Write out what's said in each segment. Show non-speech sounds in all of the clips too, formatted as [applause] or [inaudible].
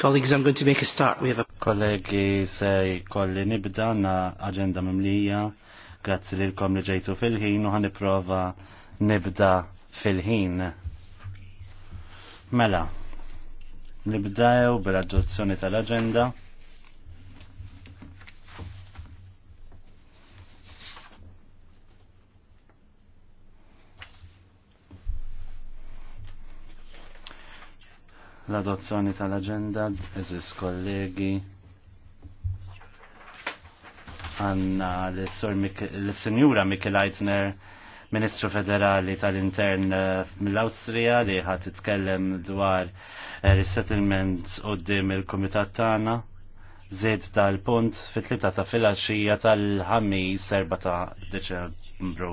Colleagues, I'm going to make a start. We have a... Kollegi, sej, kolli nibda na agenda mimlija. Grazzi li l-kom li ġejtu fil-ħin u prova nibda fil-ħin. Mela, nibdaw bil-adozzjoni tal-agenda. l-adozzjoni tal-agenda, eżis kollegi, għanna l-senjura Mikkel Eitner, Ministru Federali tal-Intern eh, mill-Awstrija li ħat titkellem dwar eh, resettlement qoddim il-Kumitat tagħna. Zed tal punt fit tlita ta' filgħaxija tal-ħammis 4 ta' Deċembru.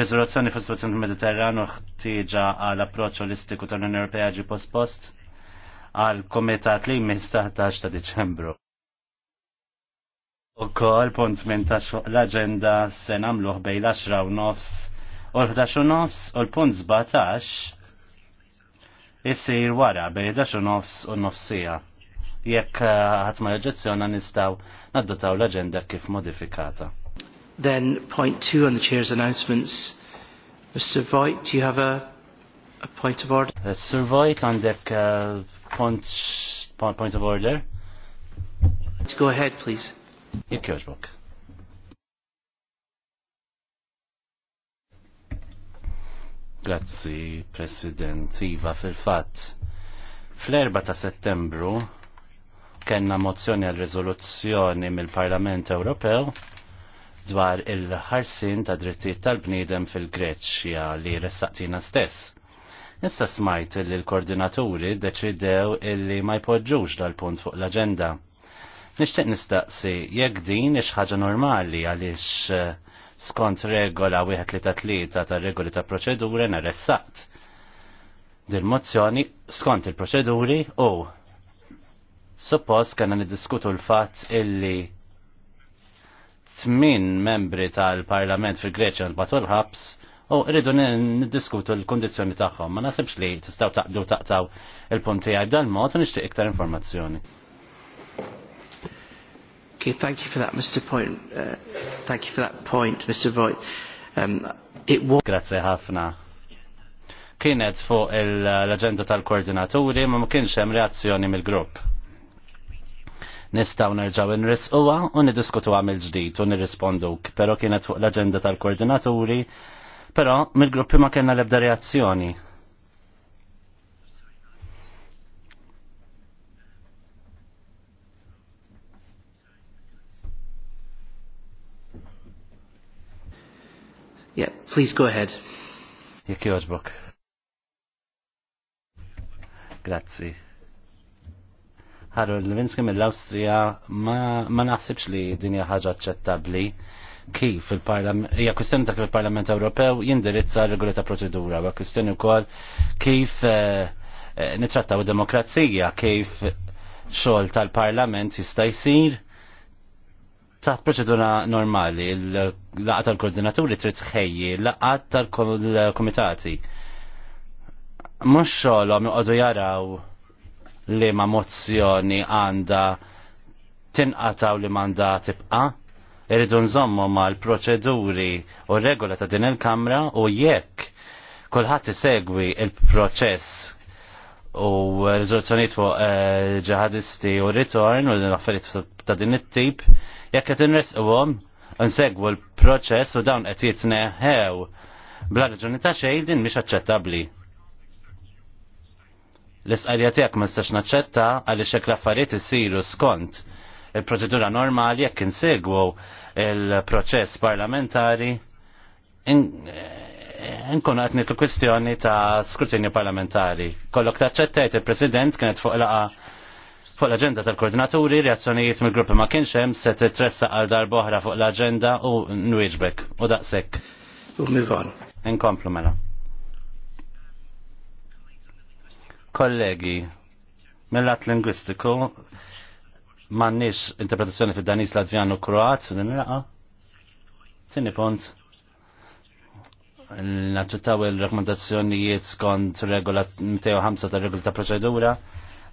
Rezoluzzjoni fis-Situazzjoni Mediterranu ħtieġa għal approċċ olistiku tal-Unjoni Ewropea ġi post-post għal komitat li jmiss 19 ta' Diċembru. U kol punt minn ta' l-agenda se namluħ bej l-10 u nofs u l-11 u nofs u l-punt 17 jissir wara bej 11 u nofs u nofsija. Jekk l-ġezzjona eh, nistaw naddotaw l-agenda kif modifikata. Then point two on the chair's announcements. Mr. Voigt, do you have a point of order. Uh, on għandek uh, point, point of order. Let's go ahead, please. book. Grazzi, President Iva, fil-fat. fl ta' settembru kena mozzjoni għal rezoluzzjoni mill-Parlament Ewropew dwar il-ħarsin ta' drittijiet tal-bniedem fil-Greċja li ressaqtina stess. Issa smajt li l-koordinaturi deċidew illi ma jpoġġux dal-punt fuq l-agenda. Nishtiq nistaqsi, jekk din ix ħaġa normali għaliex eh, skont regola wieħed li ta' tlieta ta' regoli ta' proċeduri naressaqt. Dil-mozzjoni skont il-proċeduri u suppost kena niddiskutu l-fatt illi tmin membri tal-parlament fil greċja l-batul ħabs u rridu niddiskutu l-kondizjoni tagħhom. Ma nasibx li tistgħu taqdu taqtaw il-punti għaj b'dan mod u nixtieq iktar informazzjoni. Okay, thank you for that, Mr. Point. Uh, thank you for that point, Mr. Voigt. Um, it was... Grazie ħafna. Kienet fuq l-agenda tal-koordinaturi ma ma kienx hemm reazzjoni mill-grupp. Nistaw nerġaw nrisquha u niddiskutuha mill-ġdid u nirrispondu, però kienet fuq l-agenda tal-koordinaturi Però mill-gruppi ma kellna l-ebda reazzjoni. Yeah, please go ahead. Jekk joġbok. Grazzi. Harold Lewinsky mill-Awstrija ma, ma naħsibx li dinja ħaġa aċċettabbli kif il-Parlament, hija kwistjoni ta' kif il-Parlament Ewropew jindirizza regoli ta' proċedura, wa kwistjoni wkoll kif eh, eh, nitrattaw demokrazija, kif xogħol tal-Parlament jista' jsir taħt proċedura normali, l-laqgħa tal-koordinaturi trid tħejji, laqgħa tal-komitati. Mhux xogħolhom joqogħdu jaraw li ma' mozzjoni għandha tinqataw li m'għandha tibqa' irridu nżommu mal-proċeduri u regola ta' din il-Kamra u jekk kulħadd isegwi il-proċess u rizoluzzjoniet fuq eh, ġihadisti u ritorn u l-affarijiet ta' din it-tip, jekk qed inresquhom nsegwu l-proċess u dawn qed jitneħew bla raġuni ta' xejn din mhix aċċettabbli. l isqalja tiegħek ma nistax naċċetta għaliex hekk l-affarijiet isiru skont il-proċedura normali jekk insegwu il-proċess parlamentari nkun qed nitlu kwistjoni ta' skrutinju parlamentari. Kollok taċċettajt il-President kienet fuq laqa fuq l-aġenda tal-koordinaturi, reazzjonijiet mill-gruppi ma kienx hemm se titressa għal darboħra fuq l-aġenda u nwieġbek u daqshekk. Inkomplu mela. Kollegi, mill lat lingwistiku mannix interpretazzjoni fil-Danis Latvijan u Kroat din raqa. Tini punt. Naċċettaw il-rakkomandazzjonijiet skont regola 205 ta' regola ta' proċedura.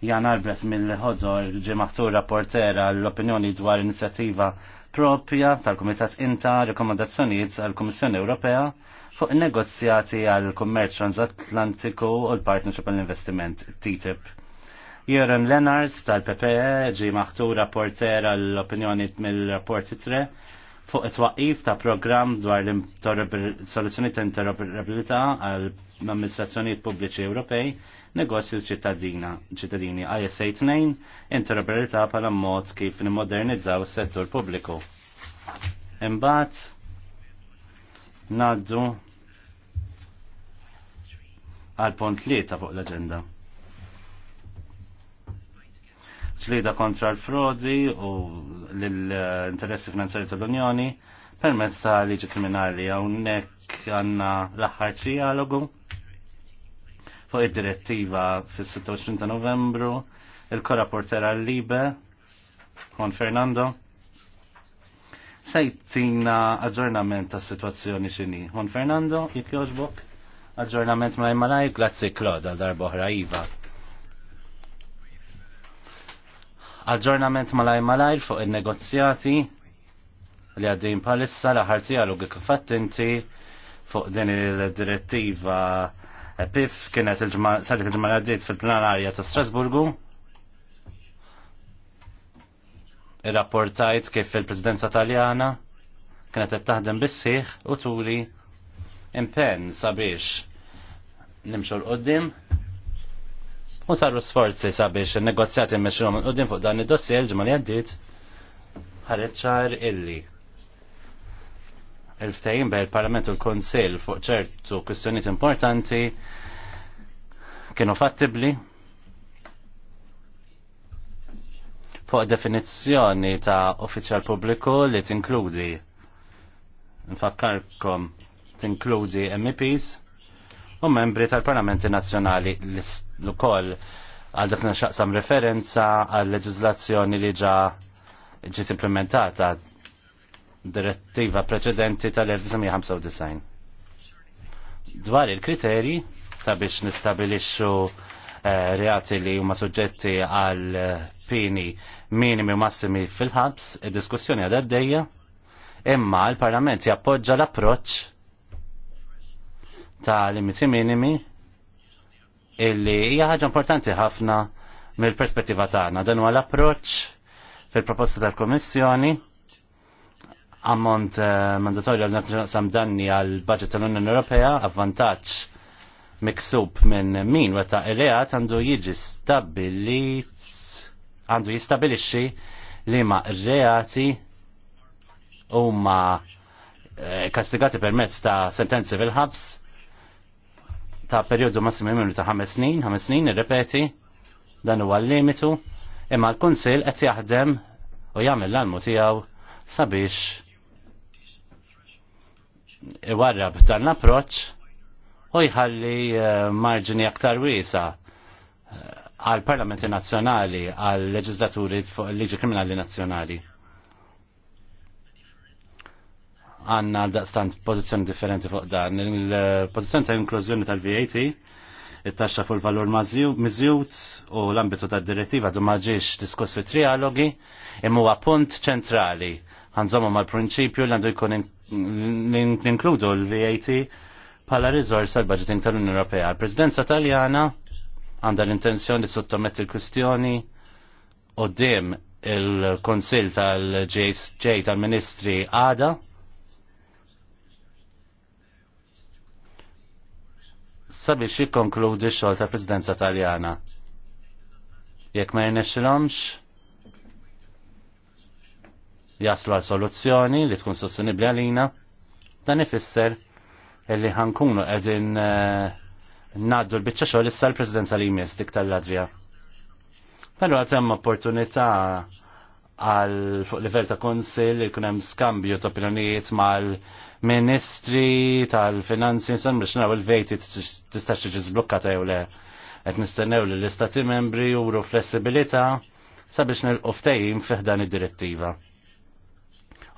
Jan Arbret mill-ħodżor maħtur rapportera l-opinjoni dwar inizjattiva propja tal-Kumitat Inta rekomendazzjonijiet għal-Kummissjoni Ewropea fuq negozjati għal kummerċ transatlantiku u l-Partnership għall-Investiment TTIP. Jerem Lenars tal-PPE ġi maħtura portera l-opinjoni mill-rapport tre fuq it-twaqif ta' program dwar l-soluzzjoni ta' interoperabilità għal amministrazzjonijiet pubbliċi Ewropej, negozju ċittadina, ċittadini ISA 2, interoperabilità bħala mod kif nimmodernizzaw is-settur pubbliku. Imbagħad ngħaddu għal punt li ta' fuq l-aġenda ġlida kontra l-frodi u l-interessi finanzjari tal-Unjoni permezz ta' liġi kriminali hawnhekk għandna l-aħħar trialogu fuq id-direttiva fis-26 ta' Novembru il portera l libe Juan Fernando sejtina aġġornament ta' situazzjoni xini. Juan Fernando, jek joġbuk aġġornament ma' jmalaj, grazzi Klod għal darba oħra Iva. Aġġornament malaj malajr fuq il-negozjati li għaddin palissa laħar tijalu għikkafat inti fuq din il-direttiva PIF kienet il-ġmal għaddit fil-plenarja ta' Strasburgu. Il-rapportajt kif il-Presidenza Taljana kienet qed taħdem bis u turi impenn sabiex nimxu l-qoddim u saru sforzi sabiex il-negozjati meċrum u din fuq dan id-dossier ġimma li għaddit ħareċċar illi il-ftajin bej l parlament u l-Konsil fuq ċertu kwistjoniet importanti kienu fattibli fuq definizzjoni ta' uffiċjal pubbliku li tinkludi nfakkarkom tinkludi MEPs u membri tal-Parlamenti Nazzjonali l-ukoll għal dak xaqsam referenza għal leġizlazzjoni li ġa ġiet implementata direttiva preċedenti tal-1995. Dwar il-kriteri ta' biex nistabilixxu eh, reati li huma suġġetti għal eh, pini minimi u massimi fil-ħabs, id-diskussjoni għadha għaddejja imma l-Parlament jappoġġa l-approċċ ta' limiti minimi illi hija ħaġa importanti ħafna mill-perspettiva tagħna. Dan huwa l-approċċ fil-proposta tal kummissjoni ammont eh, mandatorju għal sam danni għal budget tal-Unjoni Ewropea avvantaġġ miksub minn min weta ileat għandu jiġi stabilit għandu jistabilixxi li ma reati huma eh, kastigati permezz ta' sentenzi fil-ħabs ta' periodu massimimu ta' 5 snin, 5 snin, irrepeti, dan huwa l-limitu, imma l-Kunsil qed jaħdem u jagħmel l-almu tiegħu sabiex iwarrab dan l-approċċ u jħalli eh, marġini aktar wiesa eh, għal parlamenti nazzjonali, għal leġislaturi fuq liġi kriminali nazzjonali. għanna daqstant pozizjoni differenti fuq dan. Il-pozizjoni ta' inklużjoni tal-VAT, il-taxxa fuq il-valur mizjut u l-ambitu ta' direttiva du maġiex diskussi trialogi, imma punt ċentrali. Għanżomma mal-prinċipju li għandu jkun ninkludu l-VAT pala rizors għal budgeting tal-Unjoni Ewropea. Il-Presidenza Taljana għandha l-intenzjoni sottomet il kwistjoni u il-Konsil tal ġej tal-Ministri għada sabiex jikkonkludi x-xogħol ta' Presidenza Taljana. Jekk ma l-omx, jaslu għal soluzzjoni li tkun sostenibbli għalina, dan ifisser illi ħankunu qegħdin eh, ngħaddu l-biċċa xogħol issa l prezidenza li jmiss dik tal-Latvja. Però għatem hemm opportunità għal fuq livell ta' konsil jkun hemm skambju ta' opinjonijiet mal-Ministri tal-Finanzi san biex naraw il-vejti tista' tiġi żblukkata jew le. Qed nistennew li l-Istati membri juru flessibilità sabiex nilqu ftehim fih dan id-direttiva.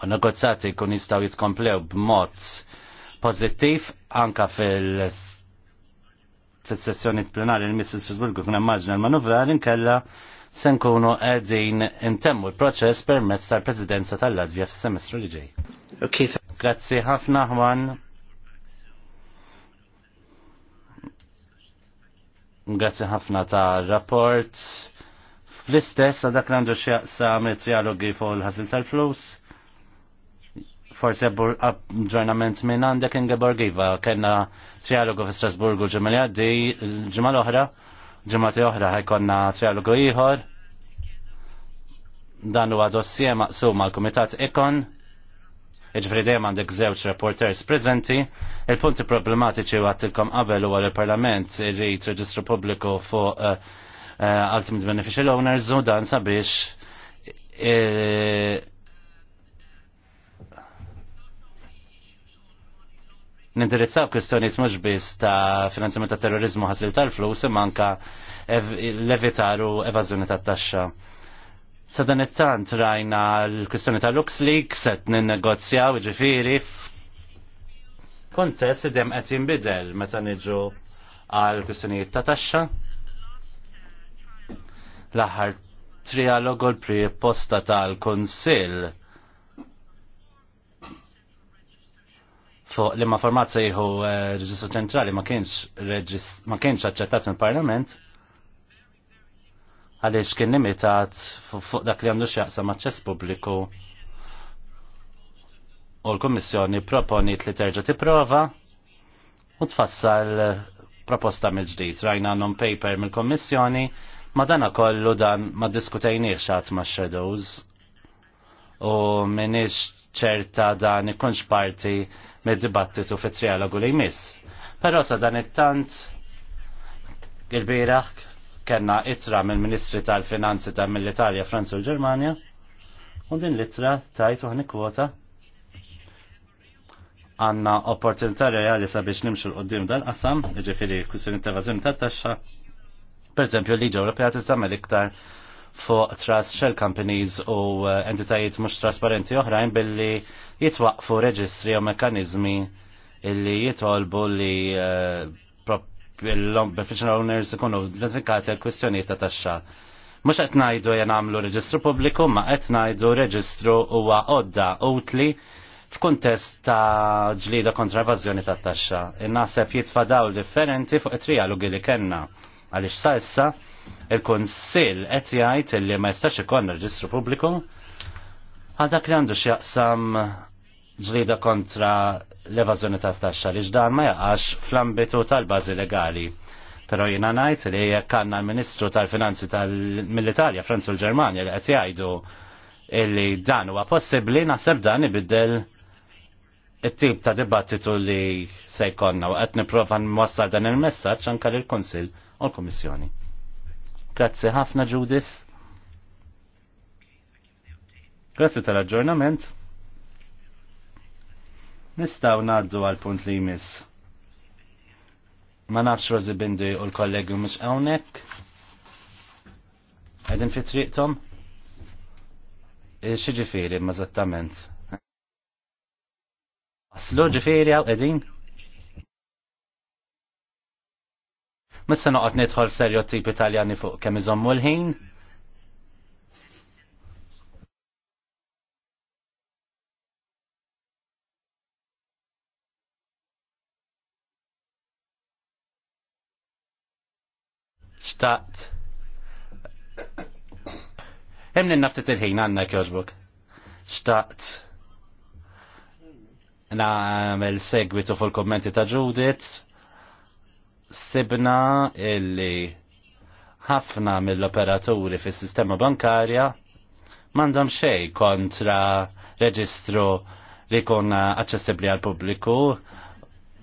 U negozjati jkun jistgħu jitkomplew b'mod pożittiv anka fil fis sessjoni plenari l-Missis Fisburgu kuna maġna l-manovra l-inkella se nkunu qegħdin intemmu l-proċess permezz tal-Presidenza tal latvija f semestru li ġej. Grazzi ħafna ħwan. Grazzi ħafna ta' rapport. Fl-istess għadak għandu xjaqsa mit-trialogi fuq il ħazil tal-flus. Forse abġornament minn għandek Ingeborg Iva, kena trialogu fi Strasburgu ġemel għaddi l oħra ġemati oħra ħajkonna trialogu ieħor dan huwa dossier maqsum mal kumitat Ikon, iġveri dejjem għandek żewġ reporters preżenti, il-punti problematiċi u għattilkom qabel huwa l-Parlament irrid reġistru pubbliku fuq uh, Ultimate Beneficial Owners u dan sabiex eh, nindirizzaw kwistjoniet mhux biss ta' finanzjament ta' terrorizmu ħasil tal-flus imma anka levitar u evażjoni tat-taxxa. Sa dan it-tant rajna l-kwistjoni ta' LuxLeaks se ninnegozjaw jiġifieri f'kuntest idem qed jinbidel meta niġu għal kwistjonijiet ta' taxxa. L-aħħar trialogu l-preposta tal-Kunsill fuq li ma format sejħu eh, reġistru ċentrali ma kienx aċċettat mill-Parlament għaliex kien limitat fuq dak li għandu x'jaqsam aċċess pubbliku u l-Kummissjoni proponit li terġa' tipprova u tfassal proposta mill-ġdid. Rajna non paper mill-Kommissjoni ma dana kollu dan ma diskutejniex għat ma' shadows u minix ċerta dan ikunx parti mid-dibattitu fit trialogu li jmiss. Però sa dan it-tant il-biraħ kena itra mill-Ministri tal-Finanzi ta' mill-Italja, Franza u Ġermanja u din l-itra tajtu ħni kwota għanna opportunità reali sabiex nimxu l-qoddim dal-qasam, ġifiri Kussin ta' tevazjoni ta' taxxa, per eżempju l-Liġa Ewropea tista' iktar fuq trust shell companies u eh, entitajiet mhux trasparenti oħrajn billi jitwaqfu reġistri u mekanizmi illi jitolbu li eh, beneficial owners ikunu identifikati għal kwistjonijiet ta' taxxa. Mhux qed ngħidu jien għamlu reġistru pubbliku, ma qed ngħidu reġistru huwa għodda utli f'kuntest ta' ġlida kontra evażjoni tat taxxa. Innaħseb jitfa' dawl differenti fuq it-trialogi li kellna għaliex sa issa Il-Konsil qed jgħid li ma jistax ikollna reġistru pubbliku għal dak li għandu x'jaqsam ġlida kontra l-evażjoni tat-taxxa li x'dan ma jaqax fl-ambitu tal-bażi legali. Pero jina najt li jekk għandna l-Ministru tal-Finanzi tal-Mill-Italja, Franzu l-Ġermanja li qed jgħidu illi dan huwa possibbli naħseb dan ibiddel it-tip ta' dibattitu li se jkollna u qed nipprova nwassal dan il-messaġġ anke lill-Kunsill u l-Kummissjoni. Grazzi ħafna Judith. Grazzi tal-aġġornament. Nistaw naddu għal punt li jmiss. Ma nafx Rozi Bindi u l-kollegi mux għawnek. Għedin fi triqtom? Xieġifiri, ma zattament. Aslu ġifiri għaw għedin? Missa noqgħod nidħol stereotipi Italjani fuq kemm iżommu l-ħin. Xtaqt. Hemm naftit il-ħin għandna kjoġbok. Xtaqt namel segwitu fuq il kommenti ta' Judith sibna illi ħafna mill-operaturi fis sistema bankarja mandam xej kontra reġistru li kun aċċessibbli għal pubbliku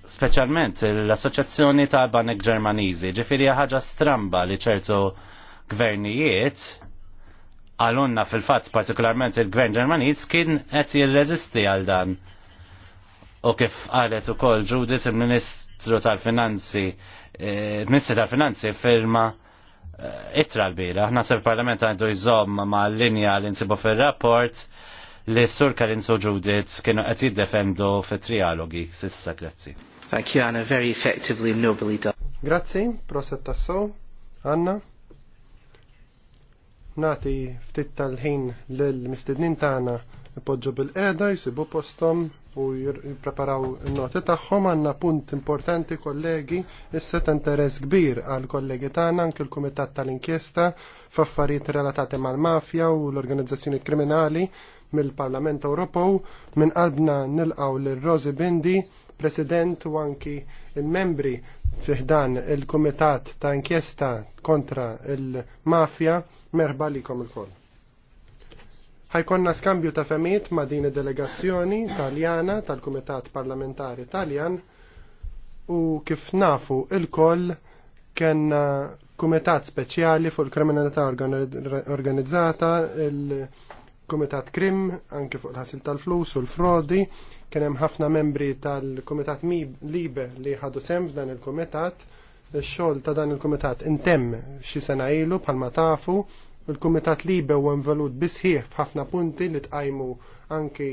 specialment l-Assoċjazzjoni ta' Banek Ġermaniżi, ġifiri ħaġa stramba li ċertu gvernijiet għalunna fil-fatt partikolarment il-Gvern Ġermaniż kien qed jirreżisti għal dan. U kif qalet ukoll Judith il-Ministru t-tru tal-Finanzi, Ministru tal-Finanzi eh, firma eh, itra l-bira. Aħna sir parlament għandu jżomm ma l-linja li nsibu fil-rapport li s-sur Karin Soġudit kienu qed jiddefendu fit-trialogi. Sissa, grazzi. Thank you, Anna. Very effectively and nobly done. Grazzi, proset tasso. Anna. Nati ftit tal-ħin l-mistednin tagħna poġġu bil-qeda jisibu postom u jippreparaw il-noti tagħhom għandna punt importanti kollegi issa ta' interess kbir għal kollegi tagħna anke l-Kumitat tal-Inkjesta f'affarijiet relatati mal-mafja u l-organizzazzjoni kriminali mill-Parlament Ewropew minn qalbna nilqaw lil Rosi Bindi President u anki il-membri fiħdan il-Kumitat ta' Inkjesta kontra il-Mafja merba likom il-koll. Ħajkonna skambju ta' femiet ma' din id-delegazzjoni taljana tal-Kumitat Parlamentari Taljan u kif nafu il-koll kenna kumitat speċjali fuq il-kriminalità organizzata, il-kumitat krim, anke fuq il-ħasil tal-flus u l-frodi, kien hemm ħafna membri tal-kumitat libe li ħadu sem f'dan il-kumitat, il-xogħol ta' dan il-kumitat intemm xi sena ilu bħalma tafu Il-Kumitat Libe u involut bisħieħ f'ħafna punti li tqajmu anki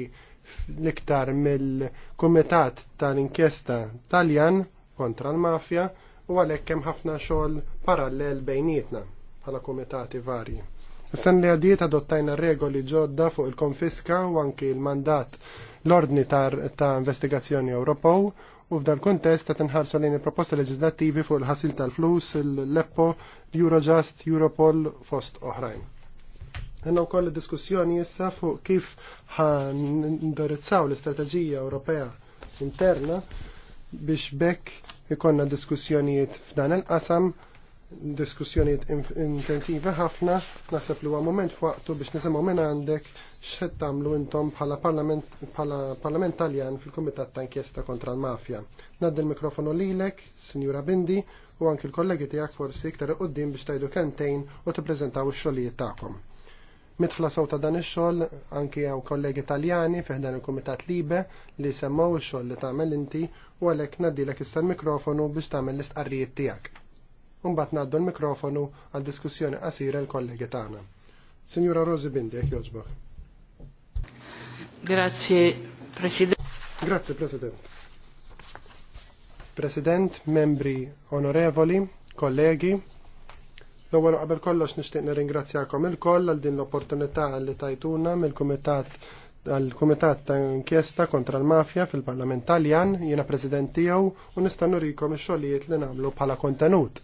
l-iktar mill-Kumitat tal-Inkjesta Taljan kontra l-Mafja u għalhekk hemm ħafna xogħol parallel bejnietna bħala kumitati varji. Sen li għadiet adottajna regoli ġodda fuq il-konfiska u anki il-mandat l-ordni ta', investigazzjoni Ewropew u f'dan kontest qed tinħarsu lejn il-proposta leġislattivi fuq il-ħasil tal-flus, l-Leppo, Eurojust, Europol fost oħrajn. Għanna u koll diskussjoni jessa fuq kif ħandarizzaw l-istrateġija Ewropea interna biex bekk ikonna diskussjonijiet f'dan il-qasam diskussjoniet intensiva ħafna, naħseb li huwa moment waqtu biex nisimgħu minn għandek x'qed tagħmlu intom bħala parlament bħala parlament Taljan fil-Kumitat ta' Inkjesta kontra l-Mafja. Naddi il mikrofonu lilek, Sinjura Bindi, u anke l-kollegi tiegħek forsi iktar qudiem biex tgħidu kentejn u tippreżentaw ix-xogħlijiet tagħkom. Mitħla saw ta' dan ix-xogħol anke hawn kollegi Taljani fih dan il-Kumitat Libe li semmaw ix-xogħol li tagħmel inti u għalhekk nadilek issa l-mikrofonu biex tagħmel l-istqarrijiet tiegħek. Umbat naddu l-mikrofonu għal diskussjoni qasira l-kollegi tagħna. Signora Rosi Bindi, jek joġbok. Grazie, President. Grazie, President. President, membri onorevoli, kollegi, L-ewwel qabel kollox nixtieq nirringrazzjakom il-koll għal din l-opportunità li tajtuna mill-Kumitat għal-Kumitat ta' inkjesta kontra l-mafja fil-Parlament Taljan, jiena President tiegħu u nista' nurikom ix-xogħlijiet li nagħmlu bħala kontenut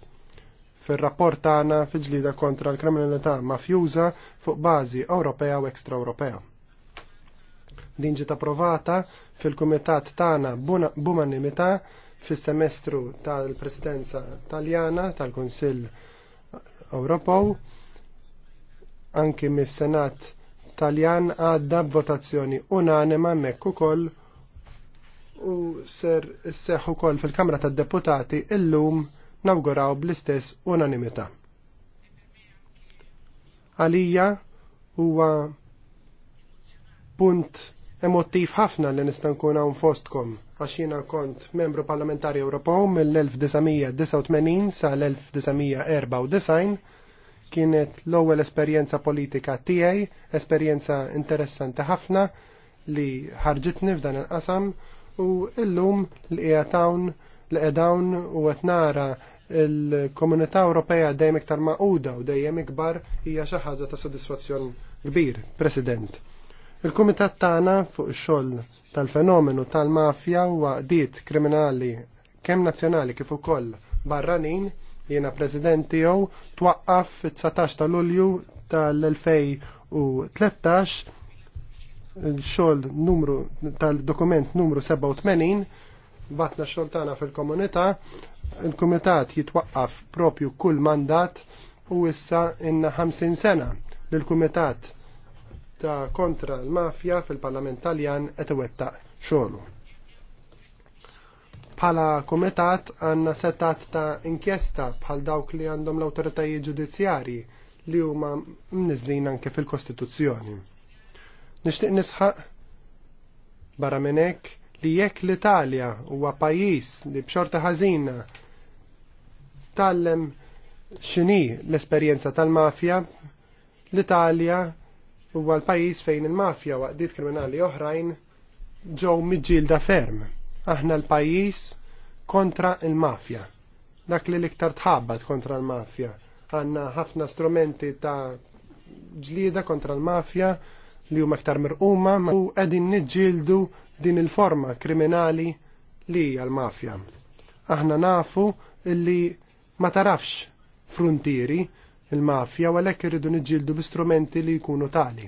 fir-rapport tagħna fi-ġlida kontra l-kriminalità mafjuża fuq bażi Ewropea u Ekstra Ekstra-Ewropea. Din ġiet approvata fil-kumitat tagħna b'unanimità fis-semestru tal-Presidenza Taljana tal-Kunsill Ewropew anki mis-Senat Taljan għadda b'votazzjoni unanima mekk ukoll u ser seħ ukoll fil-Kamra tad-Deputati illum nawguraw bl-istess unanimità. Għalija huwa punt emotiv ħafna li nista' nkun hawn fostkom għax jiena kont membru parlamentari Ewropew mill-1989 sa l-1994 kienet l-ewwel esperjenza politika tiegħi, esperjenza interessanti ħafna li ħarġitni f'dan il-qasam u illum l-qiegħed l-edawn u għetnara l il-komunità Ewropea dejjem iktar maquda u dejjem ikbar hija xi ħaġa ta' sodisfazzjon kbir, President. Il-Kumitat tagħna fuq ix-xogħol tal-fenomenu tal-mafja u għaqdiet kriminali kemm nazzjonali kif ukoll barranin jiena President tiegħu twaqqaf fit-19 ta' Lulju tal-2013 il-xogħol numru tal-dokument numru 87 batna xoltana fil-komunità, il-komitat jitwaqqaf propju kull mandat u issa inna 50 sena l-komitat ta' kontra l-mafja fil-Parlament Taljan qed iwettaq xogħlu. Bħala komitat għandna setat ta' inkjesta bħal dawk li għandhom l-awtoritajiet ġudizzjarji li huma mniżlin anke fil-Kostituzzjoni. Nixtieq nisħaq barra minn hekk li jekk l-Italja huwa pajjiż li b'xorta ħażina tallem x'inhi l-esperjenza tal-mafja, l-Italja huwa l-pajjiż fejn il-mafja waqdiet kriminali oħrajn ġew miġġielda ferm. Aħna l-pajjiż kontra il-mafja. Dak li l-iktar tħabbat kontra l-mafja. Għanna ħafna strumenti ta' ġlieda kontra l-mafja li huma iktar mirquma u qegħdin niġġieldu din il-forma kriminali li għal-mafja. Aħna nafu illi ma tarafx frontieri il-mafja u għalhekk irridu niġġieldu b'istrumenti li jkunu tali.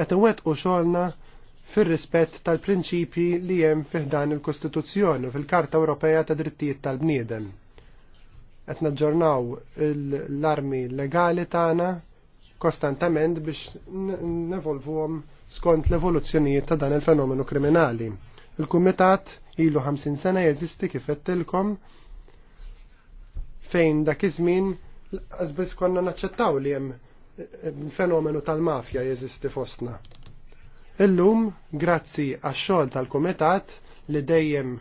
Qed iwettqu xogħolna fir-rispett tal-prinċipji li hemm fiħdan il-Kostituzzjoni u fil-Karta Ewropea ta' Drittijiet tal-Bniedem. Qed naġġornaw l-armi legali tagħna kostantament biex nevolvuhom skont l-evoluzzjonijiet ta' dan il-fenomenu kriminali. Il-Kumitat ilu 50 sena jeżisti kif qedtilkom fejn dak iż-żmien qasbis konna naċċettaw li hemm eh, fenomenu tal-mafja jeżisti fostna. Illum, grazzi għax-xogħol tal-Kumitat li dejjem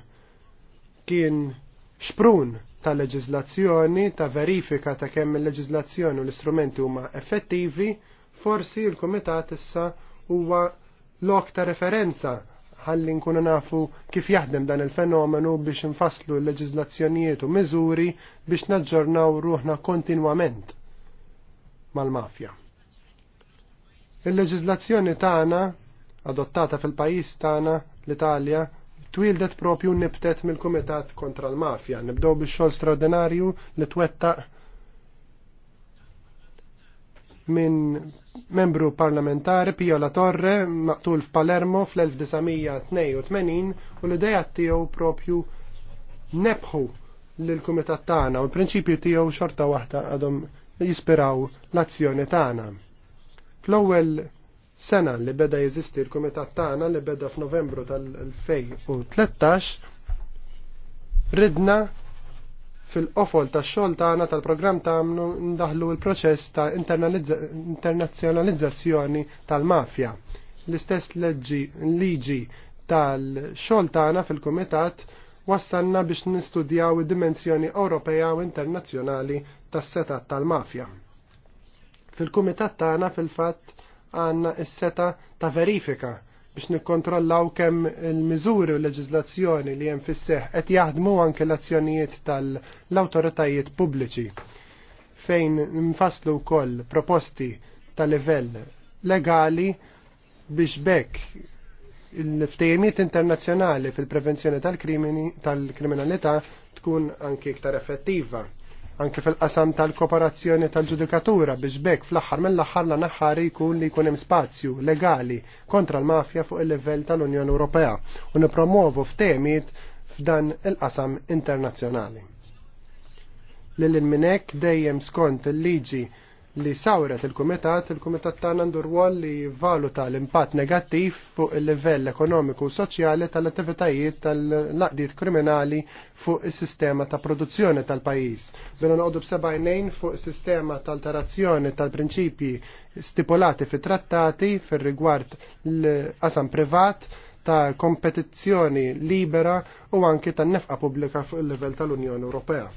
kien xprun ta' leġizlazzjoni, ta' verifika ta' kemm il-leġizlazzjoni u l-istrumenti huma effettivi, forsi l-Kumitat issa huwa lok ta' referenza ħalli nkunu nafu kif jaħdem dan il-fenomenu biex nfasslu l-leġizlazzjonijiet u miżuri biex naġġornaw ruħna kontinwament mal-mafja. Il-leġizlazzjoni tagħna adottata fil-pajjiż tagħna l-Italja twildet propju nibtet mill-Kumitat kontra l-Mafja. Nibdew bix-xogħol straordinarju li twettaq minn membru parlamentari Pio La Torre maqtul f'Palermo fl-1982 u l-ideja tiegħu propju nebħu lill-kumitat tagħna u l-prinċipju tiegħu xorta waħda għadhom jispiraw l-azzjoni tagħna. Fl-ewwel sena li beda jeżisti l-kumitat tagħna li beda f'Novembru tal-2013 ridna fil-qofol ta' xogħol tagħna tal-programm tagħmlu ndaħlu l-proċess ta' internazzjonalizzazzjoni tal-mafja. L-istess liġi tal-xogħol tagħna fil-kumitat wassalna biex nistudjaw id-dimensjoni Ewropea u internazzjonali tas-seta tal-mafja. Fil-kumitat tagħna fil-fatt għandna s-seta ta' verifika biex nikkontrollaw kemm il-miżuri u l-leġiżlazzjoni li hemm fis-seħ qed jaħdmu anke l-azzjonijiet tal-awtoritajiet pubbliċi fejn nfasslu wkoll proposti ta' livell legali biex bekk il ftejmiet internazzjonali fil-prevenzjoni tal-kriminalità tal tkun anke iktar effettiva anke fil-qasam tal-kooperazzjoni tal-ġudikatura biex bekk fl-aħħar mill-aħħar la naħħar jkun li jkun hemm spazju legali kontra l-mafja fuq il-livell tal-Unjoni Ewropea u nipromovu f'temiet f'dan il-qasam internazzjonali. Lil minnek dejjem skont il-liġi li sawret il-Kumitat, il-Kumitat tagħna għandu rwol li valuta l-impatt negattiv fuq il-livell ekonomiku u soċjali tal-attivitajiet tal-laqdiet kriminali fuq is-sistema ta' produzzjoni tal-pajjiż. Bina noqogħdu b'sebajnejn fuq is-sistema tal-tarazzjoni tal-prinċipji stipulati fit-trattati fir-rigward l-qasam privat ta' kompetizzjoni libera u anke tan-nefqa pubblika fuq il-livell tal-Unjoni Ewropea.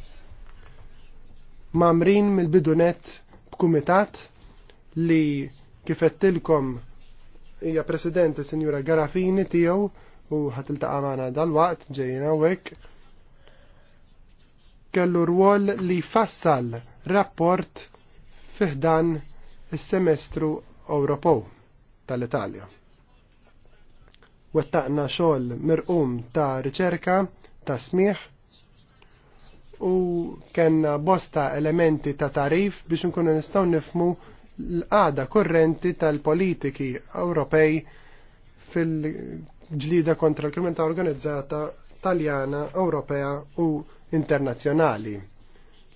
Mamrin mill-bidunet b'kumitat li kifettilkom hija president il-Sinjura Garafini tiegħu u ħatiltaqa' magħna dal-waqt ġejjin hawnhekk. Kellu rwol li fassal rapport fiħdan is-semestru Ewropew tal-Italja. Wettaqna xogħol mirqum ta' riċerka ta' smieħ u kenna bosta elementi ta' tarif biex nkunu nistgħu nifmu l-għada korrenti tal-politiki Ewropej fil-ġlida kontra l-kriminalità organizzata taljana, Ewropea u internazzjonali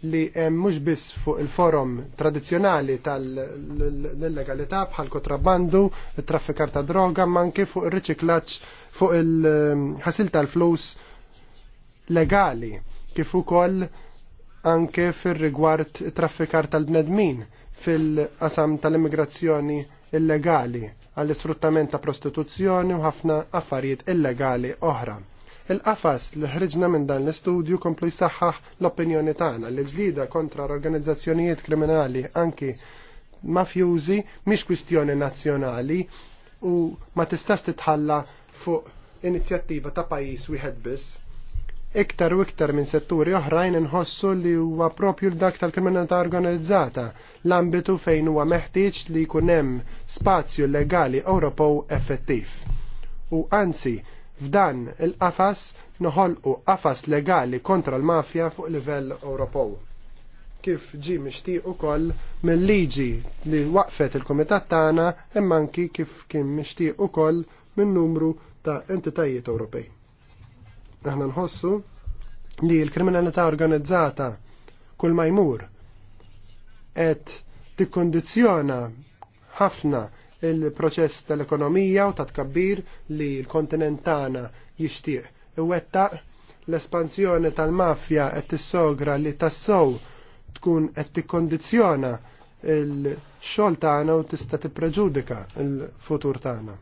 li hemm mhux biss fuq il-forum tradizzjonali tal-legalità bħal kontrabbandu, it-traffikar ta' droga, ma anke fuq ir-riċiklaġġ fuq il-ħasil tal-flus legali kif ukoll anke fir-rigward traffikar tal-bnedmin fil-qasam tal-immigrazzjoni illegali għall-isfruttament ta' prostituzzjoni u ħafna affarijiet illegali oħra. Il-qafas li ħriġna minn dan l-istudju komplu jsaħħaħ l-opinjoni tagħna li ġlida kontra organizzazzjonijiet kriminali anki mafjużi mhix kwistjoni nazzjonali u ma tistax titħalla fuq inizjattiva ta' pajjiż wieħed biss iktar u iktar minn setturi oħrajn inħossu li huwa propju l-dak tal-kriminalità organizzata, l-ambitu fejn huwa meħtieġ li jkun hemm spazju legali Ewropew effettiv. U anzi, f'dan il-qafas noħolqu qafas legali kontra l-mafja fuq livell Ewropew kif ġi mixtieq ukoll mill-liġi li waqfet il-Kumitat tagħna imma anki kif kien mixtieq ukoll minn numru ta' entitajiet Ewropej. Aħna nħossu li l-kriminalità organizzata kull ma jmur qed tikkondizjona ħafna il-proċess tal-ekonomija u ta' tkabbir li l-kontinent tagħna jixtieq iwettaq l-espansjoni tal-mafja qed tissogra li tassow tkun qed tikkondizjona il-xogħol tagħna u tista' tippreġudika l-futur tagħna.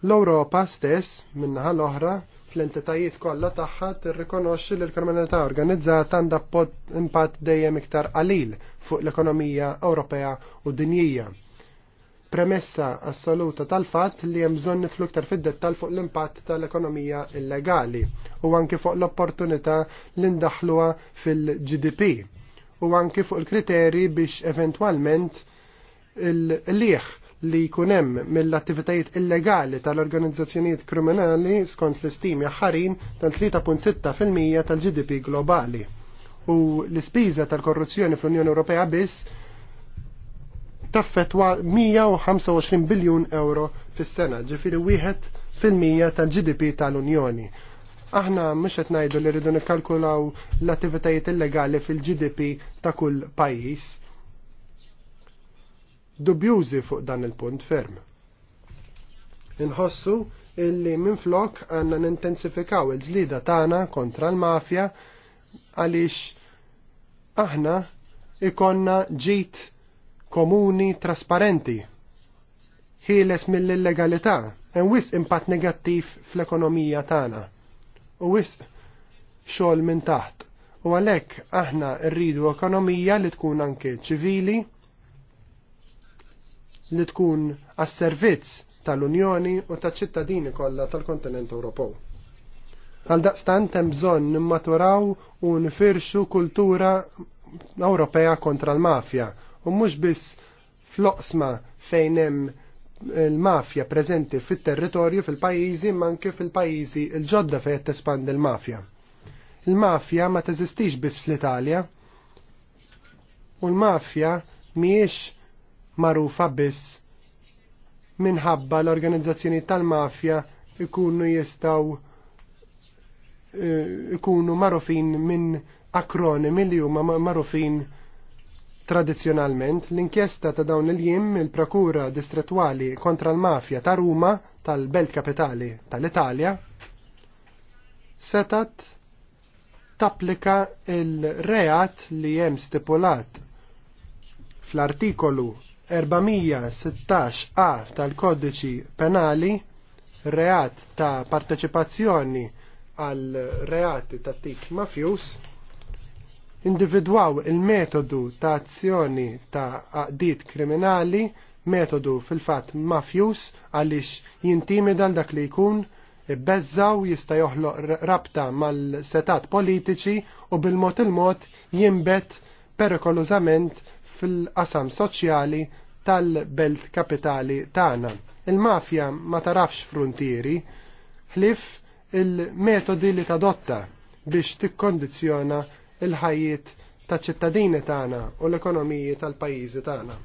L-Ewropa stess minnaħa l-oħra fl-entitajiet kollha tagħha tirrikonoxxi li l-kriminalità organizzata għandha impatt dejjem iktar qalil fuq l-ekonomija Ewropea u dinjija. Premessa assoluta tal-fatt li hemm bżonn niflu iktar fid dettall fuq l-impatt tal-ekonomija illegali u anki fuq l-opportunità li ndaħluha fil-GDP u anki fuq il-kriteri biex eventwalment il-liħ li jkunem mill-attivitajiet illegali tal-organizzazzjonijiet kriminali skont l-istimi ħarin tal-3.6% tal-GDP globali. U l-ispiża tal-korruzzjoni fl-Unjoni Ewropea biss taffetwa 125 biljun euro fis-sena, ġifieri wieħed fil-mija tal-GDP tal-Unjoni. Aħna mhux qed ngħidu li rridu nikkalkulaw l-attivitajiet illegali fil-GDP ta' kull pajjiż dubjużi fuq dan il-punt ferm. Inħossu illi minflok għanna nintensifikaw il-ġlida tagħna kontra l-mafja għaliex aħna ikonna ġit komuni trasparenti ħiles mill-illegalità hemm wisq impatt negattiv fl-ekonomija tagħna u wisq xogħol minn taħt u għalhekk aħna rridu ekonomija li tkun anke ċivili li tkun għas-servizz tal-Unjoni u taċ-ċittadini kollha tal-kontinent Ewropew. Għal daqstant hemm bżonn nimmaturaw u nifirxu kultura Ewropea kontra l-mafja u mhux biss floqsma fejn hemm il-mafja preżenti fit-territorju fil-pajjiżi manke fil-pajjiżi il-ġodda fejn tespand il-mafja. Il-mafja ma teżistix biss fl-Italja u l-mafja miex marufa biss minħabba l-organizzazzjoni tal-mafja ikunu jistaw eh, ikunu marufin minn akronimi li huma marufin tradizjonalment l-inkjesta ta' dawn il-jiem il-Prokura Distretwali kontra l-Mafja ta' Ruma tal-Belt Kapitali tal-Italja setat tapplika il-reat li jem stipulat fl-artikolu 416 A tal-kodiċi penali reat ta' parteċipazzjoni għal reati ta' tik mafjus individwaw il-metodu ta' azzjoni ta' aqdiet kriminali metodu fil-fat mafjus għalix jintimida dak li jkun bezzaw jista joħloq rabta mal-setat politiċi u bil-mod il-mod jimbet perikolużament fil-qasam soċjali tal-belt kapitali tagħna. Il-mafja ma tarafx frontieri, ħlif il-metodi li tadotta biex tikkondizjona il-ħajjiet ta' ċittadini tagħna u l-ekonomiji tal-pajjiżi tagħna.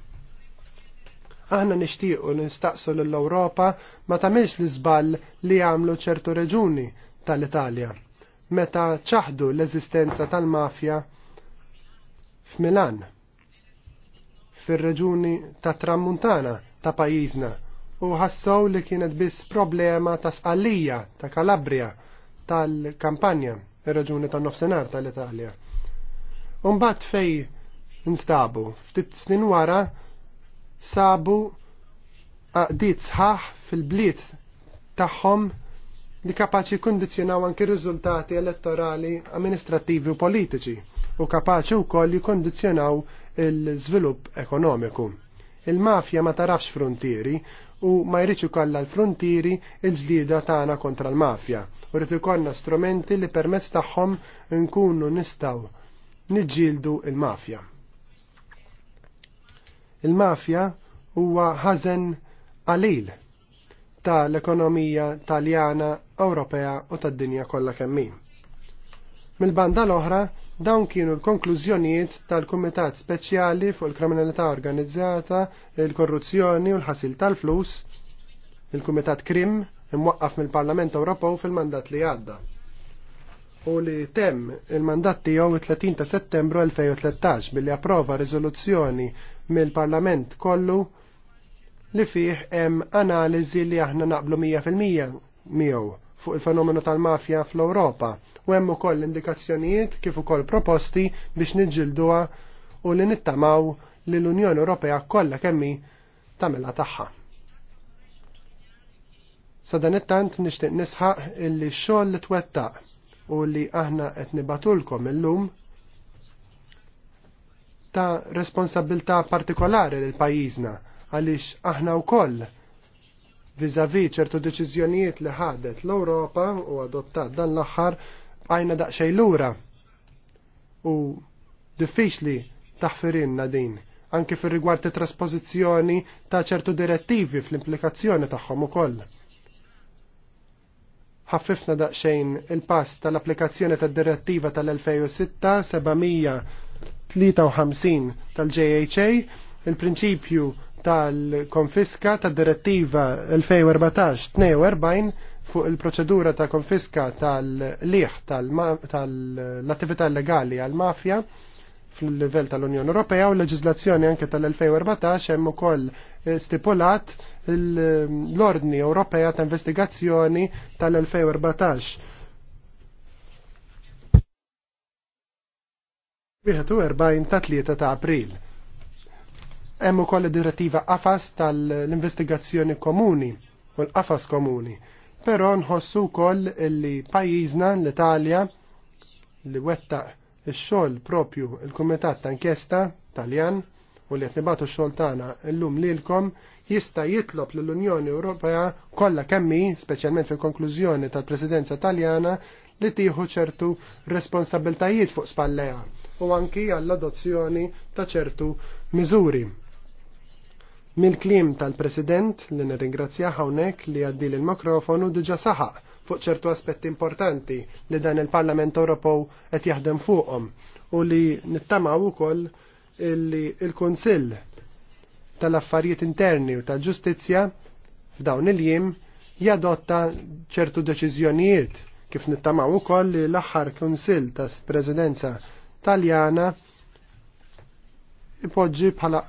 Aħna nixtiequ nistaqsu lill-Ewropa ma tagħmilx l-iżball li jagħmlu ċertu reġuni tal-Italja meta ċaħdu l-eżistenza tal-mafja f'Milan fir-reġuni ta' Tramuntana ta' pajjiżna u ħassaw li kienet biss problema ta' Sqallija ta' Kalabria tal-Kampanja, ir-reġuni tan-nofsinhar tal-Italja. Umbat fej nstabu, ftit snin wara sabu għaqdiet sħaħ fil-bliet tagħhom li kapaċi kondizjonaw anki riżultati elettorali amministrativi u politiċi u kapaċi wkoll jikondizjonaw il-żvilupp ekonomiku. Il-mafja ma tarafx frontieri u ma jridx ikollha l-frontieri il-ġdida tagħna kontra l-mafja. U rrid ikollna strumenti li permezz tagħhom nkunu nistgħu niġġieldu il-mafja. Il-mafja huwa ħażen qalil tal-ekonomija taljana, Ewropea u tad-dinja kollha kemm Mil-banda l-oħra Dawn kienu l-konklużjonijiet tal-Kumitat Speċjali fuq il-Kriminalità Organizzata, il-Korruzzjoni u l-ħasil tal-flus, il-Kumitat Krim, imwaqqaf mill-Parlament Ewropew fil-mandat li għadda. U li tem il-mandat tiegħu 30 ta' Settembru 2013 billi approva riżoluzzjoni mill-Parlament kollu li fih hemm analiżi li aħna naqblu 100% miegħu fuq il-fenomenu tal-mafja fl-Ewropa u hemm ukoll indikazzjonijiet kif ukoll proposti biex niġġilduha u li nittamaw li l-Unjoni Ewropea kollha kemmi tagħmilha tagħha. Sa dan it-tant nixtieq nisħaq illi x-xogħol li twettaq u li aħna qed nibatulkom illum ta' responsabilità partikolari lil pajjiżna għaliex aħna wkoll vis-à-vis ċertu deċiżjonijiet li ħadet l-Ewropa u adottat dan l-aħħar għajna l lura u diffiċli taħfirinna din anke fir rigward it-traspożizzjoni ta' ċertu direttivi fl-implikazzjoni tagħhom ukoll. Ħaffifna daqsxejn il-pass tal-applikazzjoni tad-direttiva tal-2006-753 tal-JHA, il-prinċipju tal-konfiska tad-direttiva 2014-42 fuq il-proċedura ta' konfiska tal-liħ tal-attività legali għal-mafja fil-livell tal-Unjoni Ewropea u l-leġizlazzjoni anke tal-2014 hemm ukoll stipulat l-Ordni Ewropea ta' Investigazzjoni tal-2014. Wieħed u ta' 3 ta' April. Hemm ukoll id-direttiva Afas tal-investigazzjoni komuni u l-qafas komuni Però nħossu wkoll li pajjiżna l-Italja li wettaq ix-xogħol propju il-Kumitat ta' Inkjesta Taljan u li qed nibatu x-xogħol tagħna llum lilkom jista' jitlob lill-Unjoni Ewropea kollha kemmi, speċjalment fil-konklużjoni tal-Presidenza Taljana, li tieħu ċertu responsabiltajiet fuq spalleja u anki għall-adozzjoni ta' ċertu miżuri. Mill-klim tal-President li nirringrazzja hawnhekk li għaddi l-mikrofonu diġa saħaq fuq ċertu aspetti importanti li dan il-Parlament Ewropew qed jaħdem fuqhom u li nittamaw ukoll li l-Kunsill tal-Affarijiet Interni u tal-Ġustizzja f'dawn il-jiem jadotta ċertu deċiżjonijiet kif nittamaw ukoll li l-aħħar Kunsill tas-Presidenza Taljana ipoġġi bħala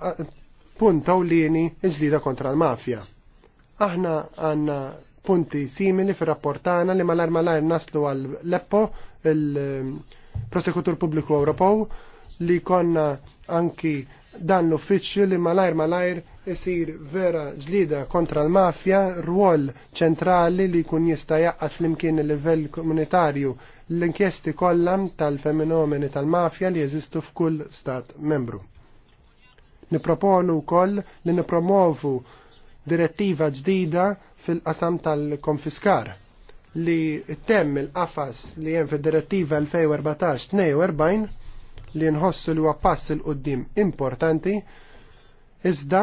punta u lini ġlida kontra l-mafja. Aħna għanna punti simili fir-rapportana li malar malar naslu għal Leppo, il-Prosekutur Pubbliku Ewropew, li konna anki dan l-uffiċċju li malajr malajr isir vera ġlida kontra l-mafja, rwol ċentrali li kun jista' jaqqat flimkien il-livell komunitarju l-inkjesti kollam tal-fenomeni tal-mafja li jeżistu f'kull stat membru. Niproponu wkoll li nipromovu direttiva ġdida fil-qasam tal-konfiskar li temm il-qafas li jen fil-direttiva 2014-42 li nħossu li huwa pass il-qoddim importanti iżda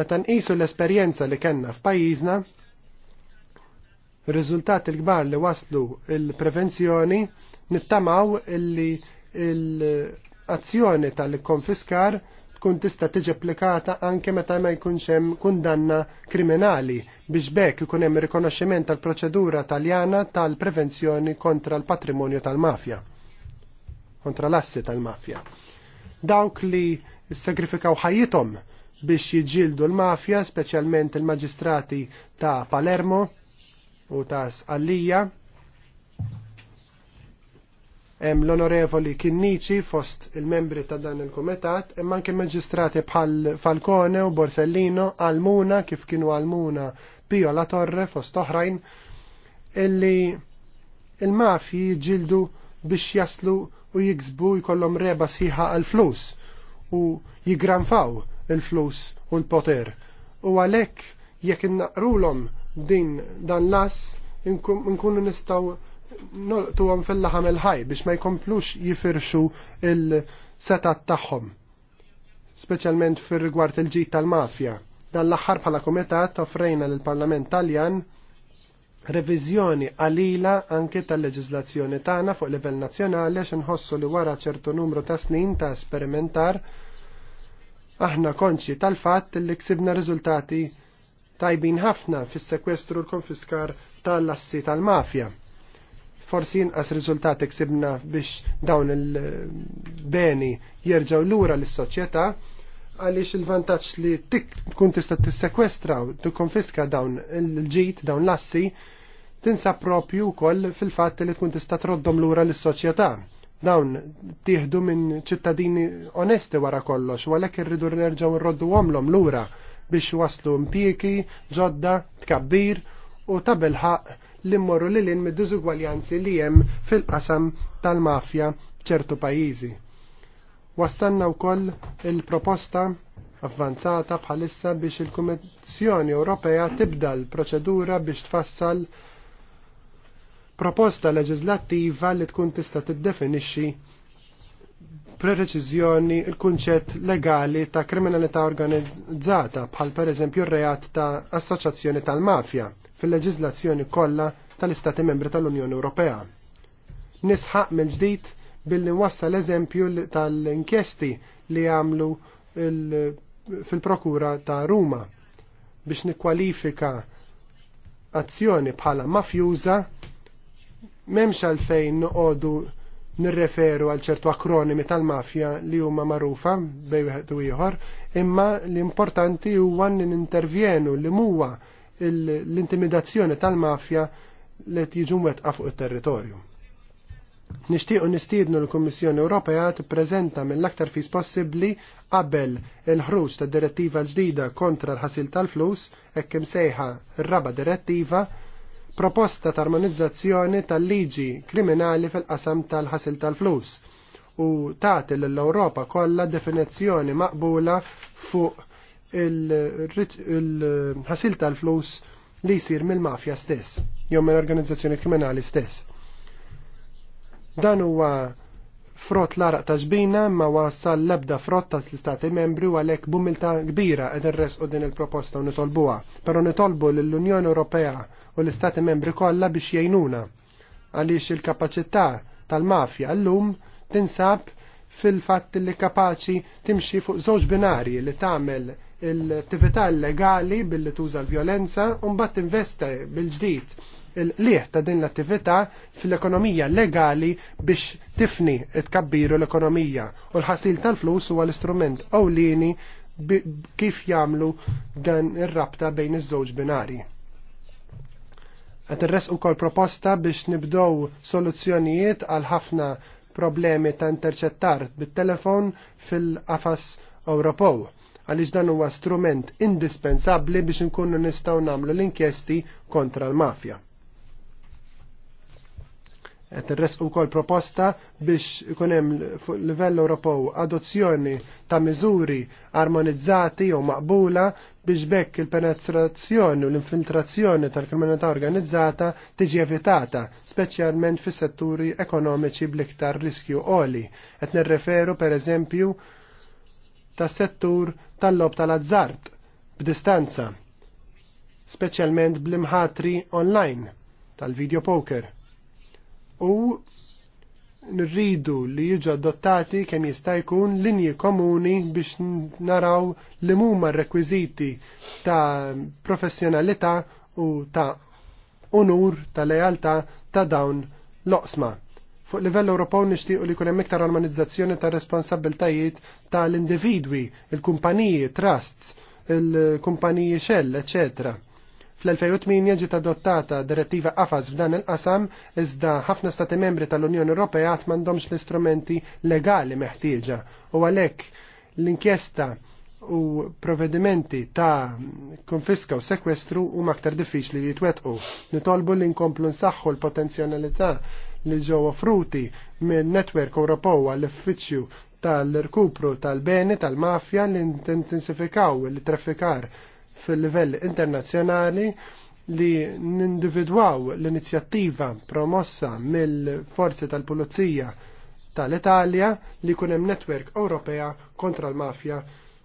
meta nqisu l-esperjenza li kellna f'pajjiżna ir-riżultati l-kbar li waslu il-prevenzjoni nittamaw il l-azzjoni tal-konfiskar il tkun tista' tiġi applikata anke meta ma jkunx hemm kundanna kriminali biex bekk ikun hemm rikonoxximent tal-proċedura taljana tal-prevenzjoni kontra l-patrimonju tal-mafja. Kontra l-assi tal-mafja. Dawk li sagrifikaw ħajjithom biex jiġildu l-mafja, speċjalment il-maġistrati ta' Palermo u ta' Sqallija, hemm l-onorevoli Kinnici fost il-membri ta' dan il-kumitat, imma anke maġistrati bħal Falcone u Borsellino, Almuna kif kienu Almuna Pio La Torre fost oħrajn, illi il-mafji jġildu biex jaslu u jiksbu jkollhom reba sħiħa għal-flus u jigranfaw il-flus u l-poter. U għalhekk jekk innaqrulhom din dan las nkunu nistgħu nolqtu għom fil-laħam il-ħaj biex ma jkomplux jifirxu il-setat tagħhom, speċjalment fir-rigward il-ġit tal-mafja. Dan l-aħħar bħala kumitat offrejna lill-Parlament Taljan reviżjoni għalila anke tal-leġiżlazzjoni tagħna fuq livell nazzjonali għax inħossu li wara ċertu numru ta' snin ta' esperimentar aħna konċi tal-fatt li ksibna riżultati tajbin ħafna fis-sekwestru l-konfiskar tal-assi tal-mafja forsi inqas riżultati ksibna biex dawn il-beni jerġaw lura l-soċjetà għaliex il-vantaġġ li tik tkun tista' tissekwestra u tikkonfiska dawn il-ġid, dawn l-assi, tinsa propju wkoll fil-fatt li tkun tista' troddom lura l-soċjetà. Dawn tieħdu minn ċittadini onesti wara kollox, u għalhekk irridu nerġgħu nroddu għomlhom lura biex waslu impjiegi, ġodda, tkabbir u tabel ħaq li mmorru li l-in mid-diżugwaljanzi li hemm fil-qasam tal-mafja ċertu pajjiżi. Wassanna wkoll il-proposta avvanzata bħalissa biex il-Kummissjoni Ewropea tibda l-proċedura biex tfassal proposta leġislattiva li tkun tista' tiddefinixxi preċiżjoni il-kunċett legali ta' kriminalità organizzata bħal per eżempju reat ta' assoċjazzjoni tal-mafja fil-leġizlazzjoni kollha tal-Istati Membri tal-Unjoni Ewropea. Nisħaq mill-ġdid billi nwassal eżempju tal-inkjesti li għamlu fil-prokura ta' Ruma biex nikkwalifika azzjoni bħala mafjuża memx għalfejn noqogħdu nirreferu għal ċertu akronimi tal-mafja li huma marufa bej wieħed u ieħor, imma l-importanti huwa nintervjenu li huwa l-intimidazzjoni tal-mafja li tiġu wetqa fuq it-territorju. Nixtiequ nistiednu l-Kummissjoni Ewropea tippreżenta mill-aktar fis possibbli qabel il-ħruġ tad direttiva ġdida kontra l-ħasil tal-flus hekk sejħa r-raba direttiva proposta ta' armonizzazzjoni tal-liġi kriminali fil-qasam tal-ħasil tal-flus u tagħti lill-Ewropa kollha definizzjoni maqbula fuq il-ħasil tal-flus li jisir mill-mafja stess, jew mill-organizzazzjoni kriminali stess. Dan huwa frott laraq ta' ġbina ma wasal l-ebda frott ta' l-istati membri u għalek bumilta kbira ed res u din il-proposta u nitolbuha. Pero nitolbu l-Unjoni Ewropea u l-istati membri kollha biex jgħinuna għaliex il-kapacità tal-mafja llum tinsab fil-fatt li kapaċi timxi fuq żewġ binari li tagħmel l-attività illegali billi tuża l-vjolenza u mbagħad tinvesta bil-ġdid il liħ ta' din l-attività fil-ekonomija legali biex tifni tkabbiru l-ekonomija u l-ħasil tal-flus huwa l-istrument ewlieni kif jagħmlu dan ir-rabta bejn iż-żewġ binari. Għat res u kol proposta biex nibdow soluzzjonijiet għal ħafna problemi ta' interċettar bit-telefon fil-qafas Ewropew għaliex dan huwa strument indispensabbli biex inkunu nistgħu nagħmlu l-inkjesti kontra l-mafja. Qed irresqu ukoll proposta biex ikun hemm fuq livell Ewropew adozzjoni ta' miżuri armonizzati u maqbula biex bekk il-penetrazzjoni u l-infiltrazzjoni tal-kriminalità organizzata tiġi evitata, speċjalment fis setturi ekonomiċi bliktar riskju qoli. Qed nirreferu pereżempju tas settur tal-lob tal-azzart b'distanza, speċjalment bl-imħatri online tal-video poker. U nirridu li jiġu adottati kemm jista' jkun linji komuni biex naraw li huma r-rekwiżiti ta' professjonalità u ta' unur ta' lealtà ta' dawn l-oqsma Fuq livell Ewropew nixtiequ li jkun hemm iktar armonizzazzjoni ta' responsabiltajiet tal-individwi, il-kumpaniji, trusts, il-kumpaniji xell, eċetera. Fl-2008 ġiet adottata direttiva qafas f'dan il-qasam iżda ħafna stati membri tal-Unjoni Ewropea għat m'għandhomx l-istrumenti legali meħtieġa u għalhekk l-inkjesta u provvedimenti ta' konfiska u sekwestru u maktar diffiċli li jitwetqu. Nitolbu li nkomplu nsaħħu l-potenzjonalità li ġewwa fruti minn Netwerk Ewropew għall-Uffiċċju tal-Rkupru tal-Beni tal-Mafja li intensifikaw li traffikar fil-livell internazzjonali li nindividwaw l-inizjattiva promossa mill-forzi tal-Pulizija tal-Italja li kunem netwerk Ewropea kontra l-mafja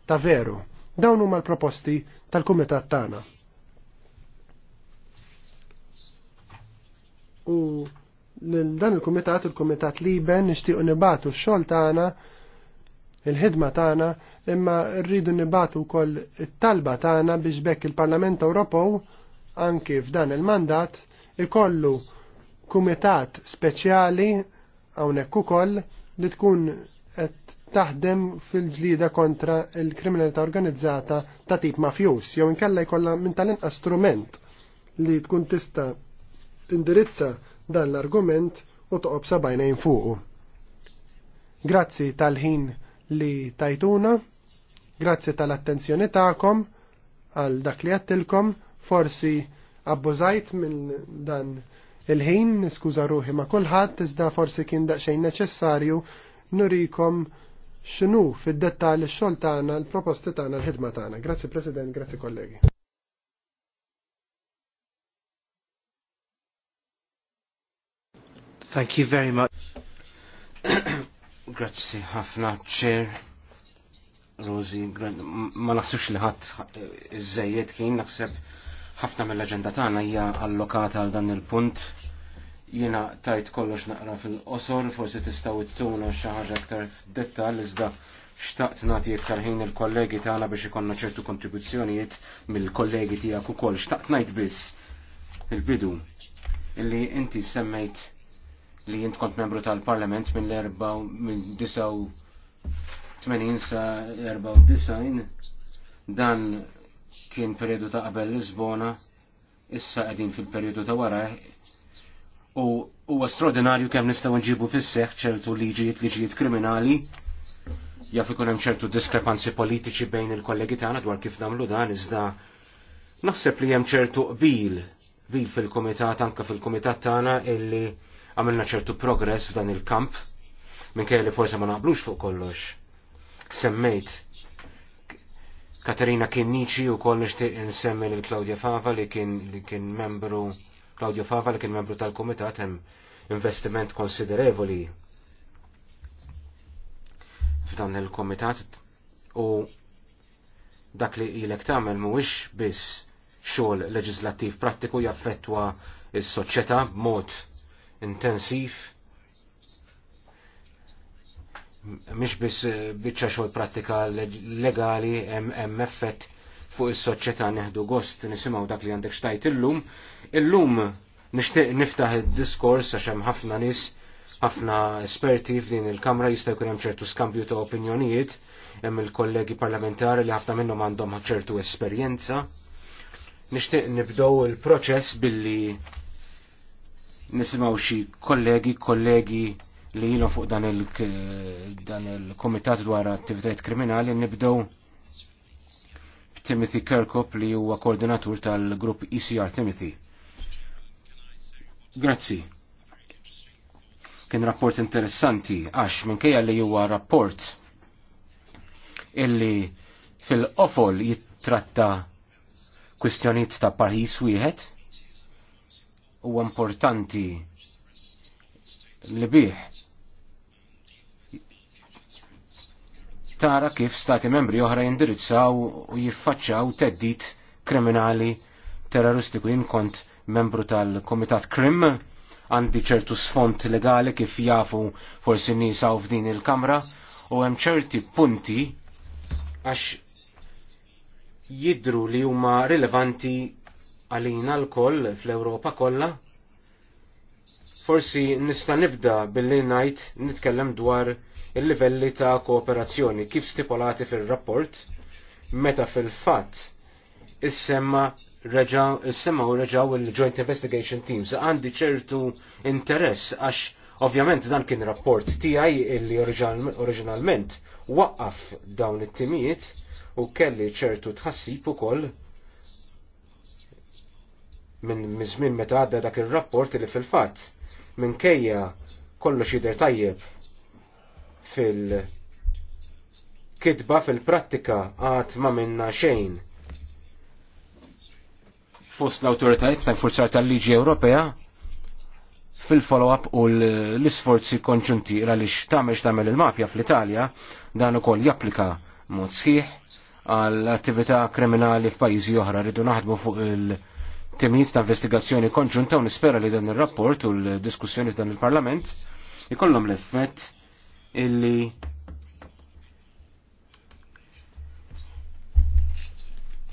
ta' veru. Dawn huma l-proposti tal-Kumitat tagħna. U dan il-kumitat, il-kumitat liben, nixtiequ nibatu x-xogħol tagħna, il-ħidma tagħna, imma rridu nibatu wkoll it-talba tagħna biex bekk il-Parlament Ewropew anki f'dan il-mandat ikollu kumitat speċjali hawnhekk ukoll li tkun qed taħdem fil-ġlida kontra il-kriminalità organizzata ta' tip mafjus, jew inkella jkollha minn tal-inqas strument li tkun tista' indirizza dan l-argument u toqob sabajna fuqu. Grazzi tal-ħin li tajtuna, grazzi tal-attenzjoni ta'kom għal dak li għattilkom, forsi abbużajt minn dan il-ħin, skuza ruħi ma' kulħadd, iżda forsi kien daqsxejn neċessarju nurikom xinu fid-dettall xoltana xogħol tagħna, l-proposti tagħna, l-ħidma tagħna. Grazzi President, grazzi kollegi. Thank you very much. [coughs] Grazzi ħafna ċer. Rosi, ma naħsibx li ħadd iżejjed kien naħseb ħafna mill-aġenda tagħna hija allokata għal dan il-punt. Jiena tajt kollox naqra fil-qosor, forsi tistgħu ttuna xi ħaġa aktar f'dettall iżda xtaqt nagħti iktar ħin il-kollegi tagħna biex ikollna ċertu kontribuzzjonijiet mill-kollegi tiegħek ukoll. Xtaqt ngħid biss il-bidu illi inti semmejt li jint kont membru tal-parlament mill-89 sa 94 dan kien periodu ta' qabel Lisbona issa qegħdin fil-periodu ta' wara u huwa straordinarju kemm nistgħu nġibu fis-seħħ ċertu liġijiet liġijiet kriminali jaf ikun hemm ċertu diskrepanzi politiċi bejn il-kollegi tagħna dwar kif nagħmlu dan iżda naħseb li hemm ċertu qbil bil fil-kumitat anke fil-kumitat tagħna illi għamilna ċertu progress f'dan il-kamp minn li forse ma naqblux fuq kollox. Semmejt Katerina Kinnici u koll nixtieq insemmi lil Claudia Fava li kien li kien membru Claudio Fava li kien membru tal-kumitat hemm investiment konsiderevoli f'dan il-kumitat u dak li ilek tagħmel mhuwiex biss xogħol leġislattiv prattiku jaffettwa s-soċjetà b'mod intensiv mhix biss eh, biċċa xogħol prattika legali hemm effett fuq is-soċjetà neħdu gost nisimgħu dak li għandek xtajt illum. Illum nixtieq niftaħ id-diskors għax hemm ħafna nies ħafna esperti f'din il-Kamra jista' jkun hemm ċertu skambju ta' opinjonijiet, hemm il-kollegi parlamentari li ħafna minnhom għandhom ċertu esperjenza. Nixtieq nibdew il-proċess billi nisimaw xi kollegi, kollegi li jilu fuq dan il-komitat il dwar attivitajiet kriminali nibdew Timothy Kirkup li huwa koordinatur tal-grupp ECR Timothy. Grazzi. Kien rapport interessanti għax minkejja li huwa rapport illi fil-qofol jittratta kwistjonijiet ta' parħis wieħed u importanti li bih tara kif stati membri oħra jindirizzaw u jiffaċċaw teddit kriminali terroristiku jinkont kont membru tal-Komitat Krim għandi ċertu sfond legali kif jafu forsi nisaw f'din il-kamra u hemm ċerti punti għax jidru li huma rilevanti għalina l-koll fl-Europa kollha. Forsi nista' nibda billi ngħid nitkellem dwar il-livelli ta' kooperazzjoni kif stipulati fil-rapport meta fil-fatt is-semma reġaw reġaw il-Joint Investigation Teams għandi ċertu interess għax ovvjament dan kien rapport tiegħi illi oriġinalment waqqaf dawn it-timijiet u kelli ċertu tħassib ukoll minn miżmien meta għadda dak ir-rapport li fil-fatt minkejja kollox jidher tajjeb fil- kitba fil-prattika għad ma minna xejn. Fost l autoritajt ta' forzar tal-liġi Ewropea fil-follow-up u l-isforzi konġunti għaliex tamex tamel il-mafja fl-Italja dan ukoll japplika mod sħiħ għall attività kriminali f'pajjiżi oħra rridu naħdmu fuq il- temijiet ta' investigazzjoni konġunta u nispera li dan il-rapport u l-diskussjoni dan il-parlament ikollhom l-effett illi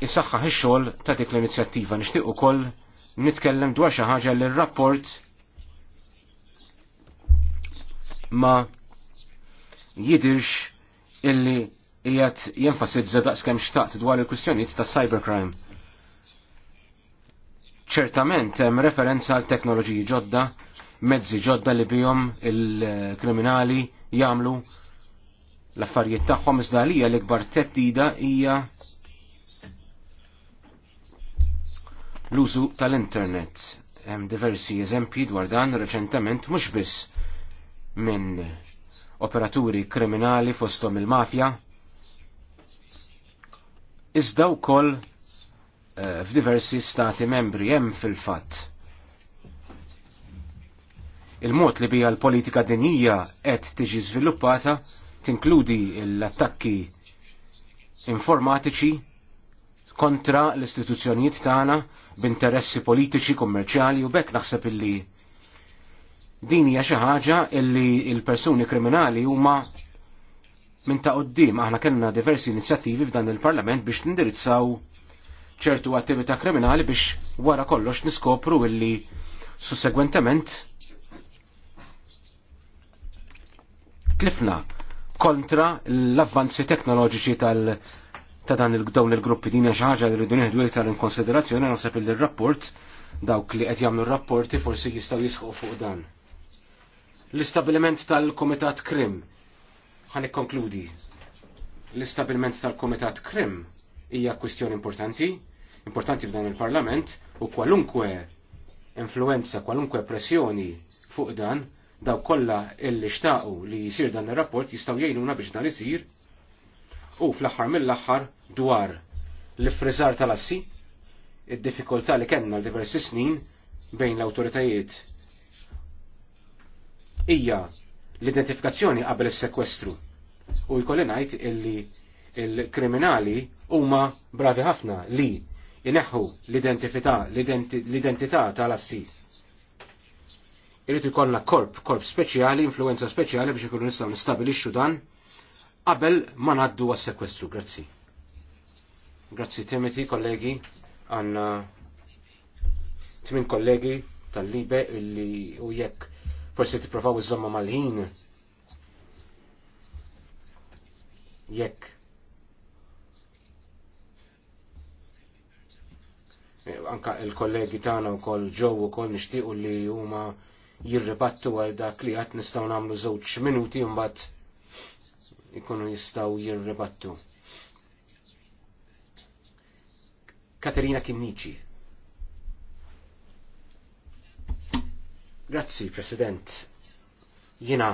jisaxħa xogħol ta' dik l-inizjattiva. Nixtieq ukoll nitkellem dwar xi ħaġa li l rapport ma jidirx illi jgħat jenfasib zadaqs kem xtaqt dwar il-kwistjoniet ta' cybercrime ċertament hemm referenza għal teknoloġiji ġodda, mezzi ġodda li bihom il-kriminali jagħmlu l-affarijiet tagħhom iżda għalija l-ikbar tettida hija l-użu tal-internet. Hemm diversi eżempji dwar dan reċentement mhux biss minn operaturi kriminali fostom il-mafja, iżda wkoll Eh, f'diversi stati membri hemm fil-fatt. Il-mod li bija l-politika dinija qed tiġi żviluppata tinkludi l-attakki informatiċi kontra l-istituzzjonijiet tagħna b'interessi politiċi, kummerċjali u bekk naħseb illi din hija xi ħaġa illi l-persuni kriminali huma minn ta' qoddim aħna kellna diversi inizjattivi f'dan il-Parlament biex tindirizzaw ċertu attività kriminali biex wara kollox niskopru illi sussegwentament tlifna kontra l-avvanzi teknoloġiċi tal- ta' dan il-dawn il-gruppi din xi ħaġa li rridu nieħdu iktar in konsiderazzjoni għal naħseb il rapport dawk li qed jagħmlu r-rapporti forsi jistgħu jisħu fuq dan. l istabilment tal-Komitat Krim ħan ikkonkludi. l istabilment tal-Komitat Krim hija kwistjoni importanti importanti f'dan il-Parlament u kwalunkwe influenza, kwalunkwe pressjoni fuq dan, daw kollha illi xtaqu li jisir dan ir-rapport jistgħu jgħinuna biex dan isir u fl-aħħar mill-aħħar dwar l-ifriżar tal-assi, id-diffikultà li kellna l-diversi snin bejn l-awtoritajiet hija l-identifikazzjoni qabel is-sekwestru u jkolli ngħid illi il-kriminali huma bravi ħafna li Jneħħu l-identità tal-assi. Irrid ikollna korp, korp speċjali, influenza speċjali biex ikunu nistgħu nistabilixxu dan qabel ma naddu għas-sekwestru. Grazzi. Grazzi Timothy, kollegi, għanna tmin kollegi tal-libe illi u jekk forsi tipprovaw iżomma mal-ħin jekk anka il-kollegi tagħna wkoll ġew ukoll nixtiequ li huma jirribattu għal dak li qatt nistgħu nagħmlu żewġ minuti imbagħad ikunu jistgħu jirribattu. Katerina Kinnici. Grazzi, President. Jina,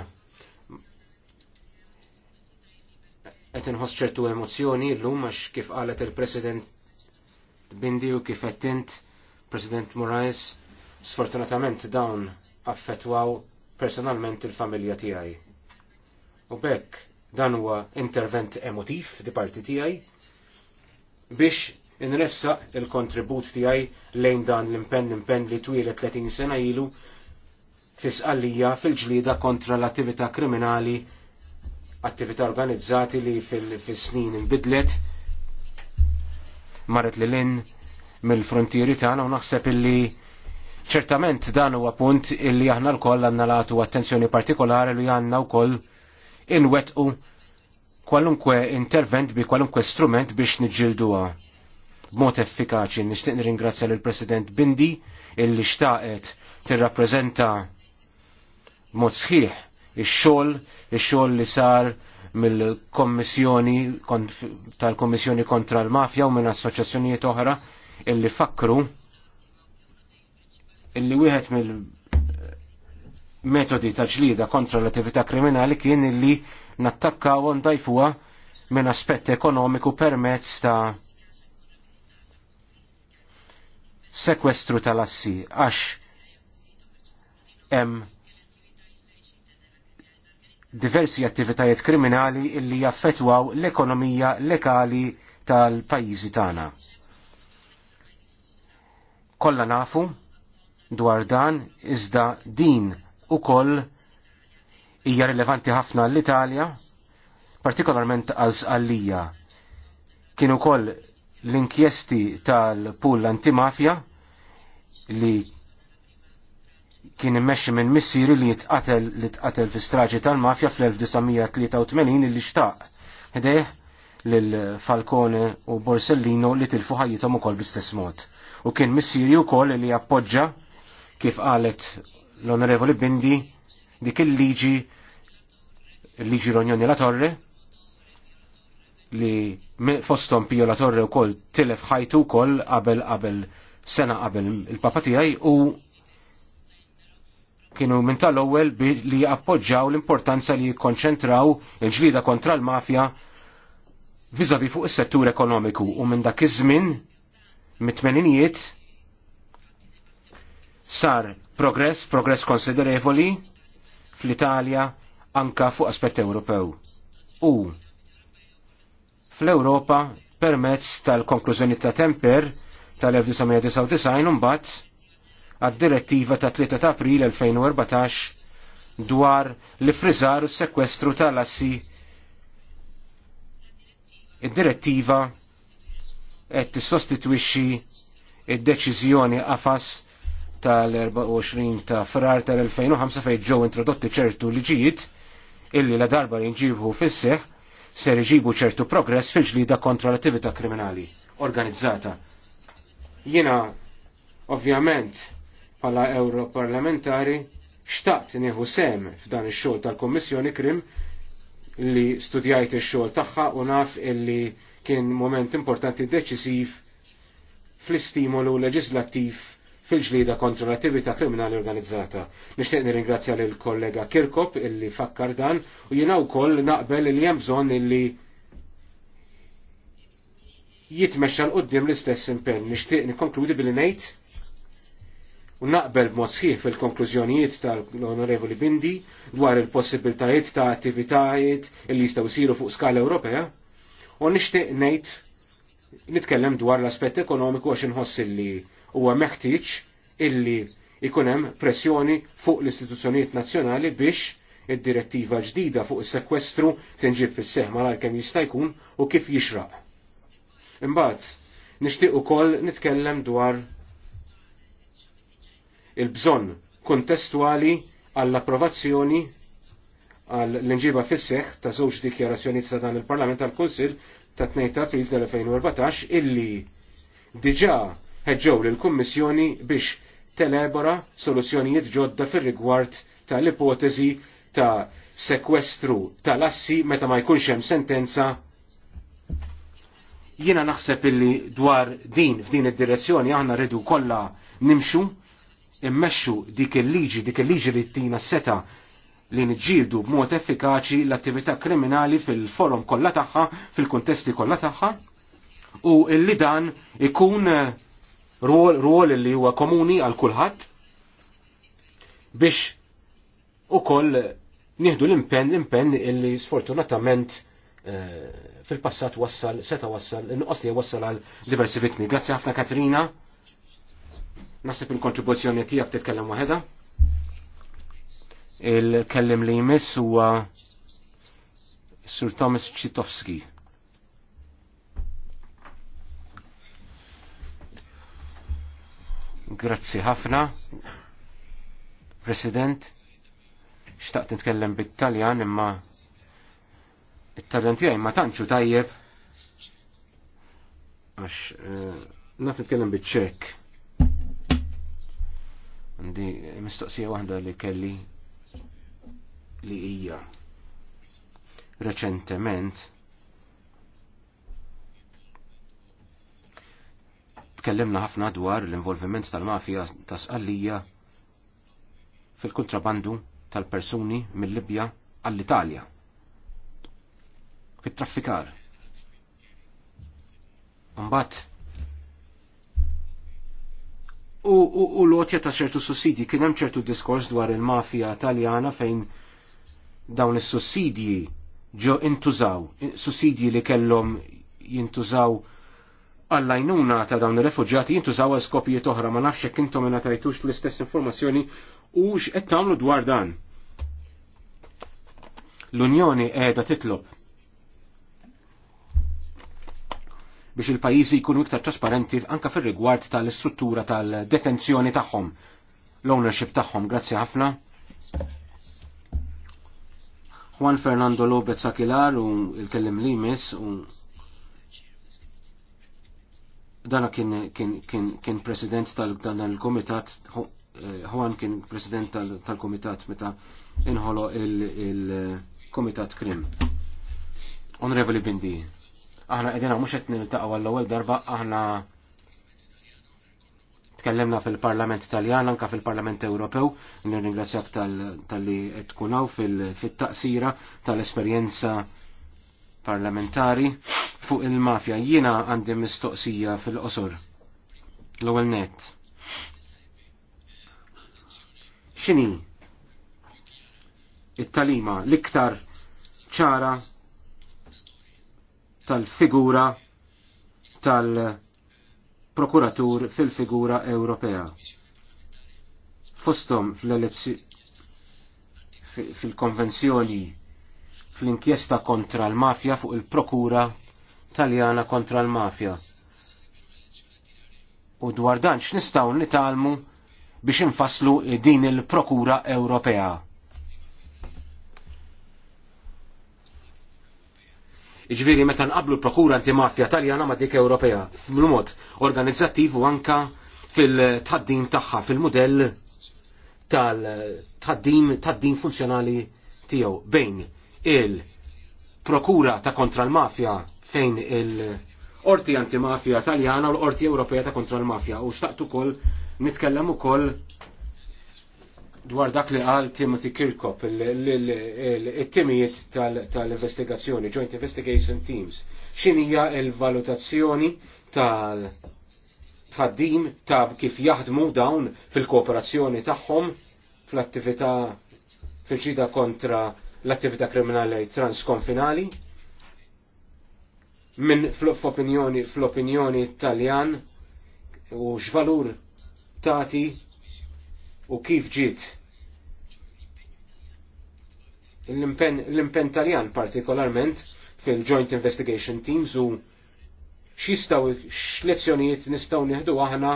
qed inħoss ċertu emozzjoni llum għax kif qalet il-President bindi u kif għettint, President Moraes, sfortunatament dawn affettwaw personalment il-familja tiegħi. U bekk dan huwa intervent emotiv di parti tiegħi biex inressa il-kontribut tiegħi lejn dan l-impenn impenn li twilet 30 sena ilu fisqallija fil-ġlida kontra l-attività kriminali, attività organizzati li fil-snin inbidlet marret li lin mill-frontieri tagħna u naħseb illi ċertament dan huwa punt illi aħna l-koll għandna lagħtu attenzjoni partikolari li għandna wkoll inwetqu kwalunkwe intervent bi kwalunkwe strument biex niġġilduha. B'mod effikaċi nixtieq ringrazzja lill president Bindi illi xtaqet tirrappreżenta b'mod sħiħ ix-xogħol, ix-xogħol li sar mill-kommissjoni tal-kommissjoni kontra l-mafja u minn assoċjazzjonijiet oħra illi fakru illi wieħed mill metodi ta' ġlida kontra l-attività kriminali kien illi nattakkaw u ndajfuha minn aspett ekonomiku permezz ta' sekwestru tal-assi għax hemm diversi attivitajiet kriminali illi jaffetwaw l-ekonomija lekali tal-pajjiżi tagħna. Kollha nafu dwar dan iżda din ukoll hija rilevanti ħafna l-Italja, partikolarment għal-Għallija. Kienu koll l-inkjesti tal-pull antimafja li kien immexxi minn missieri li jitqatel li tqatel fi straġi tal-mafja fl-1983 illi xtaq. ħdeh lil Falcone u Borsellino li tilfu ħajjithom ukoll bl-istess mod. U kien missieri wkoll li appoġġa kif qalet l-Onorevoli Bindi dik il-liġi il-liġi Ronjoni La Torre li fostom Pio La Torre u koll tilef ħajtu koll qabel qabel sena qabel il-papa tijaj u kienu minn tal-ewwel li appoġġaw l-importanza li jikkonċentraw il-ġlida kontra l-mafja viżavi fuq is-settur ekonomiku u minn dak iż-żmien mit-tmeninijiet sar progress, progress konsiderevoli fl-Italja anka fuq aspett Ewropew. U fl-Ewropa permezz tal-konklużjoni ta' Temper tal-1999 mbagħad għad-direttiva ta' 3 ta' april 2014 dwar li frizar u sekwestru tal-assi. Id-direttiva qed tissostitwixxi id-deċiżjoni qafas tal-24 ta' frar tal-2005 fejn ġew introdotti ċertu liġijiet illi la darba li nġibu fis-seħ ser iġibu ċertu progress fil-ġlida kontra l-attività kriminali organizzata. Jiena ovvjament bħala Europarlamentari xtaqt nieħu sem f'dan ix-xogħol tal-Kommissjoni Krim li studjajt ix-xogħol tagħha u naf illi kien moment importanti deċisiv fl-istimolu leġislattiv fil-ġlida kontra l-attività kriminali organizzata. Nixtieq nirringrazzja lil kollega Kirkop illi fakkar dan u jiena wkoll naqbel li hemm bżonn illi jitmexxa l-qudiem l-istess impenn. Nixtieq nikkonkludi billi ngħid u naqbel b'mod sħiħ fil-konklużjonijiet tal-Onorevoli Bindi dwar il-possibiltajiet ta' attivitajiet li jistgħu jsiru fuq skala Ewropea, u nixtieq ngħid nitkellem dwar l-aspett ekonomiku għax inħoss li huwa meħtieġ illi ikun hemm pressjoni fuq l-istituzzjonijiet nazzjonali biex id-direttiva ġdida fuq is-sekwestru tinġib fis-seħ mal kemm jista' jkun u kif jixraq. Imbagħad, nixtieq ukoll nitkellem dwar il-bżonn kontestuali għall approvazzjoni għall inġiba fisseħ ta' żewġ dikjarazzjoni ta' dan il-Parlament tal kunsil ta' 2 april 2014 illi diġa ħeġġew lill-Kummissjoni biex telebora soluzzjonijiet ġodda fir-rigward tal-ipotezi ta' sekwestru tal-assi meta ma jkunx hemm sentenza jiena naħseb illi dwar din f'din id-direzzjoni aħna rridu kollha nimxu immexxu dik il-liġi, dik il-liġi li tina seta li nġildu b'mod effikaċi l-attività kriminali fil-forum kollha tagħha, fil-kuntesti kollha tagħha, u illi dan ikun eh, rwol li huwa komuni għal kulħadd biex ukoll nieħdu l-impenn l-impenn illi sfortunatament eh, fil-passat wassal, seta wassal, inqos li wassal għal diversi vittmi. Grazzi ħafna Katrina. Nasib il-kontribuzzjoni tijak titkellem waħeda. Il-kellim li jmiss huwa Sir Thomas Chitowski. Grazzi ħafna. President, xtaqt nitkellem bit-Taljan imma it-taljan tiegħi ma tantxu tajjeb għax eh, naf nitkellem bit ċek Għandi mistoqsija waħda li kelli li hija reċentement tkellimna ħafna dwar l-involviment tal mafija ta' sqallija fil-kontrabandu tal-persuni mill-Libja għall-Italja. Fit-traffikar. Mbagħad u lotja ta' ċertu sussidji, kien hemm ċertu diskors dwar il-mafja taljana fejn dawn is-sussidji ġo intużaw, sussidji li kellhom jintużaw għall-għajnuna ta' dawn ir refuġġati jintużaw għal skopijiet oħra ma nafx jekk intom ma tajtux l-istess informazzjoni u x'qed tagħmlu dwar dan. L-Unjoni qiegħda titlob biex il-pajjiżi jkunu iktar trasparenti anka fir-rigward tal-istruttura tal-detenzjoni tagħhom, l-ownership tagħhom. Grazzi ħafna. Juan Fernando López Aquilar u il-kellim li mis u dana kien, kien, kien, kien president tal-dan il-komitat eh, Juan kien president tal-komitat meta inħolo il-komitat krim. Onorevoli Bindi, aħna mux mhux qed taqaw għall-ewwel darba aħna tkellimna fil-Parlament Taljan anka fil-Parlament Ewropew, nirringrazzjak tal-li qed tkunaw fit-taqsira tal-esperjenza parlamentari fuq il-mafja. Jiena għandi mistoqsija fil-qosor. L-ewwel net. X'inhi it-talima l-iktar ċara tal-figura tal-prokuratur fil-figura Ewropea. Fostom fil-konvenzjoni fl-inkjesta kontra l-mafja fuq il-prokura taljana kontra l-mafja. U dwar dan x'nistgħu nitalmu biex infasslu din il-Prokura Ewropea. Iġviri meta nqablu prokura antimafja taljana ma dik Ewropea f'mod organizzattiv u anka fil-tħaddim tagħha fil-mudell tal-tħaddim tħaddim funzjonali tiegħu bejn il-prokura ta' kontra l-mafja fejn il- orti antimafja taljana u l-orti Ewropea ta' kontra l-mafja u xtaqt ukoll nitkellem ukoll dwar dak li għal Timothy Kirkop, il-timijiet tal-investigazzjoni, Joint Investigation Teams, xinija il-valutazzjoni tal- tħaddim ta' kif jaħdmu dawn fil-kooperazzjoni tagħhom fl-attività fil-ġida kontra l-attività kriminali transkonfinali. Min fl-opinjoni fl-opinjoni Taljan u x'valur tati u kif ġiet l-impen taljan partikolarment fil-Joint Investigation Teams u x x'lezzjonijiet nistgħu nieħdu aħna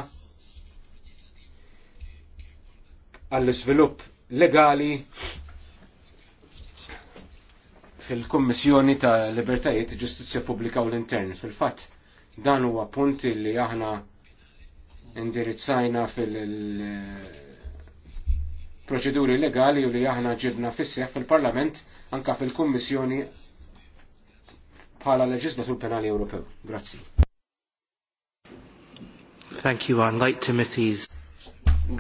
għall-iżvilupp legali fil-Kommissjoni ta' Libertajiet Ġustizja Pubblika u l-Intern. Fil-fatt, dan huwa punti li aħna indirizzajna fil- proċeduri legali u li aħna ġibna fisseħ fil-Parlament anka fil-Kummissjoni bħala Leġislatur Penali Ewropew. Grazzi. Thank you, like Timothy's.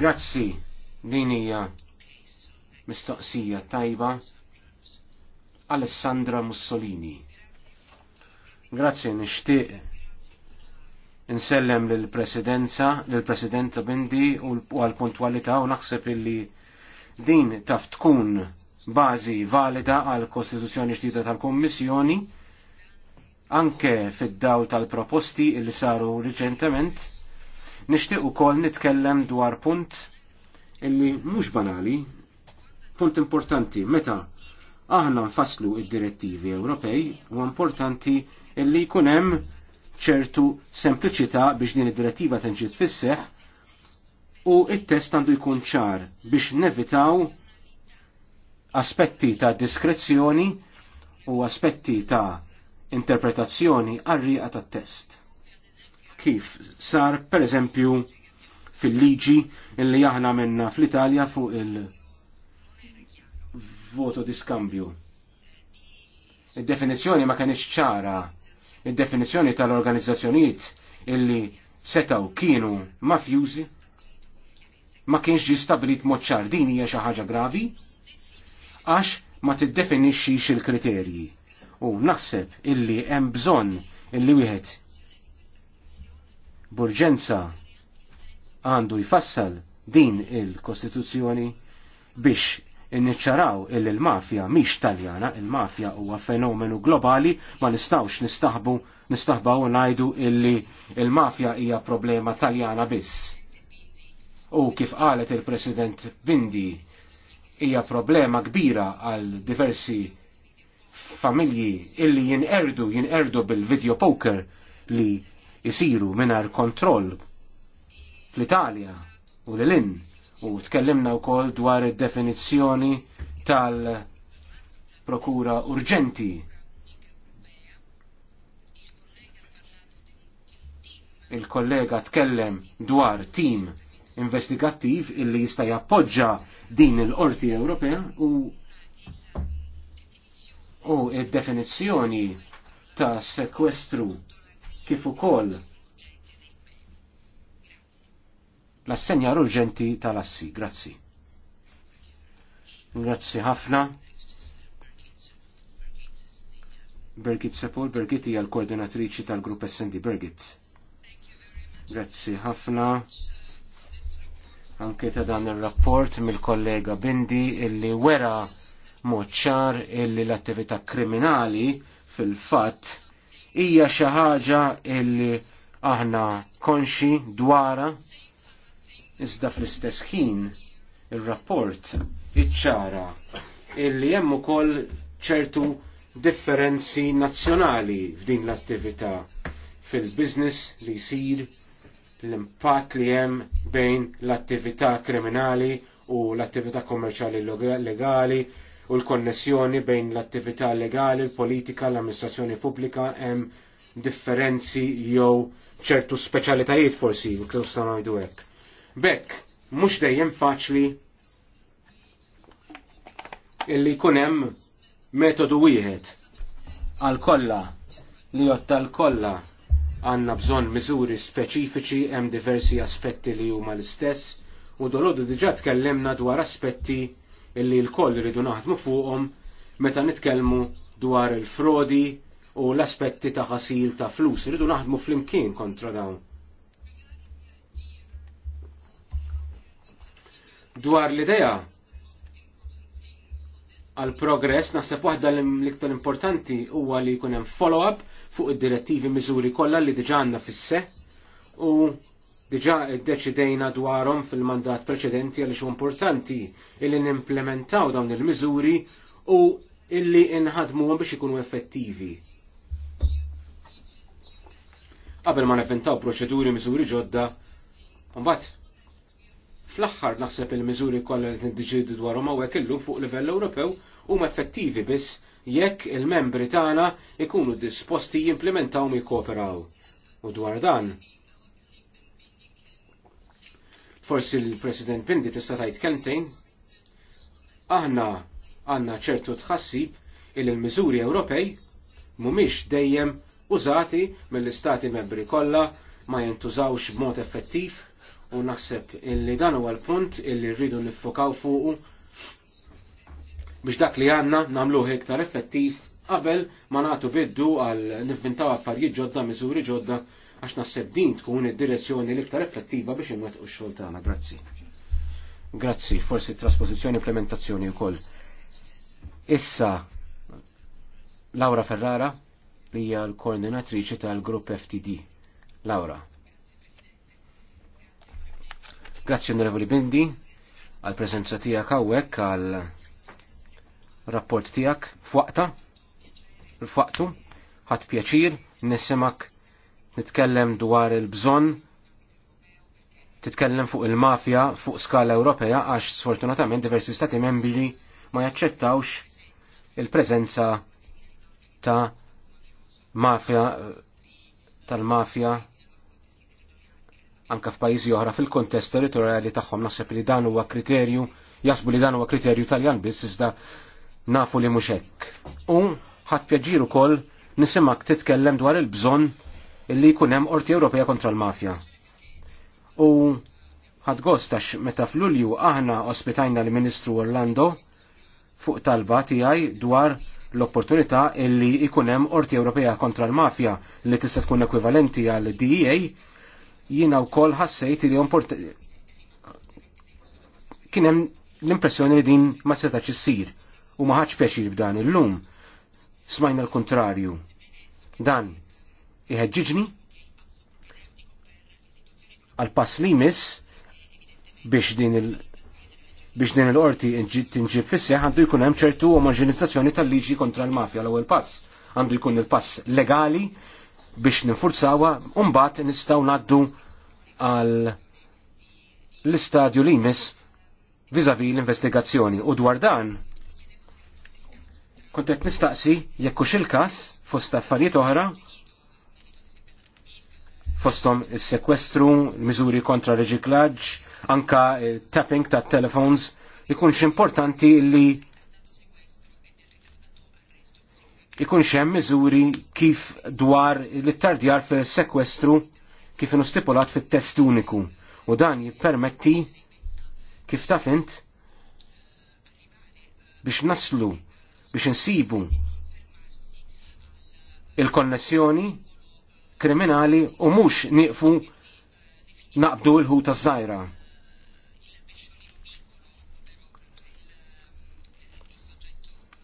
Grazzi, din hija mistoqsija tajba Alessandra Mussolini. Grazzi, nixtieq insellem lill presidenza lill presidenta Bindi u għal puntualita u naħseb illi Din taf tkun bażi valida għal kostituzzjoni ġdida tal-Kommissjoni anke fid-dawl tal-proposti li saru riċentement nixtieq ukoll nitkellem dwar punt illi mhux banali, punt importanti meta aħna nfasslu id-direttivi Ewropej u importanti illi jkun hemm ċertu sempliċità biex din id-direttiva tenġi tfisseħ u it-test għandu jkun ċar biex nevitaw aspetti ta' diskrezzjoni u aspetti ta' interpretazzjoni għarriqa ta' test. Kif sar, per eżempju, fil-liġi illi aħna minna fl-Italja fuq il-voto di skambju. Id-definizzjoni ma kienx ċara, id-definizzjoni tal-organizzazzjonijiet illi setaw kienu mafjużi ma kienx ġi stabilit moċċar din hija xi ħaġa gravi għax ma tiddefinixxix il-kriterji. U naħseb illi hemm bżonn illi wieħed burġenza għandu jfassal din il-Kostituzzjoni biex inniċċaraw il il-mafja miex taljana, il-mafja huwa fenomenu globali ma nistawx nistaħbu nistaħbaw ngħidu illi il-mafja hija problema taljana biss u kif qalet il-President Bindi hija problema kbira għal diversi familji illi jinqerdu jinqerdu bil-video poker li jisiru minar kontroll fl-Italja u l in u tkellimna wkoll dwar id-definizzjoni tal-prokura urġenti il-kollega tkellem dwar tim investigattiv illi jista' jappoġġa din il-Qorti Ewropea u u id-definizzjoni ta' sekwestru kif ukoll l-assenjar urġenti tal-assi. Grazzi. Grazzi ħafna. Birgit Sepol, Birgit hija l-koordinatriċi tal-grupp SND Birgit. Grazzi ħafna anke ta' dan ir-rapport mill-kollega Bindi illi wera moċċar illi l-attività kriminali fil-fatt hija xi ħaġa illi aħna konxi dwara iżda fl-istess ħin ir-rapport iċċara illi hemm ukoll ċertu differenzi nazzjonali f'din l-attività fil business li jsir l-impatt li hemm bejn l-attività kriminali u l-attività kommerċali legali u l-konnessjoni bejn l-attività legali, l-politika, l-amministrazzjoni pubblika hemm differenzi jew ċertu speċjalitajiet forsi, u ngħidu hekk. Bekk, mhux dejjem faċli illi jkun hemm metodu wieħed għal kollha li jotta l kollha għanna bżon miżuri speċifiċi hemm diversi aspetti li huma l-istess u dolodu diġat tkellimna dwar aspetti illi l-koll rridu naħdmu fuqhom meta nitkellmu dwar il-frodi u l-aspetti ta' ħasil ta' flus rridu naħdmu flimkien kontra dawn. Dwar l-idea għal progress naħseb waħda l-iktar importanti huwa li jkun hemm follow-up fuq id-direttivi miżuri kollha li diġa' għandna fisse u id-deċidejna dwarhom fil-mandat preċedenti għaliex importanti illi nimplementaw dawn il-miżuri u illi inħadmuhom biex ikunu effettivi. Qabel ma neventaw proċeduri miżuri ġodda, mbagħad fl aħħar naħseb il-miżuri kollha li tiddeċidu dwarhom hawnhekk illum fuq livell Ewropew huma effettivi biss jekk il-membri tagħna ikunu disposti jimplementaw mi kooperaw. U dwar dan, forsi l-President Bindi tista' tgħid kentejn, aħna għandna ċertu tħassib il il-miżuri Ewropej mhumiex dejjem użati mill-istati membri kollha ma jintużawx b'mod effettiv u naħseb illi dan huwa l-punt illi rridu niffokaw fuqu biex dak li għanna namluħ iktar effettiv qabel ma nagħtu biddu għal nivvintaw affarijiet ġodda, miżuri ġodda għax naħseb din tkun id-direzzjoni l-iktar effettiva biex inwettqu x-xogħol tagħna. Grazzi. Grazzi, forsi trasposizzjoni implementazzjoni wkoll. Issa Laura Ferrara li hija l-koordinatriċi tal-grupp FTD. Laura. Grazzi onorevoli Bindi għal preżenza tiegħek hawnhekk għal rapport tijak fwaqta, fwaqtu, ħat pjaċir, nisimak, nitkellem dwar il-bżon, titkellem fuq il-mafja fuq skala Ewropea għax sfortunatament diversi stati membri ma jaċċettawx il-prezenza ta' mafja tal-mafja anka f'pajjiżi oħra fil-kontest territorjali tagħhom naħseb li dan huwa kriterju jasbu li dan huwa kriterju Taljan biss iżda nafu li mhux hekk. U ħat pjaġir ukoll nisimak titkellem dwar il-bżonn illi jkun hemm Qorti Ewropea kontra l-Mafja. U ħad gostax meta f'Lulju aħna ospitajna l-Ministru Orlando fuq talba tiegħi dwar l-opportunità illi jkun hemm Qorti Ewropea kontra l-Mafja li tista' tkun ekwivalenti għal DEA jiena wkoll ħassejt li kien hemm l-impressjoni li din ma setax issir u maħħaċ peċir b'dan il-lum. Smajna l-kontrarju. Dan iħedġiġni għal pass li mis, biex din il- biex din qorti tinġib fisse għandu jkun hemm ċertu omoġenizzazzjoni tal-liġi kontra l-mafja l-ewwel pass. Għandu jkun il-pass legali biex ninfurzawa u mbagħad nistgħu ngħaddu għal l-istadju li jmiss vizavi l-investigazzjoni u dwar dan Kont qed nistaqsi jekk hux il-każ fost affarijiet oħra fostom is-sekwestru, miżuri kontra reġiklaġġ, anka tapping ta' telefons ikunx importanti li ikunx hemm miżuri kif dwar l tardjar fil-sekwestru kif inu stipulat fit-test uniku u dan jippermetti kif tafint biex naslu biex insibu il-konnessjoni kriminali u mhux nieqfu naqbdu l-ħuta żgħira.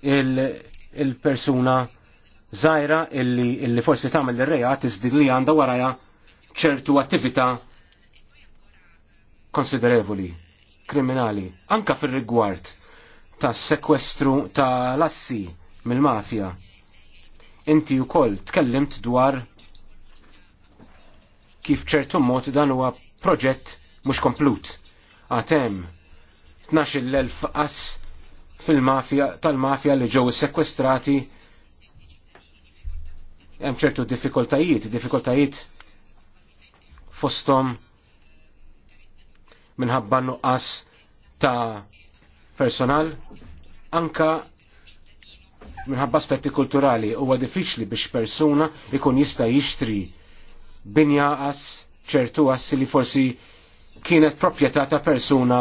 il-persuna il zaħira illi, illi forsi tagħmel ir-reja tiżdid li għandha waraja ċertu attività konsiderevoli, kriminali, anka fir-rigward ta' sekwestru ta' lassi mill-mafja. Inti u koll tkellimt dwar kif ċertu mod dan huwa proġett mhux komplut. Għatem 12.000 qas fil-mafja tal-mafja li ġew sekwestrati hemm ċertu diffikultajiet, diffikultajiet fostom minħabba nuqqas ta' personal anka minħabba aspetti kulturali huwa diffiċli biex persuna ikun jista' jixtri binja qas ċertu għas li forsi kienet proprjetà ta' persuna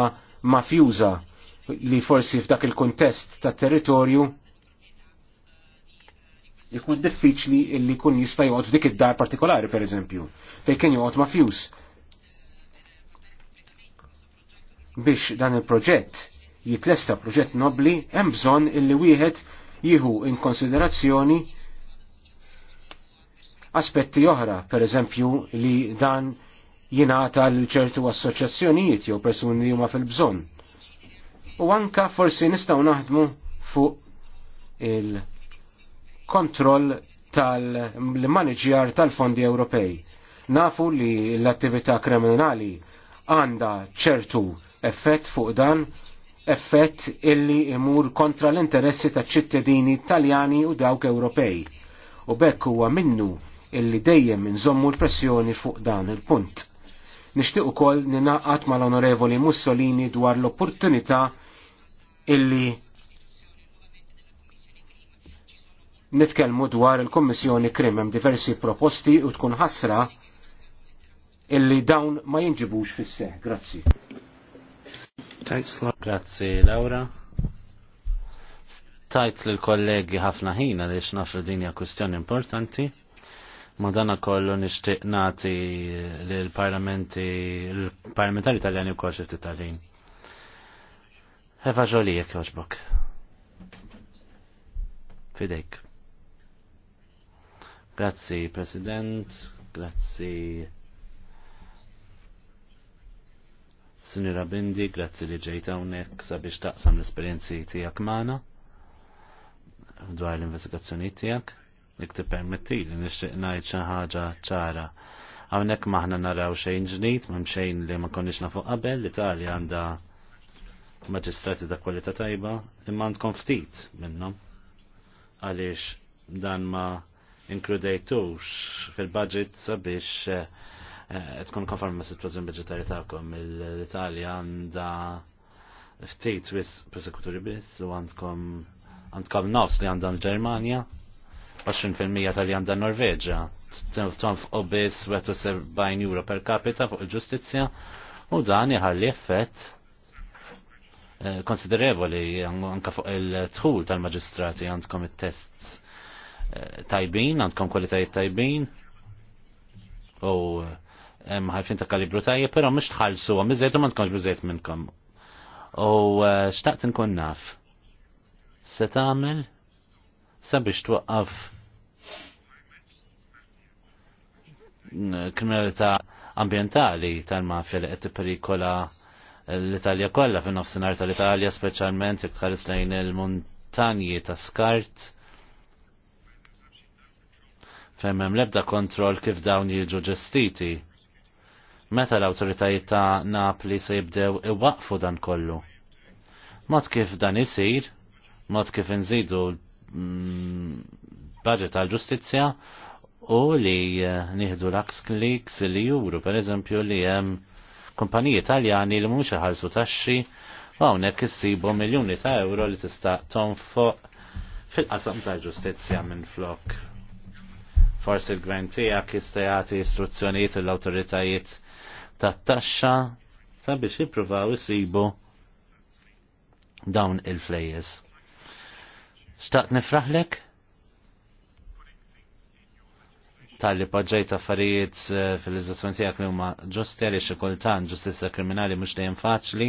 mafjuża li forsi f'dak il-kuntest ta' territorju ikun diffiċli li kun jista' joqgħod f'dik id-dar partikolari pereżempju, fejn kien joqgħod mafjuż. Biex dan il-proġett jitlesta proġett nobli, hemm bżonn illi wieħed jieħu in konsiderazzjoni aspetti oħra, per eżempju li dan jingħata l ċertu assoċjazzjonijiet jew persuni li huma fil-bżonn. U anka forsi nistgħu naħdmu fuq il-kontroll tal-manager tal-fondi Ewropej. Nafu li l-attività kriminali għanda ċertu effett fuq dan effett illi imur kontra l-interessi ta' ċittadini Taljani u dawk Ewropej. U bekk huwa minnu illi dejjem nżommu l-pressjoni fuq dan il-punt. Nixtieq ukoll ninaqat mal-Onorevoli Mussolini dwar l-opportunità illi nitkellmu dwar il-Kommissjoni Krim hemm diversi proposti u tkun ħasra illi dawn ma jinġibux fis-seħ. Grazzi. Thanks, Laura. Grazie, Laura. Tajt li kollegi ħafna ħina li xnafru dinja kustjoni importanti. Madana kollu nishtiq nati li l-parlamenti, l-parlamentari italjani u kolxet italjani. Hefa ġolijek joġbok. Fidejk. Grazzi, President. Grazie. Sunira Bindi, grazzi li ġejta hawnhekk sabiex taqsam l-esperjenzi tiegħek magħna dwar l-investigazzjoni tiegħek. Jek permetti li nixtieq ngħid xi ħaġa ċara. Hawnhekk maħna naraw xejn ġdid, m'hemm xejn li ma konniex nafu qabel, l-Italja għandha maġistrati ta' kwalità tajba, imma għandkom ftit minnhom. Għaliex dan ma inkludejtux fil-budget sabiex eh, Eh, tkun konforma situazzjoni budġetarja tagħkom l-Italja għandha ftit wis persekuturi biss u għandkom għandkom nofs li għandhom Ġermanja, 20% tal-li għandha Norveġa, u biss 70 euro per capita fuq il-ġustizzja u dan iħalli effett eh, konsiderevoli anka fuq il-tħul tal-maġistrati għandkom it-tests eh, tajbin, għandkom kwalitajiet tajbin u ħalfin ta' kalibru tajje, pero mux tħalsu, mizzet u ma tkunx bizzet minnkom. U eh, xtaqt nkun naf. Se tagħmel sabiex twaqqaf kriminalità ambientali tal-mafja li qed tipperikola l-Italja kollha fin nofsinhar tal-Italja speċjalment jekk tħares lejn il-muntanji ta' skart Femmem lebda l-ebda kontroll kif dawn jiġu ġestiti meta l-awtoritajiet ta' Napli se jibdew iwaqfu dan kollu. Mod kif dan isir, mod kif nżidu mm, budget tal ġustizzja u li eh, nieħdu l-aks li juru, per eżempju, li hemm kumpaniji italjani li mhux ħalsu taxxi u hawnhekk issibu miljuni ta' euro li tista' fuq fil-qasam tal ġustizzja minn flok. Forsi l-gvern tiegħek jista' jagħti istruzzjonijiet l-awtoritajiet ta' taxxa sabiex jippruvaw isibu dawn il-flejjes. Xtaqt nifraħlek? tal-li poġġejt affarijiet eh, fil-izzazzjoni tiegħek li huma ġusti għaliex xi kultant ġustizza kriminali mhux dejjem faċli.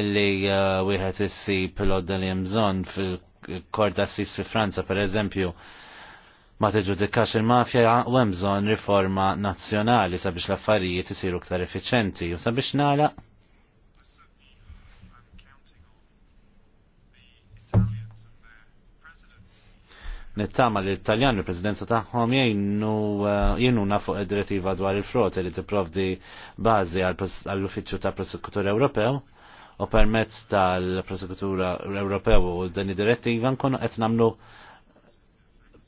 Illi eh, wieħed issib l-odda li hemm bżonn fil-korda assis fi Franza pereżempju ma tiġudikax il-mafja u hemm bżonn riforma nazzjonali sabiex l-affarijiet isiru ktar effiċenti u sabiex nagħlaq nittama li l-Italjan il-Presidenza taħħom jenuna eh, fuq id-direttiva dwar il frot li tipprovdi bazi għall-Uffiċċju ta' Prosekutur Ewropew u permezz tal-Prosekutura Ewropew u din id-direttiva nkunu qed nagħmlu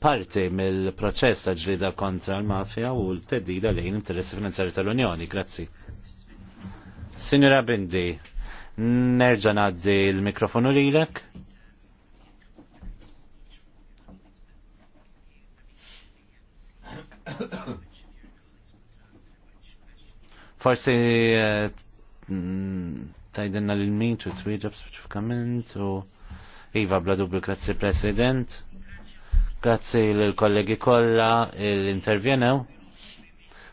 parti mill-proċess ta' ġlida kontra l-mafja u l-teddida lejn interessi finanzjari tal-Unjoni. Grazzi. Signora Bindi, nerġa' ngħaddi l-mikrofonu lilek. Forsi eh, mm, tajdenna l-min tu t-wieġab f u Iva bla dubju grazzi President. Grazzi l-kollegi kolla l-intervjenew.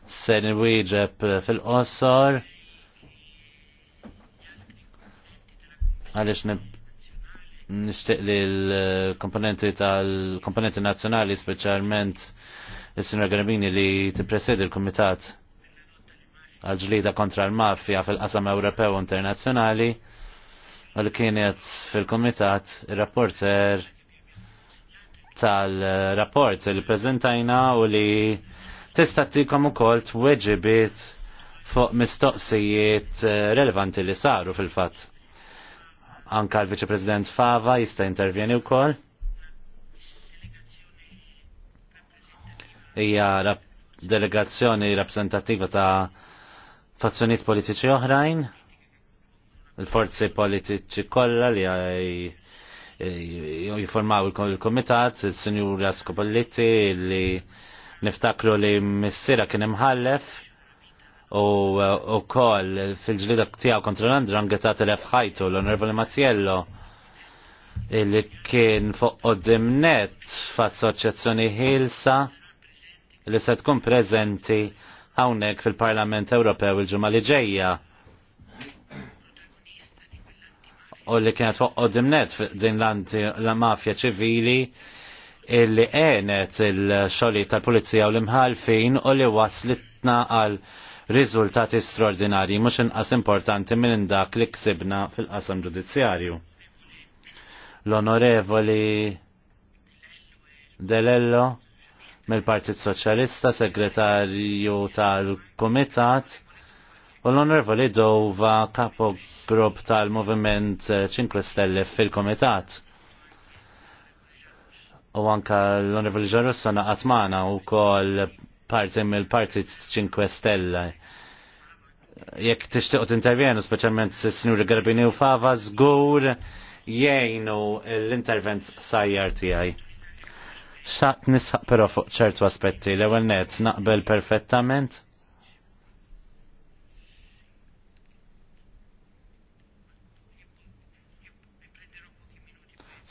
Sen wieġeb fil-qosor. Għalix nishtiq li l-komponenti tal-komponenti nazjonali specialment il-Sinra Garbini li t-presedi l-Komitat għal-ġlida kontra l-mafja fil-qasam Ewropew internazzjonali għal kienet fil-Komitat il-rapporter tal-rapport li prezentajna u li tista' tikom ukoll tweġibiet fuq mistoqsijiet eh, relevanti li saru fil-fatt. Anka l-Viċi President Fava jista' intervjeni wkoll. Hija rap delegazzjoni rappresentativa ta' fazzjoniet politiċi oħrajn, il-forzi politiċi kollha li għaj Eh, jiformaw il-komitat, il-senjur Jaskopalletti li niftakru li missira kien imħallef eh, u koll fil-ġlida tijaw kontra l-Andra ngetat l ħajtu l-Onorevole Mattiello, li kien fuq qoddimnet f'assoċjazzjoni ħilsa li se tkun preżenti hawnhekk fil-Parlament Ewropew il-ġimgħa li ġejja u li kienet fuq dimnet din l-mafja ċivili illi għenet il-xoli tal-pulizija u l-imħalfin u li waslitna għal riżultati straordinari mhux inqas importanti minn dak li ksibna fil-qasam ġudizzjarju. L-onorevoli Delello mill-Partit Soċjalista, segretarju tal-Komitat, U l-onorvoli dova kapo grupp tal-Moviment 5 eh, Stelle fil-Komitat. U anka l onorevoli Ġarusso naqat maħna u kol parti mill-partit 5 Stelle. Jekk tixtiq t-intervjenu, specialment s-Sinjuri Garbini u Fava, zgur jgħinu l-intervent sajjar tijaj. Xaqt nisħaq pero fuq ċertu aspetti, l-ewel net naqbel perfettament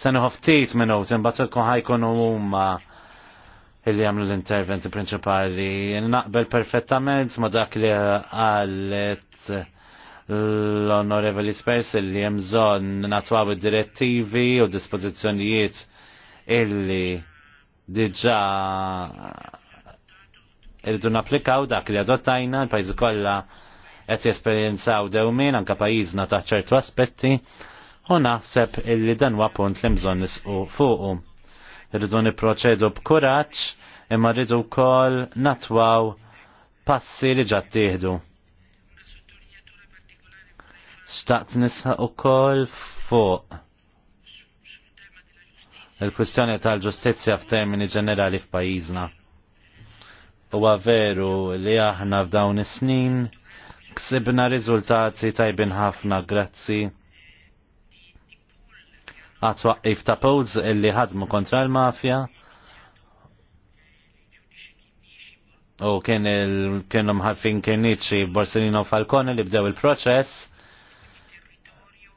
Sen ftit minut, imbagħad ikun ħajkunu huma illi għamlu l-interventi prinċipali. Naqbel perfettament ma dak li għallet l-onorevoli spers illi jemżon natwaw id-direttivi u dispozizjonijiet illi diġa irridu naplikaw dak li adottajna l-pajzi kollha qed jesperjenzaw dewmin anke pajjiżna ta' ċertu aspetti u naħseb illi dan huwa punt li bżonn nisqu fuqu. Irridu niproċedu b'kuraġġ imma rridu wkoll natwaw passi li ġat tieħdu. Xtaqt nisħaq ukoll fuq il-kwistjoni tal-ġustizzja f'termini ġenerali f'pajjiżna. Huwa veru li aħna f'dawn is-snin ksibna riżultati tajbin ħafna grazzi għatwaqif ta' powds illi ħadmu kontra l-mafja. U kien kienu mħalfin kieniċi Borsellino Falcone li bdew il-proċess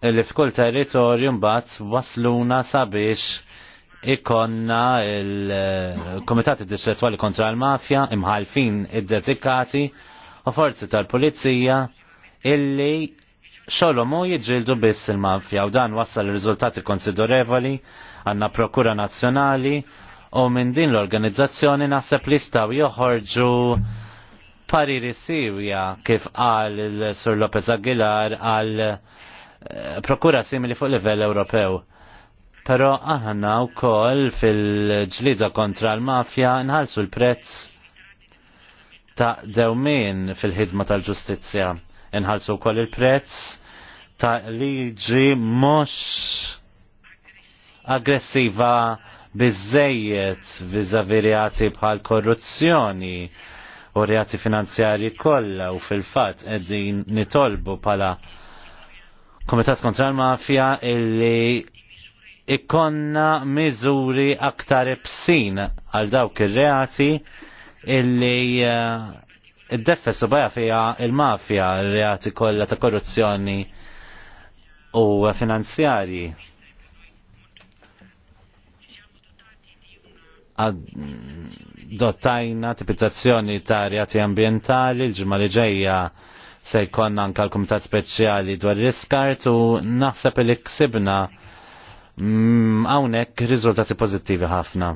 illi f'kull territorju mbagħad wasluna sabiex ikonna il-Komitati Distrettuali kontra l-Mafja imħalfin id-dedikati u forzi tal-Pulizija illi xolomu jġildu biss il-mafja u dan wassal riżultati konsiderevoli għanna Prokura Nazzjonali u minn din l-organizzazzjoni naħseb li staw joħorġu pariri Sirja kif qal sur Lopez Aguilar għal eh, prokura simili fuq livell Ewropew. Pero aħna u kol fil-ġlida kontra l-mafja nħalsu l-prezz ta' dewmin fil-ħidma tal-ġustizzja inħalsu wkoll il-prezz ta' liġi mhux aggressiva bizzejiet vizavi reati bħal korruzzjoni u reati finanzjari kollha u fil fat eddin nitolbu bħala Komitat kontra l-Mafja illi ikonna miżuri aktar ibsin għal dawk ir-reati illi uh, id defes u baja fija il-mafja reati kollha ta' korruzzjoni u finanzjarji. Dottajna tipizzazzjoni ta' reati ambientali, l-ġimma li ġejja se jkonna anka l-Komitat Speċjali dwar l-iskart u naħseb li ksibna mm, hawnhekk riżultati pożittivi ħafna.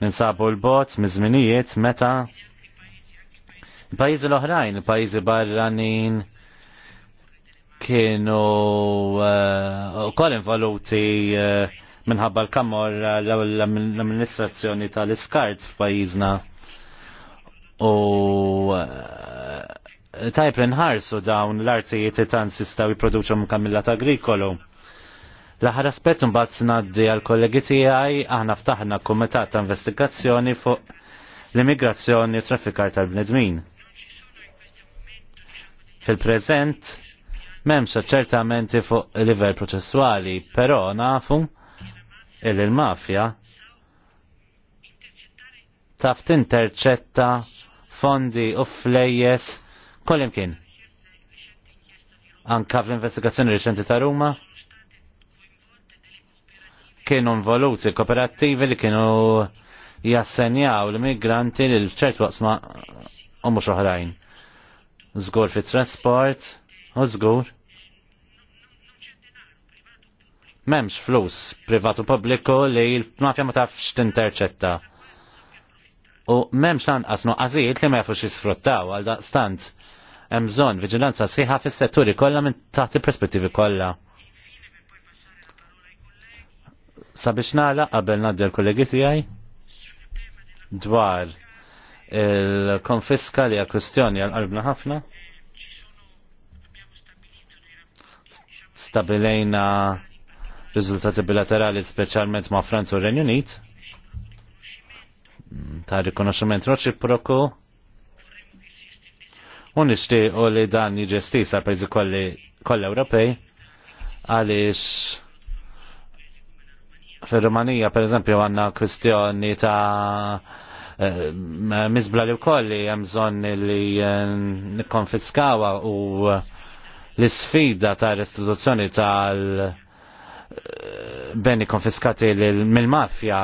Ninsabu l-bot, mizminijiet, meta Pajizi l-oħrajn, pajizi barranin, kienu eh, kol involuti eh, minħabba l-kamor l-amministrazzjoni tal-iskart f'pajizna. U eh, tajb nħarsu dawn l-artijiet tan sistaw jiproduċu ta agrikolu. L-aħħar aspett mbagħad snaddi għal kollegi tiegħi aħna ftaħna kumitat ta' investigazzjoni fuq l-immigrazzjoni u traffikar tal-bnedmin. Fil-prezent, memx ċertamenti fuq livell proċessuali, però nafu il-mafja taf tinterċetta fondi u flejjes kollimkien. Anka fl-investigazzjoni riċenti ta' Ruma kienu involuti kooperattivi li kienu jassenjaw l-migranti l ċert waqsma u mux oħrajn żgur fit trasport u żgur. M'hemmx flus privatu pubbliku li l-mafja ma tafx tinterċetta. U m'hemmx lanqas nuqqasijiet li ma jafux jisfruttaw għal daqstant hemm bżonn viġilanza sħiħa fis-setturi kollha minn taħt il-perspettivi kollha. Sabiex nagħlaq qabel ngħaddi l-kollegi tiegħi dwar il-konfiska li għal kwestjoni għal-qalbna ħafna. Stabilejna rizultati bilaterali specialment ma' Franz u Renju Unit ta' rikonoxximent roċiproku Unishti u li dan jiġi sa' pajzi kolli kollha Ewropej għaliex fir-Rumanija pereżempju għanna kwestjoni ta' mizbla li wkoll li hemm bżonn li eh, nikkonfiskawha u eh, l-sfida ta' restituzzjoni tal eh, beni konfiskati mill-mafja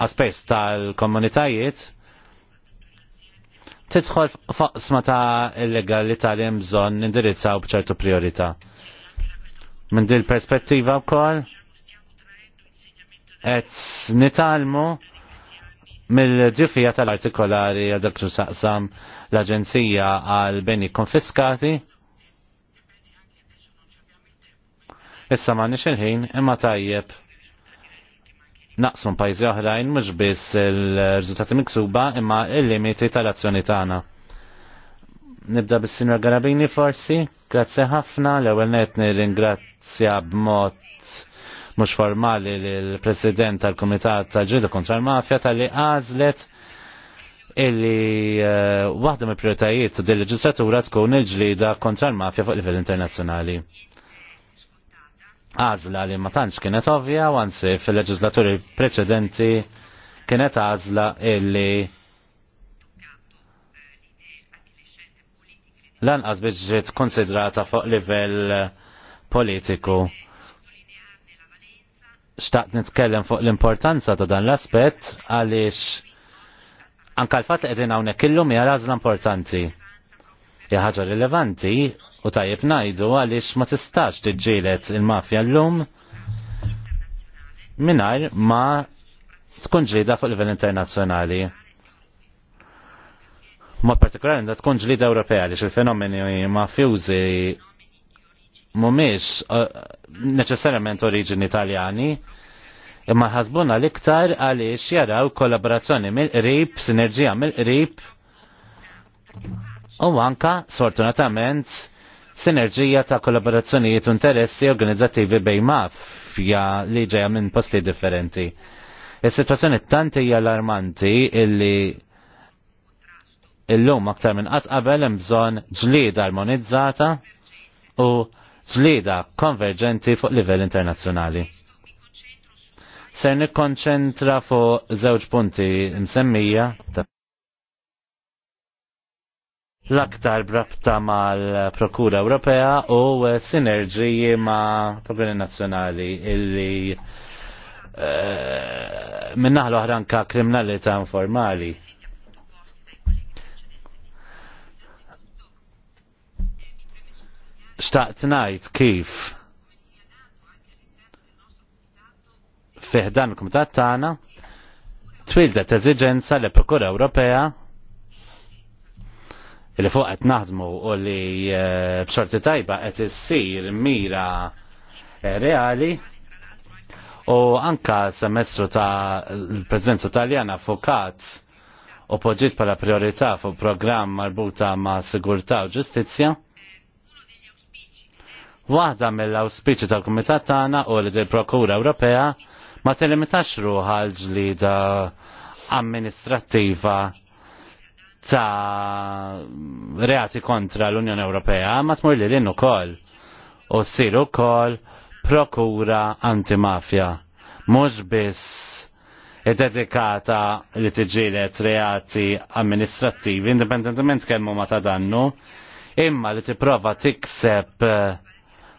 għaspess tal-komunitajiet tidħol faqsma ta' illegalità li hemm bżonn indirizzaw bċertu priorità. Minn din perspettiva wkoll qed nitalmu mill-ġifija tal-artikolari għal dak saqsam l-Aġenzija għal beni konfiskati. Issa ma nix il-ħin imma tajjeb naqsmu pajzi oħrajn mhux biss il-riżultati miksuba imma il-limiti tal-azzjoni tagħna. Nibda bis-Sinjor Garabini forsi, grazzi ħafna l-ewwel net nirringrazzja b'mod mhux formali lill-President tal-Kumitat tal-Ġidu kontra l-Mafja tal-li għażlet illi uh, waħda mill prioritajiet dil leġislatura tkun il-ġlida kontra l-mafja fuq livell internazzjonali. Għażla li ma tantx kienet ovvja u fil-leġislaturi preċedenti kienet għażla illi lanqas biex konsidrata fuq livell politiku xtaqt nitkellem fuq l-importanza ta' dan l-aspet għaliex anka l-fat li qegħdin hawnhekk illum hija għażla importanti. Hija ħaġa rilevanti u tajjeb ngħidu għaliex ma tistax tiġġielet il-mafja llum mingħajr ma tkun ġlida fuq livell internazzjonali. Ma partikolari da tkun ġlida Ewropea għaliex il-fenomeni mafjużi mumiex uh, neċessarjament oriġini Italjani imma ħasbuna l-iktar għaliex jaraw kollaborazzjoni mill-qrib, sinerġija mill-qrib, u anka, sfortunatament, sinerġija ta' kollaborazzjonijiet u interessi organizzattivi bej mafja li ġeja minn posti differenti. Is-sitwazzjoni tant hija allarmanti illi illum aktar minn qatt qabel hemm bżonn ġlied armonizzata u ġlida konverġenti fuq livell internazzjonali. Ser nikkonċentra fuq żewġ punti msemmija l-aktar brabta mal-Prokura Ewropea u sinerġiji ma' problemi nazzjonali illi eh, minnaħlu ħranka kriminalità informali Xtaqt ngħid kif fih dan il-Kumitat tagħna twildet eżiġenza li Prokura Ewropea li fuq qed naħdmu u li eh, b'xorti tajba qed issir mira eh, reali u anka semestru ta' l-Presidenza Taljana fukat u poġġiet bħala priorità fuq programm marbuta ma' sigurtà u ġustizzja Waħda mill-auspiċi tal-Kumitat tagħna u li dil-Prokura Ewropea ma telimitax ruħa l-ġlida amministrattiva ta' reati kontra l-Unjoni Ewropea ma tmur li l-innu kol u siru kol prokura antimafja. Mux biss dedikata li tiġilet reati amministrattivi indipendentement kemmu ma ta' dannu, imma li tiprofa tikseb uh,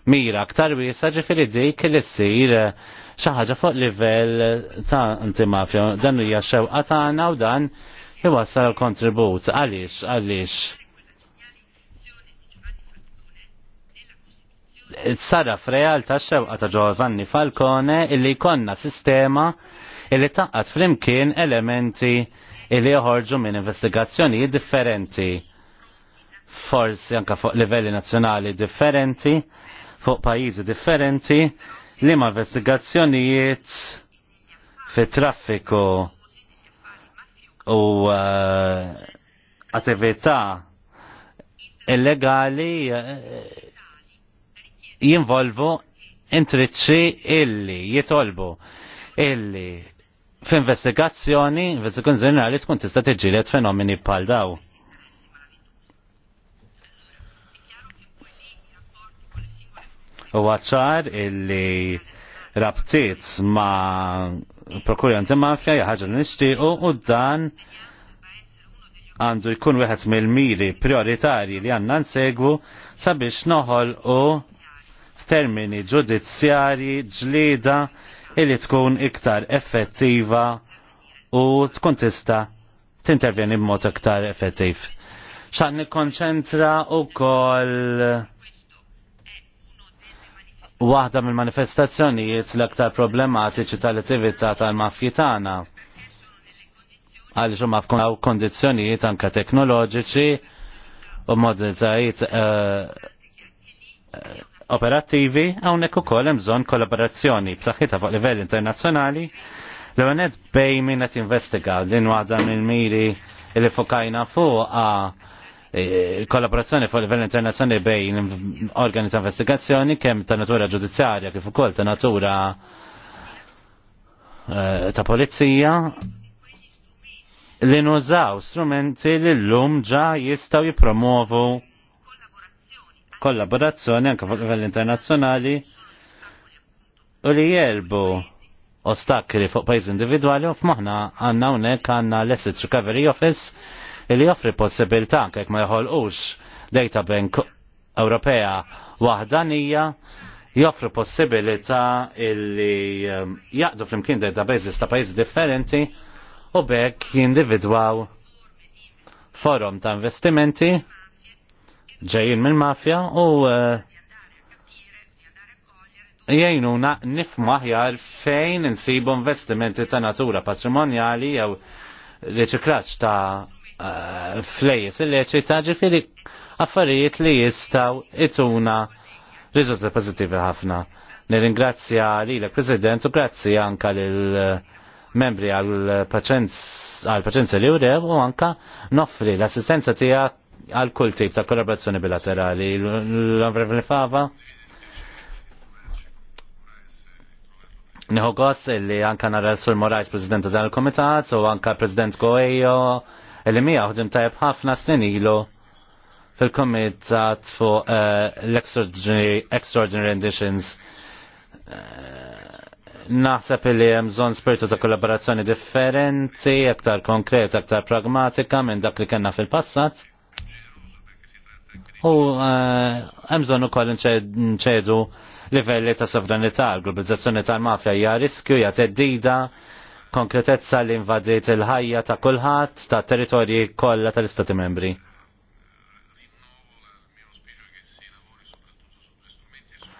mira aktar wiesa ġifieri dik li ssir eh, xi ħaġa fuq livell ta' antimafja. Dan hija xewqa tagħna u dan iwassal kontribut. Għaliex, għaliex. Saraf ta' xewqa ta' Giovanni Falcone illi konna sistema illi taqqat flimkien elementi illi joħorġu minn investigazzjonijiet differenti forsi anka fuq livelli nazzjonali differenti fuq pajjiżi differenti li ma' investigazzjonijiet fit traffiku u uh, attività illegali eh, jinvolvu intriċċi illi jitolbu illi f'investigazzjoni, investigazzjoni tkun tista' tiġġieled fenomeni bħal daw U għacċar illi rabtiet ma prokurjanti mafja jħagġa nishtiqu u dan għandu jkun wieħed mill-miri prioritari li għanna nsegwu sabiex noħol u f'termini ġudizzjarji ġlida illi tkun iktar effettiva u tkun tista tintervjeni b'mod iktar effettiv. ċan nikkonċentra u koll waħda mill-manifestazzjonijiet l-aktar problematiċi tal-attività tal-mafji tagħna. Għaliex huma f'kunaw kondizzjonijiet anke teknoloġiċi u modilitajiet eh, eh, operattivi hawnhekk ukoll hemm bżonn kollaborazzjoni b'saħħitha fuq livell internazzjonali l għanet bej min qed investiga din waħda mill-miri li fokajna fuq kollaborazzjoni fuq livell internazzjonali bejn organi ta' investigazzjoni kemm ta' natura ġudizzjarja kif ukoll ta' natura eh, ta' polizija li nużaw strumenti li l-lum ġa jistaw jipromovu kollaborazzjoni anke fuq livell internazzjonali u li jelbu ostakli fuq pajjiż individwali u f'maħna għandna hawnhekk għandna l-Asset Recovery Office li joffri possibilità anke jekk ma joħolqux data bank Ewropea waħdanija joffri possibilità illi ehm, jaqdu flimkien databases ta' pajjiżi differenti u bekk jindividwaw forum ta' investimenti ġejjin mill-mafja u eh, jgħinu nifmu aħjar fejn insibu investimenti ta' natura patrimonjali jew reċiklaċ ta' Eh, flejs il ta' ġifiri affarijiet li jistaw ituna rizulta pozittivi ħafna. Nirringrazzja li l-President u grazzi anka l-membri eh, għal-paċenza li urew u anka noffri l-assistenza tija għal kull tip ta' kollaborazzjoni bilaterali. L-Ovrevni Fava? Nħu għos li anka nara l-Sur Morajs, President dan il-Komitat, u anka President Goejo, illi mi jaħdim tajb ħafna snin ilu fil-komitat fuq uh, eh, l-extraordinary conditions eh, naħseb li hemm bżonn spiritu ta' kollaborazzjoni differenti, aktar konkret, aktar pragmatika minn dak li kellna fil-passat. U eh, hemm bżonn ukoll nċedu livelli ta' sovranità, globalizzazzjoni tal-mafja hija riskju, hija teddida, konkretezza li invadiet il-ħajja ta' kulħadd ta' territorji kollha tal-Istati Membri.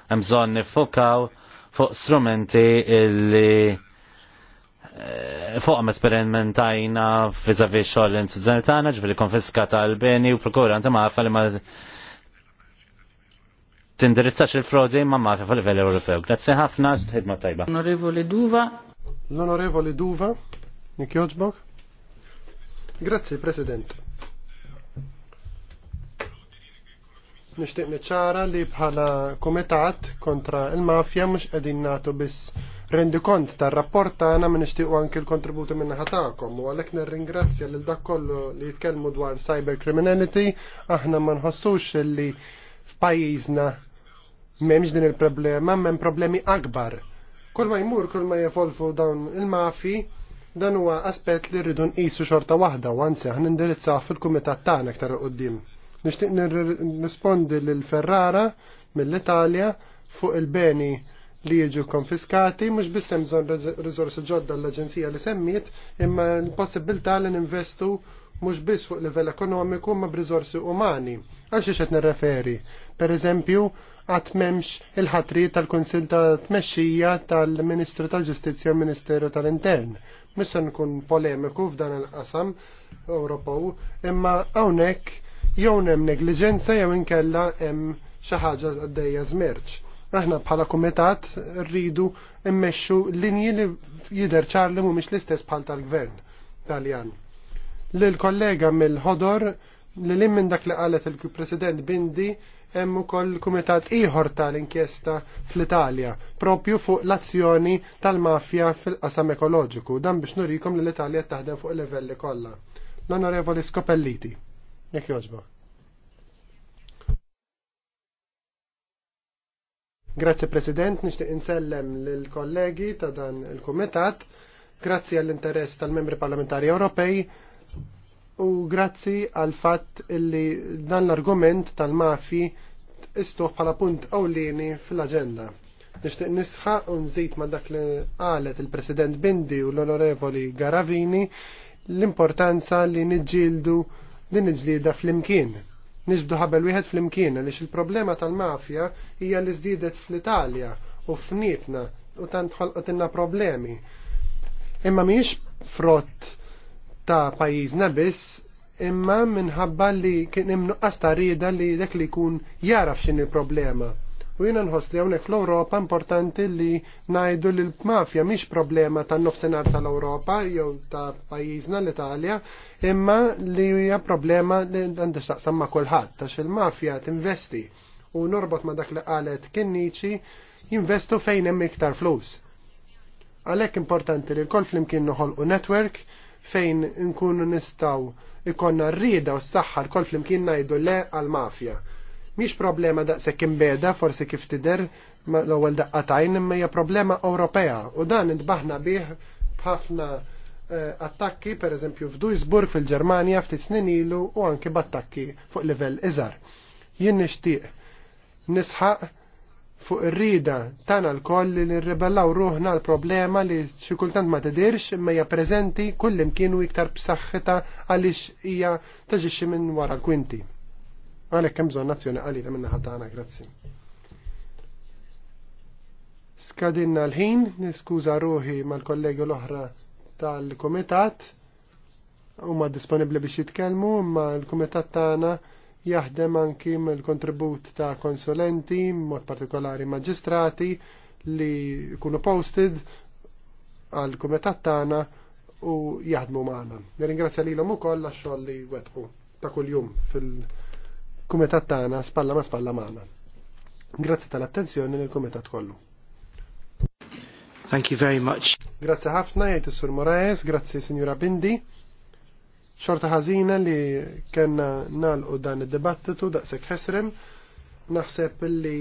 Hemm bżonn nifokaw fuq strumenti li eh, fuqhom esperimentajna vizavi xogħol l-insuzzjoni tagħna ġifieri konfiska tal-beni u prokura ta' mafa li ma tindirizzax il-frodi ma' mafa fil-livell Ewropew. Grazzi ħafna, ħidma tajba. Onorevoli Duva, L-Onorevoli Duva, Nikjoġbok. Grazzi, President. Nishtiq neċara li bħala komitat kontra il-mafja mux qegħdin nagħtu biss rendi kont tar-rapport tagħna minn nixtiequ anki l kontributu minna ħatakom u għalhekk nirringrazzja lil dak kollu li jitkellmu dwar cyber criminality aħna ma nħossux li f'pajjiżna m'hemmx din il-problema, m'hemm problemi akbar Kull ma jmur, kull ma jevolvu dawn il-mafi, dan huwa aspett li rridu nqisu xorta waħda u anzi aħna indirizzaw fil-kumitat tagħna aktar qudiem. Nixtieq nirrispondi l Ferrara mill-Italja fuq il-beni li jiġu konfiskati, mux bissem zon rizorsi ġodda l-Aġenzija li semmiet, imma l-possibilità li ninvestu mux biss fuq livell ekonomiku ma b'rizorsi umani. Għaxi xet qed nirreferi? Per eżempju, għatmemx il-ħatri tal-Konsil ta' Tmexxija tal-Ministru tal-Ġustizzja u Ministeru tal-Intern. Missa nkun polemiku f'dan il-qasam Ewropew, imma hawnhekk jew hemm negliġenza jew inkella hemm xi ħaġa għaddejja żmerġ. Aħna bħala kumitat rridu immexxu linji li jidher ċarli mhumiex l-istess bħal tal-Gvern Taljan. Lil kollega mill-ħodor li l minn dak li qalet il-President Bindi hemm ukoll kumitat ieħor tal-inkjesta fl-Italja propju fuq l-azzjoni tal-mafja fil-qasam ekoloġiku dan biex nurikom li l-Italja taħdem fuq livelli kollha. L-Onorevoli Scopelliti. Jekk jogħġba. Grazzi President, nixtieq insellem lill-kollegi ta' dan il-kumitat. Grazzi għall-interess tal-membri parlamentari Ewropej u grazzi għal fatt li dan l-argument tal-mafi istuħ bħala punt ewlieni fil-agenda. Nishtiq nisħa u nżid ma dak li qalet il-President Bindi u l-Onorevoli Garavini l-importanza li niġġieldu din iġlida fl-imkien. Nixbdu ħabel wieħed fl-imkien għaliex il-problema tal-mafja hija li żdiedet fl-Italja u f'nietna u tant ħolqotilna problemi. Imma mhijiex frott ta' pajjiżna biss imma minħabba li kien hemm nuqqas ta' rieda li dak li jkun jaraf x'in il-problema. U jiena nħoss li hawnhekk fl-Ewropa importanti li ngħidu li l-mafja mhix problema tan nofsinhar tal-Ewropa jew ta' pajjiżna l-Italja, imma li hija problema li għandha x'taqsam ma' kulħadd ta' il-mafja tinvesti u norbot ma' dak li qalet kinniċi jinvestu fejn hemm iktar flus. Għalhekk importanti li l-kol flimkien noħolqu network fejn nkunu nistaw ikonna rrida u s saxħar l-kol flimkien najdu le għal-mafja. Miex problema daqsek imbeda, forsi kif tider l-ewwel daqqatajn, imma hija problema Ewropea u dan intbaħna bih b'ħafna eh, attakki, per eżempju, f'Duisburg fil germania ftit snin ilu u anke b'attakki fuq livell iżar. Jien nixtieq nisħaq fuq ir-rida tagħna lkoll li nirribellaw ruħna l-problema li xi kultant ma tidirx imma hija preżenti kullim u iktar b'saħħitha għaliex hija taġixxi minn wara l-kwinti. Għalhekk hemm bżonn nazzjoni qalila minn naħa tagħna, grazzi. Skadinna l-ħin, niskuża ruħi mal-kollegi l-oħra tal-kumitat huma disponibbli biex jitkellmu, imma l-kumitat tagħna jaħdem anki mill-kontribut ta' konsulenti, mod partikolari maġistrati li kunu posted għal kumetat Tana u jaħdmu magħna. Nirringrazzja lilhom ukoll għax-xogħol li għetku ta' kuljum fil-kumitat tagħna spalla ma spalla magħna. Grazzi tal-attenzjoni lill-kumitat kollu. Thank you very much. Grazzi ħafna jgħid is-Sur Moraes, grazzi signora Bindi. Xorta ħażina li kena u dan id-dibattitu daqshekk ħesrem naħseb li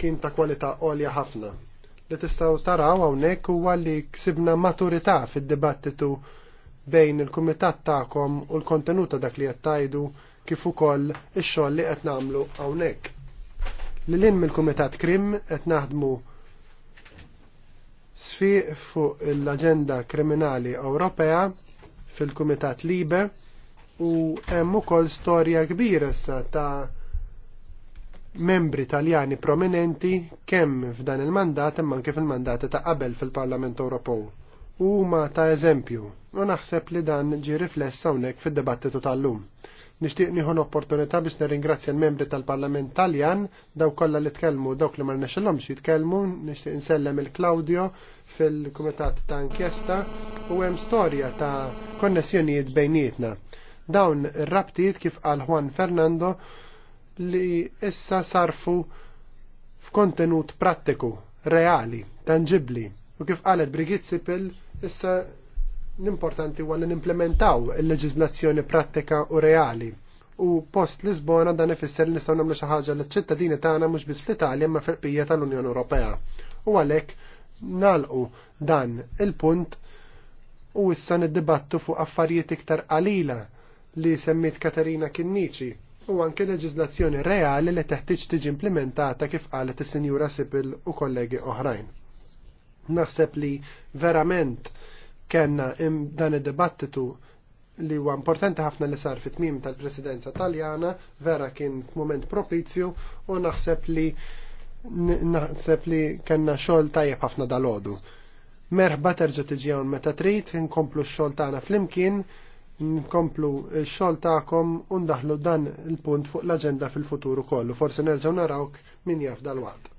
kien ta' kwalità għolja ħafna. Li tistgħu taraw hawnhekk huwa li ksibna maturità fid-dibattitu bejn il-kumitat tagħkom u l kontenuta dak li qed tgħidu kif ukoll ix-xogħol li qed nagħmlu hawnhekk. Lilin mill-kumitat Krim qed naħdmu sfiq fuq l-Aġenda Kriminali Ewropea fil-Kumitat Libe u hemm ukoll storja kbira sa ta' membri taljani prominenti kemm f'dan il-mandat imma anke fil-mandat ta' qabel fil-Parlament Ewropew. U ma ta' eżempju, u naħseb li dan ġi riflessa hawnhekk fid-dibattitu tal-lum. Nixtieq nieħu opportunità biex nirringrazzja l-membri tal-Parlament Taljan daw kollha li tkellmu dawk li ma rnexxilhomx jitkellmu, nixtieq insellem il-Claudio fil-Kumitat ta' Inkjesta u hemm storja ta' konnessjonijiet bejnietna. Dawn ir-rabtijiet kif qal Juan Fernando li issa sarfu f'kontenut prattiku, reali, tangibli. U kif qalet Brigitte Sipil, issa l-importanti huwa li nimplementaw il-leġiżlazzjoni prattika u reali u post Lisbona dan ifisser li nistgħu nagħmlu xi ħaġa liċ-ċittadini tagħna mhux biss fl-Italja imma fil tal-Unjoni Ewropea. U għalhekk nalqu dan il-punt u issa niddibattu fuq affarijiet iktar qalila li semmit Katerina Kinnici u anke leġislazzjoni reali li teħtieġ tiġi implementata kif qalet is-Sinjura Sipil u kollegi oħrajn. Naħseb li verament kellna dan id-dibattitu li huwa importanti ħafna li sar fit-tmim tal-Presidenza Taljana, vera kien moment propizju u naħseb li naħseb li kena xogħol tajjeb ħafna dal ħodu Merħba terġa' tiġi hawn meta trid, nkomplu x-xogħol tagħna flimkien, nkomplu x-xogħol tagħkom u ndaħlu dan il-punt fuq l-aġenda fil-futuru kollu. Forsi nerġgħu narawk min jaf dal-waqt.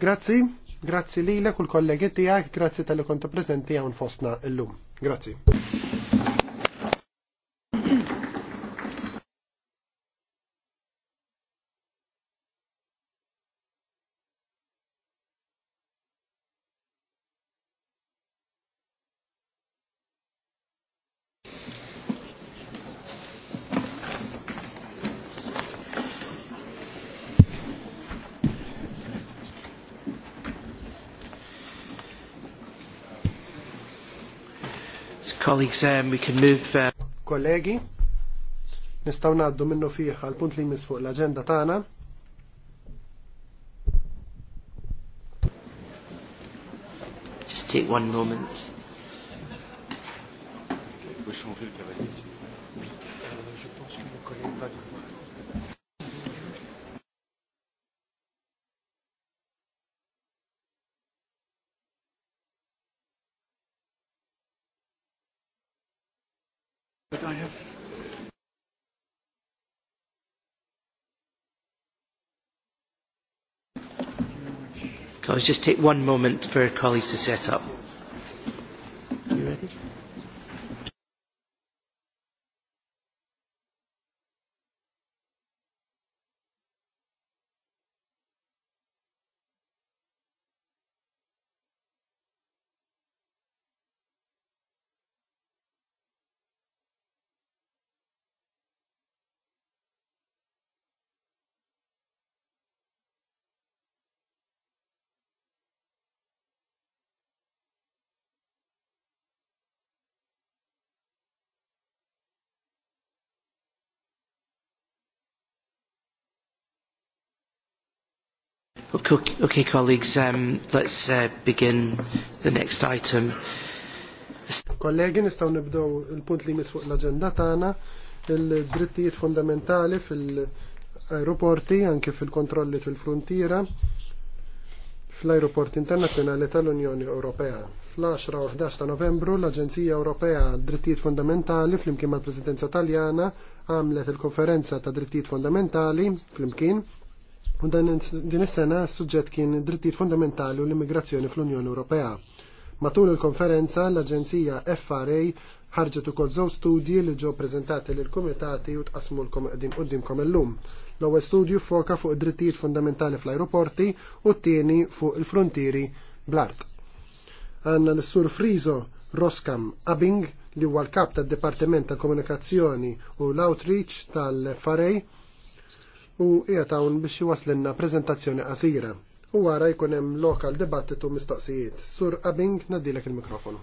Grazzi, grazzi lilek u l-kollegi tiegħek, grazzi tal-li kontu preżenti hawn fostna llum. Grazzi. colleagues, um, we can move... Uh... Kollegi, nistaw naddu minnu fiħ għal-punt li jmiss fuq l-agenda tagħna. Just take one moment. Je pense que mon collègue va just take one moment for colleagues to set up. Okay, okay colleagues, um, let's uh, begin the next item. Kollegi, nistaw nibdow il-punt li misfuq l-agenda tagħna il-drittijiet fundamentali fil-aeroporti, anke fil-kontrolli fil-frontiera fl aeroporti internazzjonali tal-Unjoni Ewropea. Fl-10 u 11 ta' novembru l-Aġenzija Ewropea Drittijiet Fundamentali fl-imkien mal-Presidenza Taljana għamlet il-konferenza ta' drittijiet fundamentali fl-imkien U dan din is-sena suġġett kien drittijiet fundamentali u l-immigrazzjoni fl-Unjoni Ewropea. Matul il-konferenza l-Aġenzija FRA ħarġet ukoll żewġ studji li ġew preżentati lil kumitati u tqasmulkom din qudiemkom illum. L-ewwel studju foka fuq id-drittijiet fundamentali fl-ajruporti u t-tieni fuq il-frontieri bl-art. Għandna l-Sur Friso Roskam Abing li huwa l-kap tad-Dipartiment tal-Komunikazzjoni u l-Outreach tal-FRA u jgħatawn biex waslinna prezentazzjoni qasira. U għara jkun hemm lokal dibattitu mistoqsijiet. Sur Abing, nadilek il-mikrofonu.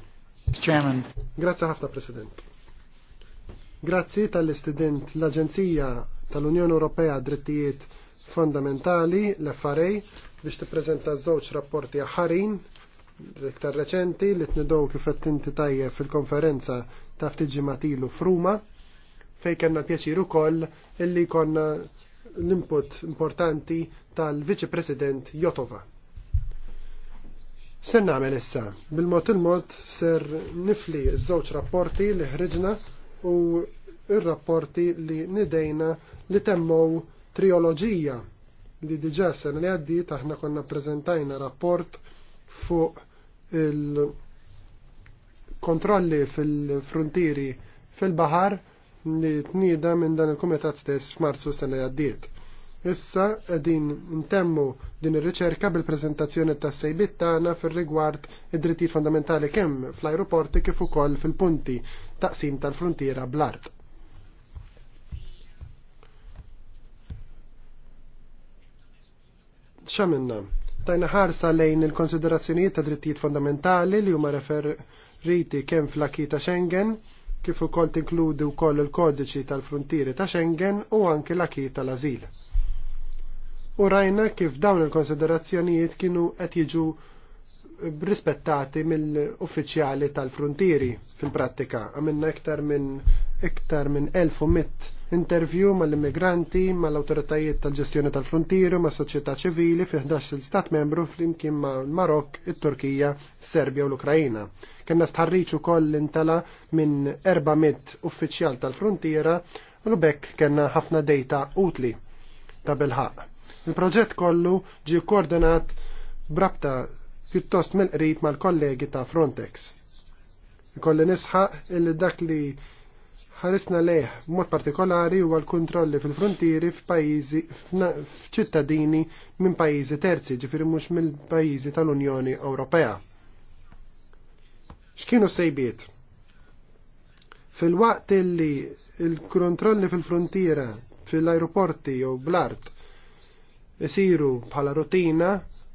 Chairman. Grazzi ħafna, President. Grazzi tal-istudent l-Aġenzija tal-Unjoni Ewropea Drittijiet Fondamentali, l-FRA, biex t-prezenta żewġ rapporti ħarin iktar reċenti li tnidow kif qed tinti tajjeb fil-konferenza ta' ftiġi matilu f'Ruma Fej kellna pjaċir ukoll illi konna l-input importanti tal-Viċi President Jotova. Ser nagħmel issa, bil-mod il-mod ser nifli żewġ rapporti li ħriġna u il rapporti li nidejna li temmow trioloġija li diġa sen li għaddi taħna konna prezentajna rapport fuq il-kontrolli fil-frontieri fil-bahar li tnieda minn dan il-Kumitat stess f'Marzu sena għaddiet. Issa qegħdin ntemmu din ir-riċerka bil-preżentazzjoni ta' sejbit tagħna fir-rigward id-drittijiet fondamentali kemm fl-ajruporti kif ukoll fil-punti taqsim tal-frontiera bl-art. ċamenna, tajna ħarsa lejn il-konsiderazzjonijiet ta' drittijiet fondamentali li huma referriti kemm fl-akita Schengen, kif ukoll tinkludi wkoll il-kodiċi tal-frontieri ta' Schengen u anke l-aki tal-azil. U rajna kif dawn il-konsiderazzjonijiet kienu qed jiġu rispettati mill-uffiċjali tal-frontieri fil-prattika. Għamilna iktar minn iktar minn 1100 intervju mal-immigranti, mal-autoritajiet tal-ġestjoni tal-frontieru, ma' soċjetà ċivili fi 11 stat membru flimkien ma' Marok, it-Turkija, Serbja u l-Ukrajina. Kenna stħarriċ ukoll intala minn 400 uffiċjal tal-frontiera u bekk kenna ħafna dejta utli ta' bilħaq. Il-proġett kollu ġi koordinat brabta pjuttost mill-qrib mal-kollegi ta' Frontex. Kolli nisħaq il dak li ħarisna leħ mod partikolari huwa l-kontrolli fil-frontieri f'pajjiżi f'ċittadini minn pajjiżi terzi, ġifieri mhux mill-pajjiżi tal-Unjoni Ewropea. X'kienu sejbiet? Fil-waqt li l-kontrolli fil-frontiera fil-ajruporti jew bl-art isiru bħala rutina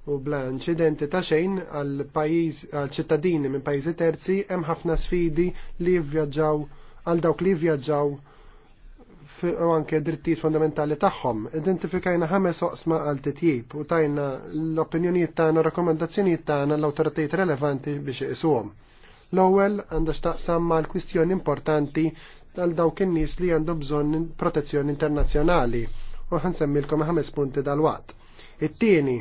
u bla inċidenti ta' xejn għal ċittadini minn pajjiżi terzi hemm ħafna sfidi li jivvjaġġaw għal dawk li vjaġġaw u anke drittijiet fundamentali tagħhom. Identifikajna ħames oqsma għal titjib u tajna l-opinjonijiet tagħna, rakkomandazzjonijiet tagħna l-awtoritajiet relevanti biex iqisuhom. L-ewwel għandha x'taqsam mal kwistjoni importanti għal dawk in-nies li għandhom bżonn protezzjoni internazzjonali u ħansemmilkom ħames punti dal-waqt. It-tieni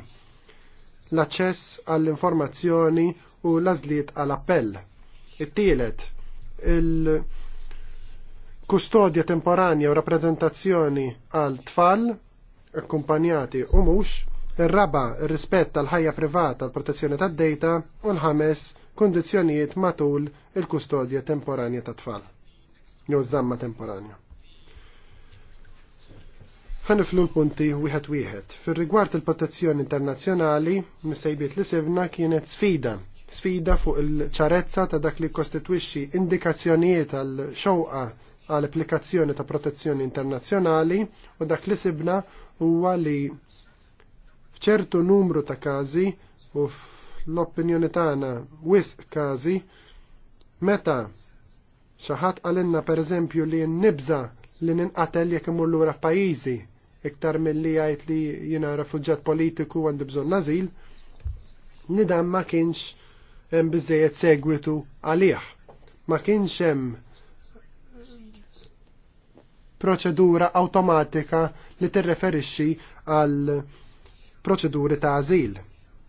l-aċċess għall-informazzjoni u l-għażliet għall-appell. It-tielet il- kustodja temporanja u rappresentazzjoni għal tfal, akkumpanjati u mhux, ir-raba rispett tal ħajja privata l protezzjoni tad dejta u l-ħames kundizzjonijiet matul il-kustodja temporanja tat tfal. Jew żamma temporanja. Ħaniflu l-punti wieħed wieħed. Fir-rigward il-protezzjoni internazzjonali, missejbiet li sibna kienet sfida sfida fuq il-ċarezza ta' dak li kostitwixxi indikazzjonijiet għal xewqa għal applikazzjoni ta' protezzjoni internazzjonali u dak li sibna huwa li f'ċertu numru ta' każi u l-opinjoni tagħna wisq każi meta xi ħadd qalinna pereżempju li nibża li ninqatel jekk imur lura pajjiżi, iktar milli jgħid li jiena refuġġat politiku għandi bżonn l-ażil, ma kienx hemm biżejjed segwitu għalih. Ma kienx hemm proċedura awtomatika li tirreferixxi għal proċeduri ta' azil.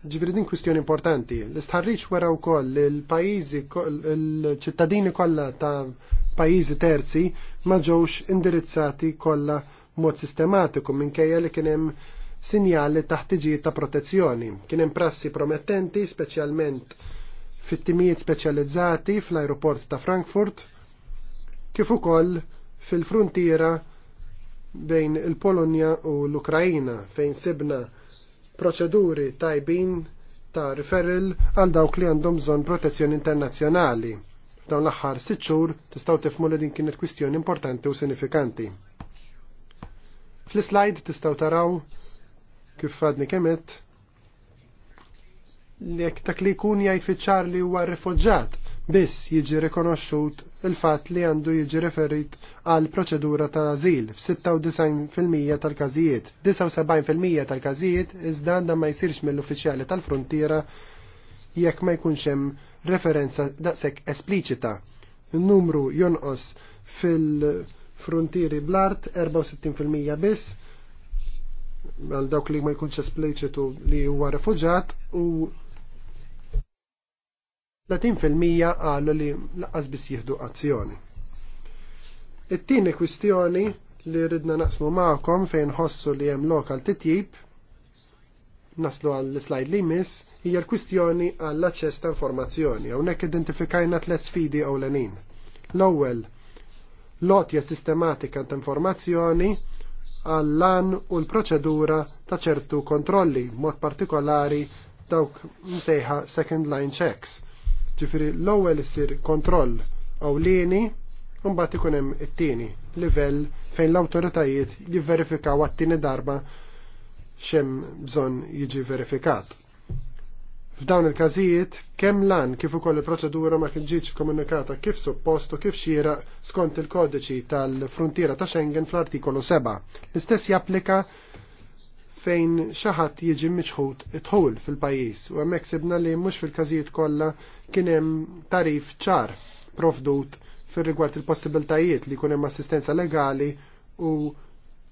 Ġifri din kwistjoni importanti. L-istħarriċ wara wkoll il-pajjiżi l-ċittadini kollha ta' pajjiżi terzi ma ġewx indirizzati kollha mod sistematiku minkejja li kien hemm sinjali ħtiġijiet ta' protezzjoni. Kien hemm prassi promettenti, speċjalment fit-timijiet speċjalizzati fl-aeroport ta' Frankfurt, kif ukoll fil-frontiera bejn il-Polonja u l-Ukrajina fejn sibna proċeduri tajbin ta' referral għal dawk li għandhom bżonn protezzjoni internazzjonali. Dawn l-aħħar sitt xhur tistgħu tifmu li din kienet kwistjoni importanti u sinifikanti. Fl-slide tistgħu taraw kif fadni kemet li jekk dak li jkun jgħid fiċ-ċar li huwa rrifuġġat biss jiġi rikonoxxut il-fatt li għandu jiġi referit għal proċedura ta' azil f-96% tal-każijiet. 79% tal-każijiet iżda għandha ma jsirx mill-uffiċjali tal-frontiera jekk ma jkunx hemm referenza daqshekk espliċita. Il-numru jonqos fil-frontieri bl-art 64% biss għal dawk li ma jkunx espliċitu li huwa refuġat u 30% qalu li laqqas biss jieħdu azzjoni. It-tieni kwistjoni li ridna naqsmu ma'kom fejn ħossu li hemm lokal titjib naslu għall-slide li miss hija l-kwistjoni għall-aċċess ta' informazzjoni. Hawnhekk identifikajna tliet sfidi ewlenin. L-ewwel lotja sistematika ta' informazzjoni għall-lan u l-proċedura ta' ċertu kontrolli, mod partikolari dawk msejħa second line checks Ġifiri l-ewwel isir kontroll u mbagħad ikun hemm it-tieni livell fejn l-awtoritajiet jivverifikaw għat-tieni darba x'hemm bżonn jiġi verifikat. F'dawn il-każijiet, kemm lan kif ukoll il-proċedura ma kien ġietx komunikata kif suppost u kif xira skont il-kodiċi tal-Frontiera ta' Schengen fl-artikolu 7. L-istess japplika fejn xaħat jiġi miċħut itħul fil-pajis u għemmek sibna li mux fil-kazijiet kolla kienem tarif ċar profdut fil rigward il-possibiltajiet li kunem assistenza legali u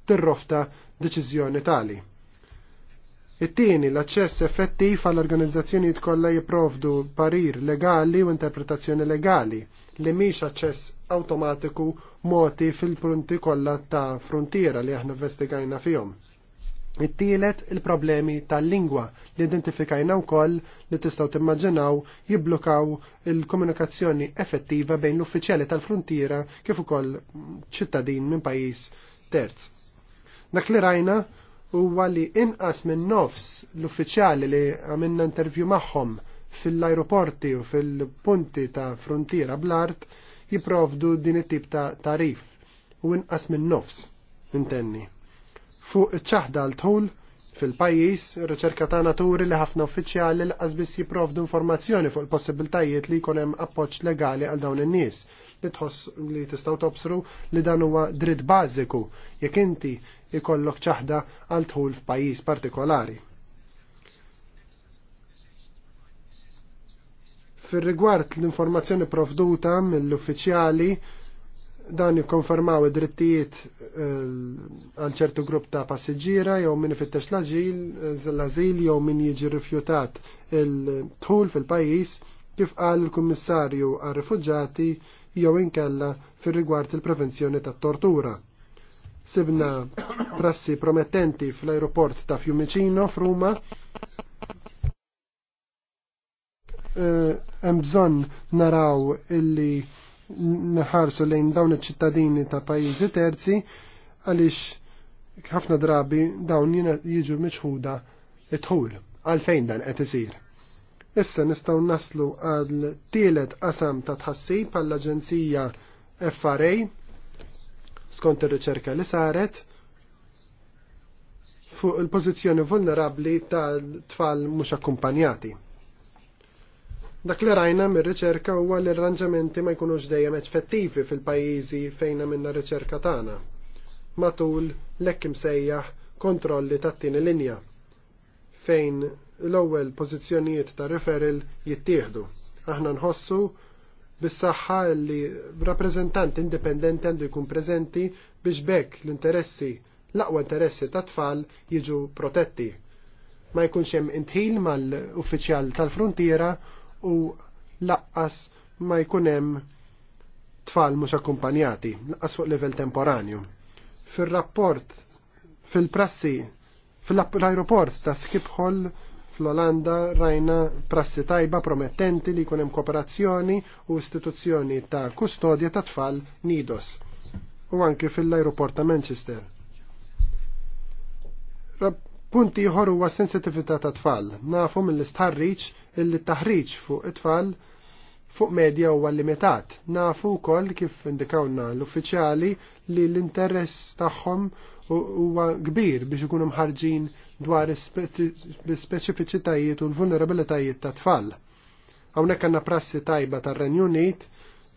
tirrofta deċizjoni tali. It-tieni l-aċċess effettiv għall organizzazzjonijiet kollha jipprovdu parir legali u interpretazzjoni legali li mhix aċċess awtomatiku moti fil-prunti kollha ta' frontiera li aħna investigajna fihom. It-tielet il-problemi tal-lingwa li identifikajna wkoll li tistgħu timmaġinaw jibblukkaw il-komunikazzjoni effettiva bejn l-uffiċjali tal-frontiera kif ukoll ċittadin minn pajjiż terz. Dak li rajna huwa li inqas minn nofs l-uffiċjali li għamilna intervju magħhom fil-aeroporti u fil-punti ta' frontiera bl-art jiprovdu din it-tip ta' tarif u inqas minn nofs intenni Fuq ċaħda l-tħul fil pajis riċerka ta' naturi li ħafna uffiċjali l biss jipprovdu informazzjoni fuq il-possibiltajiet li jkunem appoċ legali għal dawn in-nies li tħoss li tistaw tobsru li dan huwa dritt bażiku jekk inti jkollok ċaħda għal tħul f'pajjiż partikolari. Fir-rigward l-informazzjoni provduta mill-uffiċjali dan jikkonfermaw id-drittijiet eh, għal ċertu grupp ta' passiġġiera jew min ifittex l azil eh, jew min jiġi rifjutat il-tħul fil-pajjiż kif qal il-Kummissarju għar rifugġati jew inkella fir-rigward il-prevenzjoni tat-tortura. Sibna prassi promettenti fl-aeroport ta' Fiumicino f'Ruma eh, hemm bżonn naraw illi nħarsu lejn dawn iċ-ċittadini ta' pajjiżi terzi għaliex ħafna drabi dawn jiġu miċħuda itħul għalfejn dan qed isir. Issa nistgħu naslu għal tielet qasam ta' tħassib għall-Aġenzija FRA skont ir-riċerka li saret fuq il-pożizzjoni vulnerabbli tal-tfal mhux akkumpanjati. Dak li rajna mir riċerka huwa li l-arranġamenti ma jkunux dejjem effettivi fil-pajjiżi fejna minna riċerka tagħna. Matul lekk imsejjaħ kontrolli tat-tieni linja fejn l-ewwel pożizzjonijiet ta' referil jittieħdu. Aħna nħossu bis-saħħa li rappreżentant indipendenti għandu jkun preżenti biex bekk l-interessi l-aqwa interessi ta' tfal jiġu protetti. Ma jkunx hemm intħil mal-uffiċjal tal-frontiera u laqqas ma jkun hemm tfal mhux akkumpanjati, laqqas fuq livell temporanju. Fir-rapport fil-prassi fl-aeroport ta' Skiphol fl-Olanda rajna prassi tajba promettenti li kunem kooperazzjoni u istituzzjoni ta' kustodja ta' tfal Nidos u anki fil-aeroport ta' Manchester. Punti ieħor huwa sensitività ta' tfal. Nafu mill-istħarriġ illi taħriġ fuq it-tfal fuq medja huwa limitat. Nafu wkoll kif indikawna l-uffiċjali li l-interess tagħhom huwa kbir biex ikunu mħarġin dwar speċifiċitajiet u l-vulnerabilitajiet ta' tfal. Hawnhekk għandna prassi tajba tar-Renju Unit,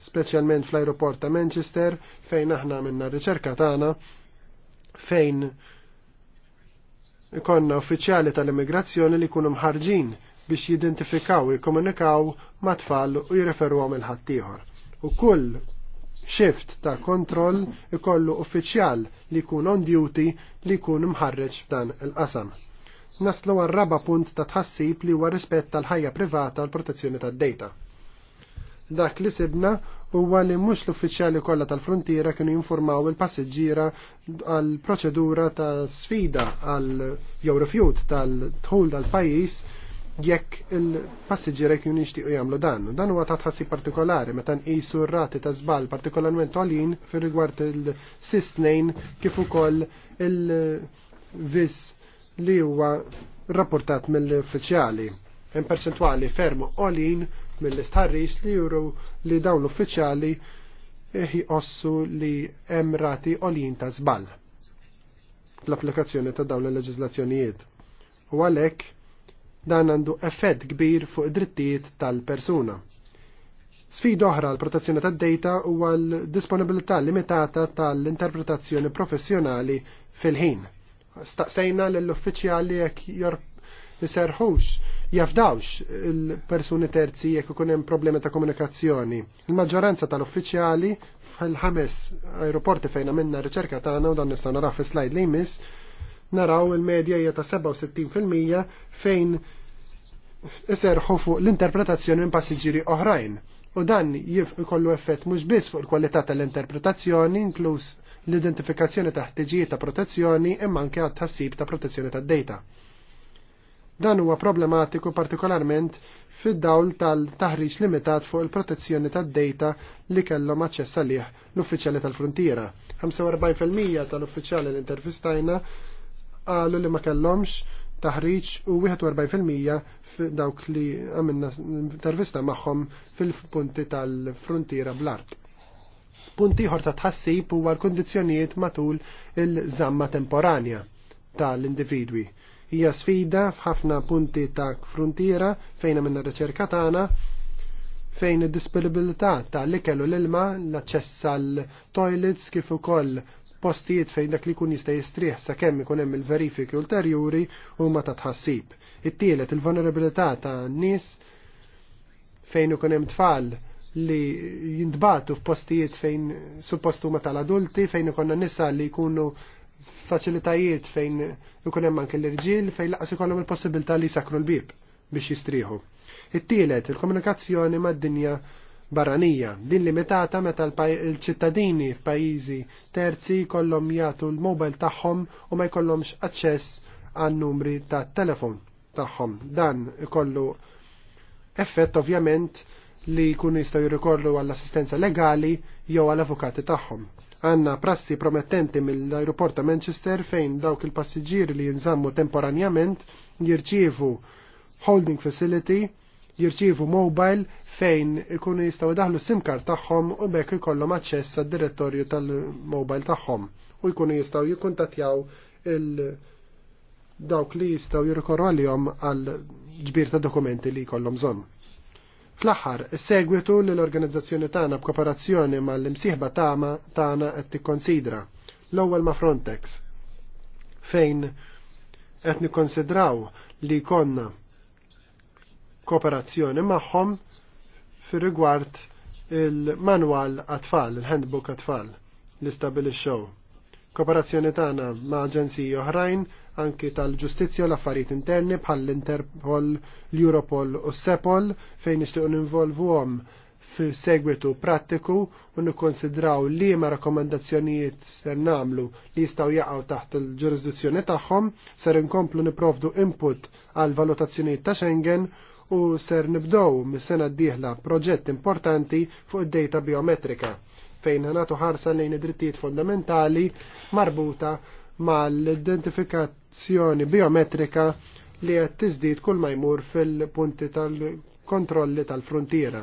speċjalment fl-aeroport ta' Manchester, fejn aħna minna r-riċerka tagħna fejn ikonna uffiċjali tal-immigrazzjoni li jkunu mħarġin biex jidentifikaw u jikkomunikaw ma' tfal u għom il ħaddieħor. U kull shift ta' kontroll ikollu uffiċjal li kun on duty li kun mħarreġ f'dan il-qasam. Naslu għal raba punt ta' tħassib li huwa rispett tal-ħajja privata l-protezzjoni tad-dejta. Dak li sibna huwa li mhux l-uffiċjali kollha tal-frontiera kienu jinformaw il-passiġġiera għal proċedura ta' sfida għal jew rifjut tal-tħul tal-pajjiż jekk il-passiġġiera kienu jixtiequ jagħmlu dan. Dan huwa ta' tħassib partikolari meta nqisu r-rati ta' żball partikolarment għolin fir rigward il-sistnejn kif ukoll il-vis li huwa rapportat mill-uffiċjali. Hemm perċentwali ferm għolin mill istarriġ li juru li dawn l-uffiċjali ossu li hemm rati olin ta' żball fl-applikazzjoni ta' dawn il leġizlazzjonijiet U għalhekk dan għandu effett kbir fuq id-drittijiet tal-persuna. Sfid oħra l protezzjoni tad-data huwa l-disponibilità limitata tal-interpretazzjoni professjonali fil-ħin. Staqsejna l-uffiċjali jek jorb niserħux jafdawx il-persuni terzi jekk ikun hemm problemi ta' komunikazzjoni. Il-maġġoranza tal-uffiċjali fil-ħames aeroporti fejn għamilna riċerka tagħna u dan nista' naraw fi slide li jmiss, naraw il-medja hija ta' 67% fejn iserħu fuq l-interpretazzjoni minn passiġġieri oħrajn. U dan jkollu effett mhux biss fuq il-kwalità tal-interpretazzjoni, inkluż l-identifikazzjoni ta' ħtiġijiet ta' protezzjoni imma anke għad tħassib ta' protezzjoni tad data Dan huwa problematiku partikolarment fid-dawl tal-taħriġ limitat fuq il-protezzjoni tad-data li kellhom aċċess għalih l-uffiċjali tal-frontiera. 45% tal-uffiċjali li intervistajna qalu li ma kellhomx taħriġ u 41% dawk li għamilna intervista magħhom fil-punti tal-frontiera bl-art. Punti ieħor ta' tħassib huwa l kundizzjonijiet matul il-żamma temporanja tal-individwi Hija sfida f'ħafna punti ta' frontiera fejn minna riċerka tagħna fejn id-disponibilità ta' li kellu l-ilma, l-aċċess għal toilets kif ukoll postijiet fejn dak li kun jista' jistrieħ sakemm ikun hemm il-verifiki ulterjuri huma ta' tħassib. It-tielet il-vulnerabilità ta' nies fejn ikun hemm tfal li jintbatu f'postijiet fejn suppost huma tal-adulti fejn ikonna nisa li jkunu faċilitajiet fejn ikun hemm anke l-irġiel fejn laqas ikollhom il-possibilità li sakru l-bib biex jistrieħu. It-tielet, il-komunikazzjoni mad-dinja barranija, din limitata meta l-ċittadini f'pajjiżi terzi kollhom jagħtu l-mobile tagħhom u ma jkollhomx aċċess għan numri ta' telefon tagħhom. Dan ikollu effett ovvjament li jkunu jistgħu jirrikorru għall-assistenza legali jew għall-avukati tagħhom. Għanna prassi promettenti mill-aeroport ta' Manchester fejn dawk il-passiġġieri li jinżammu temporanjament jirċievu holding facility, jirċievu mobile fejn ikunu jistaw daħlu sim card tagħhom u bekk ikollhom aċċess għad-direttorju tal-mobile tagħhom u jkunu jistaw jikkuntattjaw il- dawk li jistaw jirkorru għalihom għal ġbir ta' dokumenti li jkollhom bżonn. Fl-aħħar, segwitu li l-organizzazzjoni tagħna b'kooperazzjoni mal-imsieħba tagħna qed tikkonsidra. L-ewwel ma' Frontex fejn qed nikkonsidraw li konna kooperazzjoni magħhom fir-rigward il-manwal għatfall, il-handbook għatfall li stabilixxew. Kooperazzjoni tagħna ma' aġenziji oħrajn anki tal-ġustizja u l-affarijiet interni bħal l-Interpol, l-Europol u s-Sepol fejn nixtiequ ninvolvuhom f'segwitu prattiku u nikkonsidraw li ma rakkomandazzjonijiet ser namlu li jistgħu jaqgħu taħt il-ġurisdizzjoni tagħhom ser inkomplu niprovdu input għal valutazzjonijiet ta' Schengen u ser nibdow mis-sena d-dieħla proġett importanti fuq id-data biometrika fejn ħanatu ħarsa lejn id-drittijiet fondamentali marbuta mal-identifikazzjoni biometrika li qed tiżdied kull ma jmur fil-punti tal-kontrolli tal-frontiera.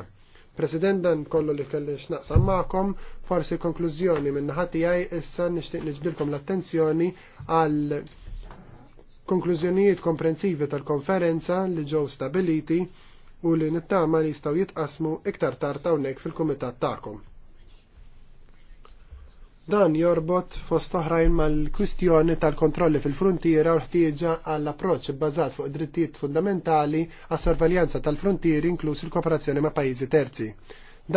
President dan kollu li kelli x'naqsam magħkom, forsi konklużjoni minn naħa tiegħi issa nixtieq niġbdilkom l-attenzjoni għal konklużjonijiet komprensivi tal-konferenza li ġew stabiliti u li nittama li jistgħu jitqasmu iktar tard hawnhekk fil-kumitat tagħkom. Dan jorbot fost oħrajn mal-kwistjoni tal-kontrolli fil-frontiera u ħtieġa għall approċċ bbażat fuq drittijiet fundamentali għas sorveljanza tal-frontieri inkluż il-kooperazzjoni ma' pajjiżi terzi.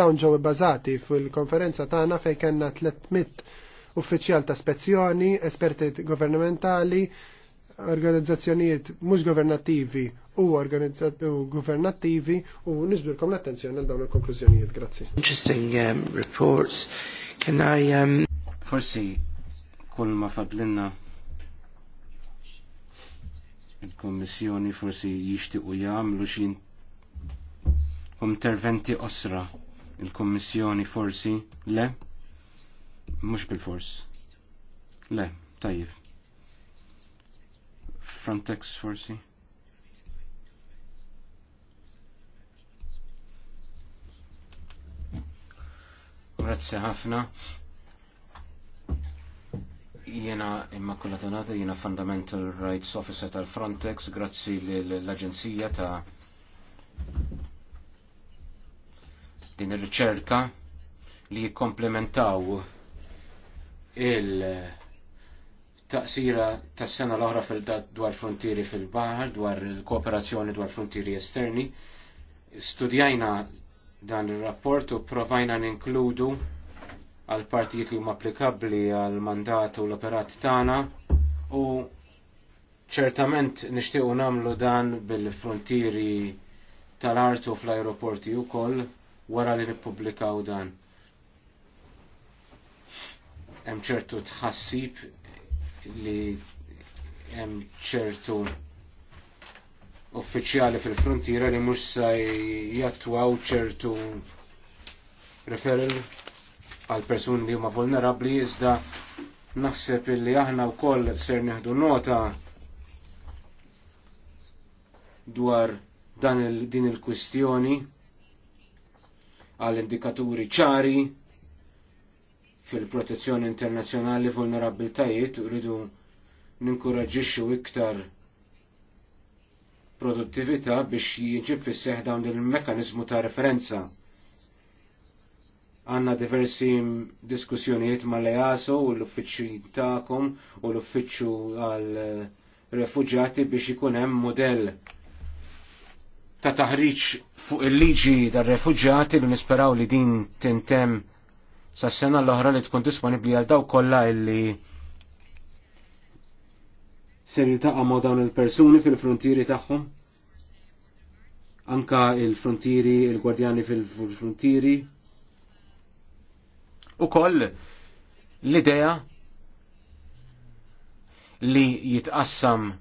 Dawn ġew bbażati fil-konferenza tagħna fejn kellna 300 uffiċjal ta' spezzjoni, esperti governamentali, organizzazzjonijiet mhux governattivi u governattivi u nisbirkom l-attenzjoni għal dawn il-konklużjonijiet. Grazzi. Interesting um, reports. Can I um... Forsi kull ma fadlinna il-Kommissjoni forsi jixtiqu jagħmlu xin interventi osra il-Kommissjoni forsi le mhux bil-fors. Le, tajjeb. Frontex forsi. Grazie ħafna. Jena kulla Donata, jena Fundamental Rights Officer tal-Frontex, grazzi l-Aġenzija ta' din ir-riċerka li jikkomplementaw il-taqsira tas sena l-oħra fil-dat dwar frontieri fil-bahar, dwar il-kooperazzjoni dwar frontieri esterni. Studjajna dan il-rapport u provajna ninkludu għal partijiet li huma applikabbli għal mandat u l-operat tagħna u ċertament nixtiequ nagħmlu dan bil-frontieri tal-artu fl-aeroporti wkoll wara li nippubblikaw dan. Hemm ċertu tħassib li hemm ċertu uffiċjali fil-frontiera li mhux se jattwaw ċertu referral għal persuni li huma vulnerabbli iżda naħseb illi aħna wkoll ser neħdu nota dwar dan il, din il-kwistjoni għal indikaturi ċari fil-protezzjoni internazzjonali vulnerabilitajiet rridu ninkoraġixxu iktar produttività biex jiġib fis dawn il-mekkaniżmu ta' referenza għanna diversi diskussjonijiet ma l-EASO u l-uffiċċju ta'kom u l-uffiċċju għal refugjati biex ikun hemm model ta' taħriġ fuq il-liġi tar-refuġjati li nisperaw li din tintem sas sena l-oħra li tkun disponibbli għal daw kollha illi ser jiltaqa' ma' dawn il-persuni fil-frontieri tagħhom anka il-frontieri, il-gwardjani fil-frontieri, U koll l-idea li jitqassam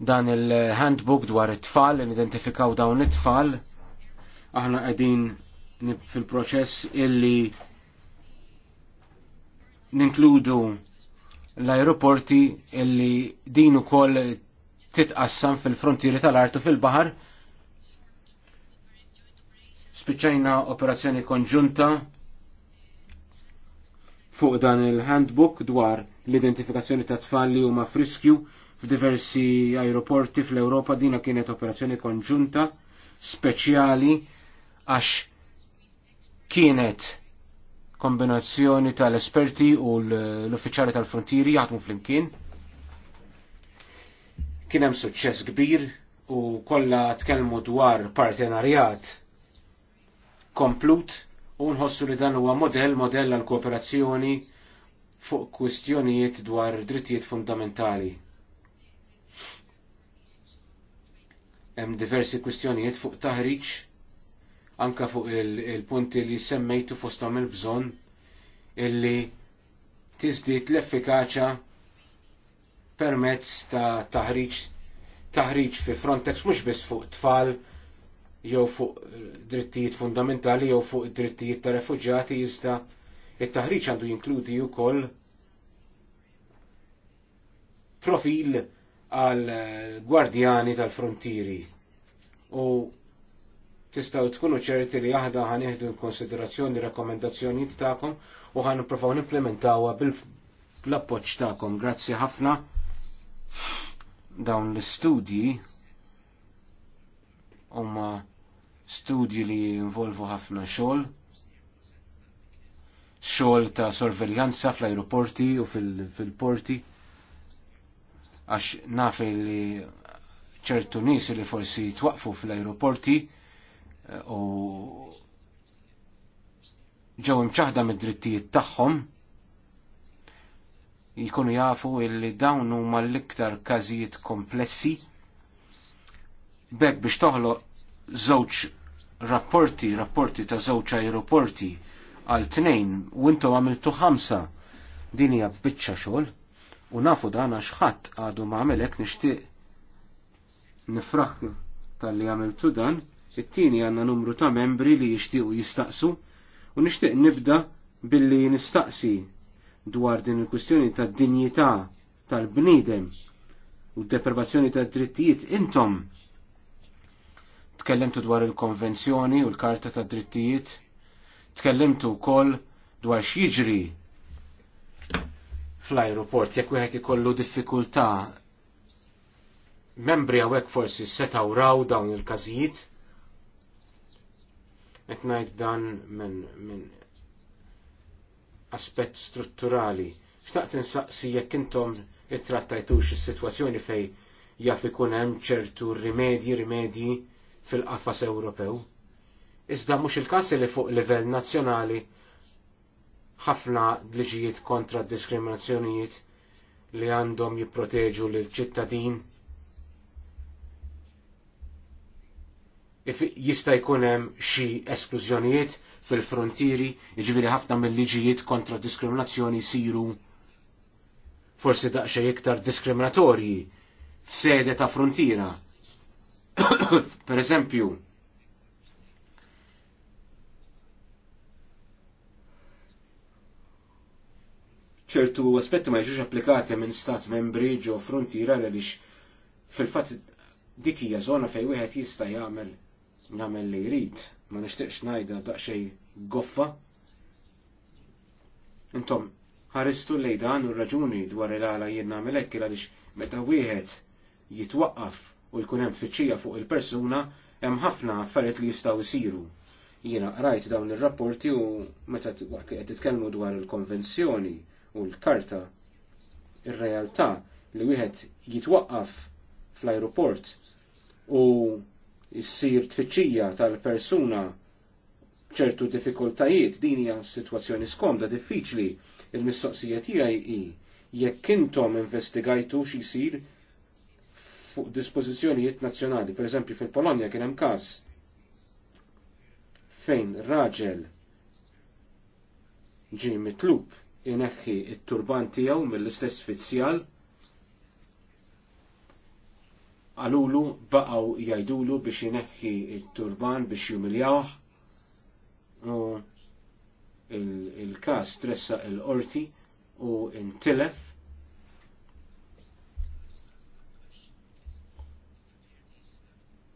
dan il-handbook dwar it-tfal, identifikaw dawn it-tfal, aħna qegħdin fil-proċess illi ninkludu l-aeroporti illi din ukoll titqassam fil-frontieri tal-artu fil-baħar. Spiċċajna operazzjoni konġunta fuq dan il-handbook dwar l-identifikazzjoni ta' tfal li huma friskju f'diversi aeroporti fl-Europa dina kienet operazzjoni konġunta speċjali għax kienet kombinazzjoni tal-esperti u l-uffiċjali tal-frontieri jaħdmu fl-imkien. Kien hemm suċċess kbir u kollha tkellmu dwar partenarjat komplut u nħossu li dan huwa modell modell għal kooperazzjoni fuq kwistjonijiet dwar drittijiet fundamentali. Hemm diversi kwistjonijiet fuq taħriġ anka fuq il-punti il li semmejtu fostom il-bżonn illi tiżdiet l effikaċa permezz ta' taħriġ taħriġ fi Frontex mhux biss fuq tfal jew fuq drittijiet fundamentali jew fuq drittijiet ta' refuġjati iżda it-taħriġ għandu jinkludi wkoll profil għal gwardjani tal-frontieri. U tistgħu tkunu ċerti li aħna ħan l konsiderazzjoni rekomendazzjonijiet tagħkom u ħan nipprovaw nimplementawha bil-appoġġ tagħkom. Grazzi ħafna dawn l-istudji huma studji li involvu ħafna xogħol, xogħol ta' sorveljanza fl-aeroporti u fil-porti, fil għax nafe li ċertu nies li forsi twaqfu fl-aeroporti eh, u ġew imċaħda mid-drittijiet tagħhom jkunu jafu illi dawn huma l-iktar każijiet komplessi bekk biex toħloq żewġ rapporti, rapporti ta' żewġ aeroporti għal tnejn u intom għamiltu ħamsa din hija biċċa xogħol u nafu dan għax ħadd għadu ma għamilek nixtieq nifraħ tal-li għamiltu dan, it-tieni għandna numru ta' membri li jixtiequ jistaqsu u nixtieq nibda billi nistaqsi dwar din il-kwistjoni ta' dinjità tal-bniedem u d-deprivazzjoni ta' drittijiet intom tkellimtu dwar il-konvenzjoni u l-karta ta' drittijiet, tkellimtu wkoll dwar x'jiġri fl-ajruport jekk wieħed ikollu diffikultà membri hawnhekk forsi setaw raw dawn il-każijiet. etnajt ngħid dan minn min aspett strutturali. Xtaqt insaqsi jekk intom ittrattajtux is-sitwazzjoni fej jaf ikun hemm ċertu rimedji rimedji fil-qafas Ewropew. Iżda mhux il-każ li fuq livell nazzjonali ħafna liġijiet kontra d diskriminazzjonijiet li għandhom jipproteġu lil ċittadin jista' jkun hemm xi esklużjonijiet fil-frontieri, jiġifieri ħafna mill-liġijiet kontra d diskriminazzjoni jsiru forsi daqsxejn iktar diskriminatorji f'sede ta' frontiera [coughs] per esempio, ċertu aspetti ma jġuġ applikati minn stat membri ġo frontiera għaliex fil-fatt dik hija żona fejn wieħed jista' jagħmel nagħmel li jrid, ma nixtieqx ngħidha daqsxejn goffa. Intom ħaristu lejn dan u raġuni dwar il-għala jien nagħmel hekk għaliex meta wieħed jitwaqqaf u jkun hemm tfittxija fuq il-persuna hemm ħafna affarijiet li jistgħu jsiru. Jiena rajt dawn ir-rapporti u meta waqt li qed titkellmu dwar il-konvenzjoni u l-karta ir-realtà li wieħed jitwaqqaf fl-ajruport u jissir tfittxija tal-persuna ċertu diffikultajiet din hija sitwazzjoni skomda diffiċli il-mistoqsija tiegħi hi jekk intom investigajtu x'isir fuq dispożizzjonijiet nazzjonali. Per eżempju fil-Polonja kien hemm każ fejn raġel ġi mitlub ineħħi it-turban tiegħu mill-istess fizzjal għalulu baqaw jajdulu biex ineħħi t turban biex jumiljawh. U il-kas tressa il-qorti u intilef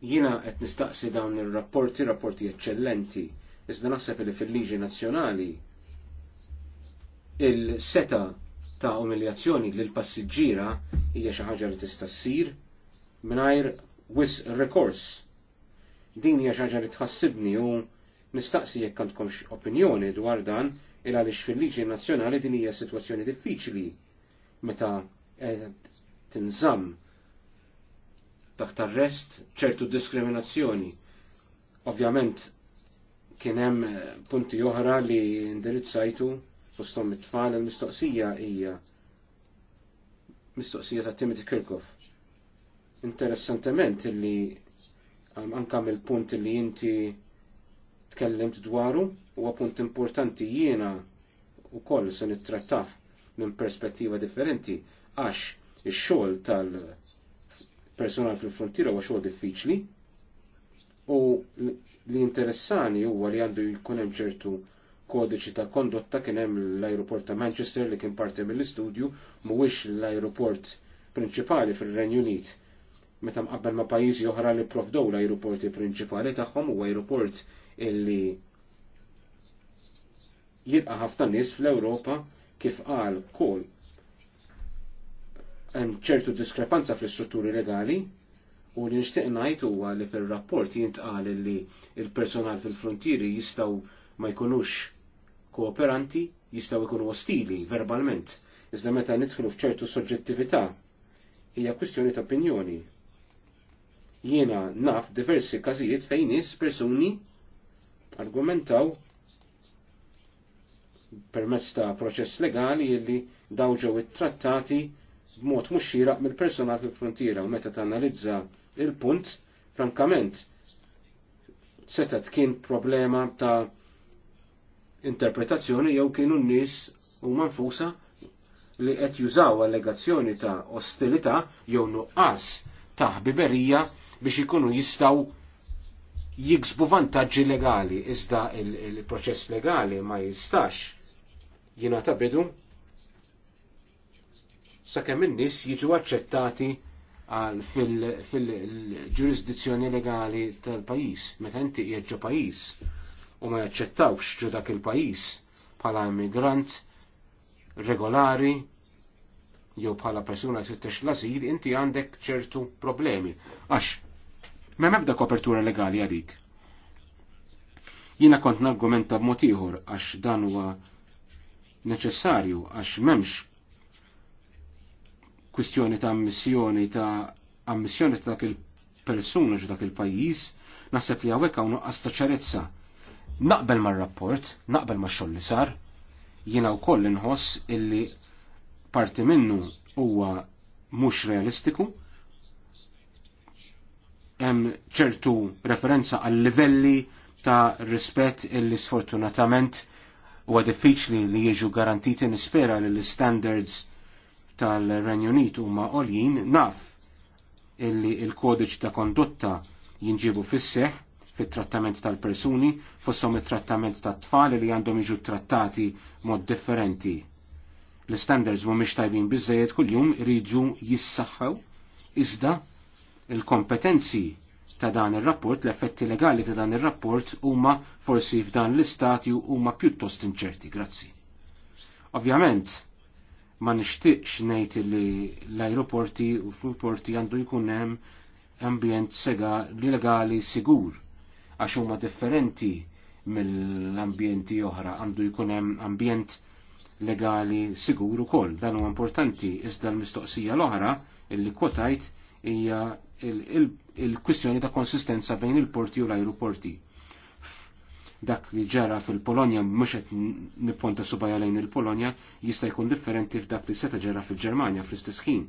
Jina qed nistaqsi dawn ir-rapporti, rapporti eċċellenti, iżda naħseb li fil-liġi nazzjonali il-seta ta' umiljazzjoni lil passiġġiera hija xi ħaġa li tista' ssir mingħajr wis rekors. Din hija xi ħaġa li tħassibni u nistaqsi jekk għandkomx opinjoni dwar dan il għaliex fil-liġi nazzjonali din hija sitwazzjoni diffiċli meta qed tinżamm taħt arrest ċertu diskriminazzjoni. Ovvjament kien hemm eh, punti oħra li indirizzajtu fosthom it-tfal il-mistoqsija hija mistoqsija ta' Timothy Kirkov. Interessantement illi anka mill-punt li inti tkellimt dwaru huwa punt importanti jiena wkoll se nittrattah minn perspettiva differenti għax ix-xogħol tal- personal fil-frontiera huwa xogħol diffiċli u li interessani huwa li għandu jkun hemm ċertu kodiċi ta' kondotta kien hemm l-ajruport ta' Manchester li kien parti mill-istudju mhuwiex l-ajruport prinċipali fir-Renju Unit. Meta mqabbel ma' pajjiżi oħra li provdow l-ajruporti prinċipali tagħhom u ajruport illi jilqa' ħafna nies fl-Ewropa kif qal kol hemm ċertu diskrepanza fl-istrutturi legali u li nixtieq ngħid huwa li fir-rapport jintqal li il-personal fil-frontieri jistgħu ma jkunux kooperanti, jistgħu jkunu ostili verbalment. Iżda meta nidħlu f'ċertu soġġettività hija kwistjoni ta' opinjoni. Jiena naf diversi każijiet fejn nies persuni argumentaw permezz ta' proċess legali illi dawġew ġew it-trattati b'mod mhux xieraq mill-personal fil-frontiera u meta tanalizza il-punt, frankament, setat kien problema ta' interpretazzjoni jew kienu n-nies u manfusa li qed jużaw allegazzjoni ta' ostilità jew nuqqas ta' ħbiberija biex ikunu jistaw jiksbu vantaġġi legali iżda il-proċess legali ma jistax jina ta' bidu sakemm in-nies jiġu aċċettati fil-ġurisdizzjoni legali tal-pajis, meta inti jieġġu pajis u ma jaċċettawx ġu dak il-pajis bħala immigrant regolari jew bħala persuna tfittex l-azil, inti għandek ċertu problemi. Għax, ma mebda kopertura legali għalik. Jina kont nargumenta b'mod ieħor għax dan huwa neċessarju għax memx kwistjoni ta' ammissjoni ta' ammissjoni ta' dak il-persuna ġu dak il-pajis, naħseb li għawek għawnu għasta ta' ċarezza. Naqbel ma' rapport, naqbel ma' xoll li sar, jiena wkoll inħoss illi parti minnu huwa mhux realistiku, hemm ċertu referenza għal livelli ta' rispett illi sfortunatament huwa diffiċli li jiġu garantiti nispera li l-standards tal-Renju Unit huma għoljin naf illi il-kodiċ ta' kondotta jinġibu fis seħħ fit-trattament tal-persuni fossom it-trattament tat-tfal li għandhom iġu trattati mod differenti. L-standards mhumiex tajbin biżejjed kuljum iridu jissaħħew iżda il-kompetenzi ta' dan ir-rapport, l-effetti legali ta' dan ir-rapport huma forsi f'dan l istati huma pjuttost inċerti. Grazzi. Ovvjament, ma nishtiqx ngħid li l-ajruporti u fl-porti għandu jkun hemm ambjent sega legali sigur għax huma differenti mill-ambjenti oħra għandu jkun hemm ambjent legali sigur ukoll dan huwa importanti iżda l-mistoqsija l-oħra illi kwotajt hija il-kwistjoni ta' konsistenza bejn il-porti u l-ajruporti dak li ġara fil-Polonja mhux qed nipponta subajja lejn il-Polonja jista' jkun differenti f'dak li seta ġara fil-Ġermanja fl-istess ħin.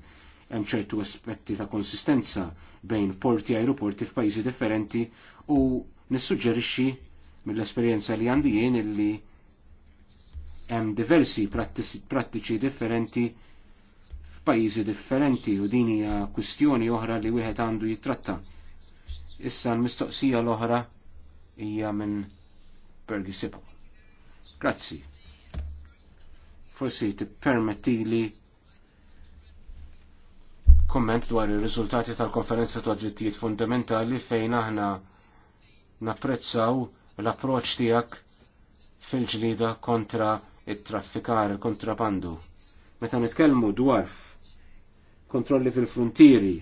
Hemm ċertu aspetti ta' konsistenza bejn porti e aeroporti f'pajjiżi differenti u nissuġġerixxi mill-esperjenza li għandi jien illi hemm diversi prattiċi differenti f'pajjiżi differenti u din hija kwistjoni oħra li wieħed għandu jitratta. Issa l-mistoqsija l-oħra hija minn per jisibu. Grazzi. Forsi permetti li komment dwar ir-riżultati tal-konferenza ta' drittijiet fundamentali fejn aħna napprezzaw l-approċ tiegħek fil-ġlida kontra it-traffikar, kontrabandu. Meta nitkellmu dwar kontrolli fil-frontieri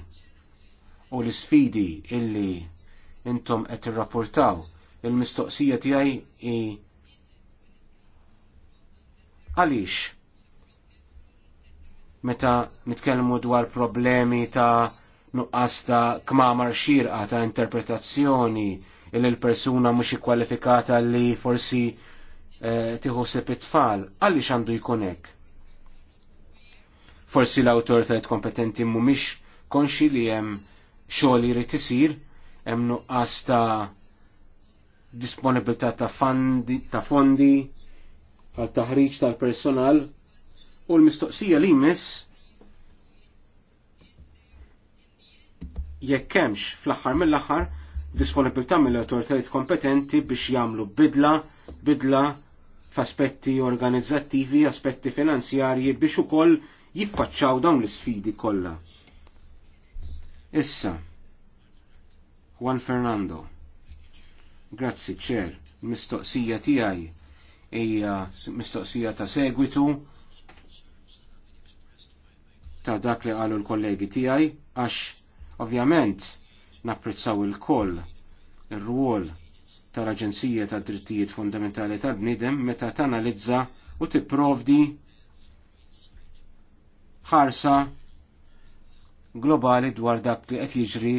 u l-sfidi illi intom qed irrapportaw Il-mistoqsija tiegħi i għaliex meta nitkellmu dwar problemi ta' nuqqas ta' kmamar xirqa ta' interpretazzjoni il il-persuna mhux ikkwalifikata li forsi eh, tiħossib it-tfal, għaliex għandu jkun hekk. Forsi l-awtoritajiet kompetenti mhumiex konxi li hemm xogħol jrid isir, hemm nuqqas ta' disponibilità ta' fondi, ta' fondi, għal taħriġ tal-personal u l-mistoqsija li jmiss jekk hemmx fl-aħħar mill-aħħar disponibilità mill-autoritajiet kompetenti biex jagħmlu bidla, bidla f'aspetti organizzattivi, aspetti finanzjarji biex ukoll jiffaċċaw dawn l-sfidi kollha. Issa, Juan Fernando. Grazzi ċer, mistoqsija tiegħi hija mistoqsija ta' segwitu ta' dak li qalu l-kollegi tiegħi għax ovvjament napprezzaw il-koll ir ta' tal-Aġenzija tad Drittijiet Fundamentali ta' bnidem meta tanalizza u tipprovdi ħarsa globali dwar dak li qed jiġri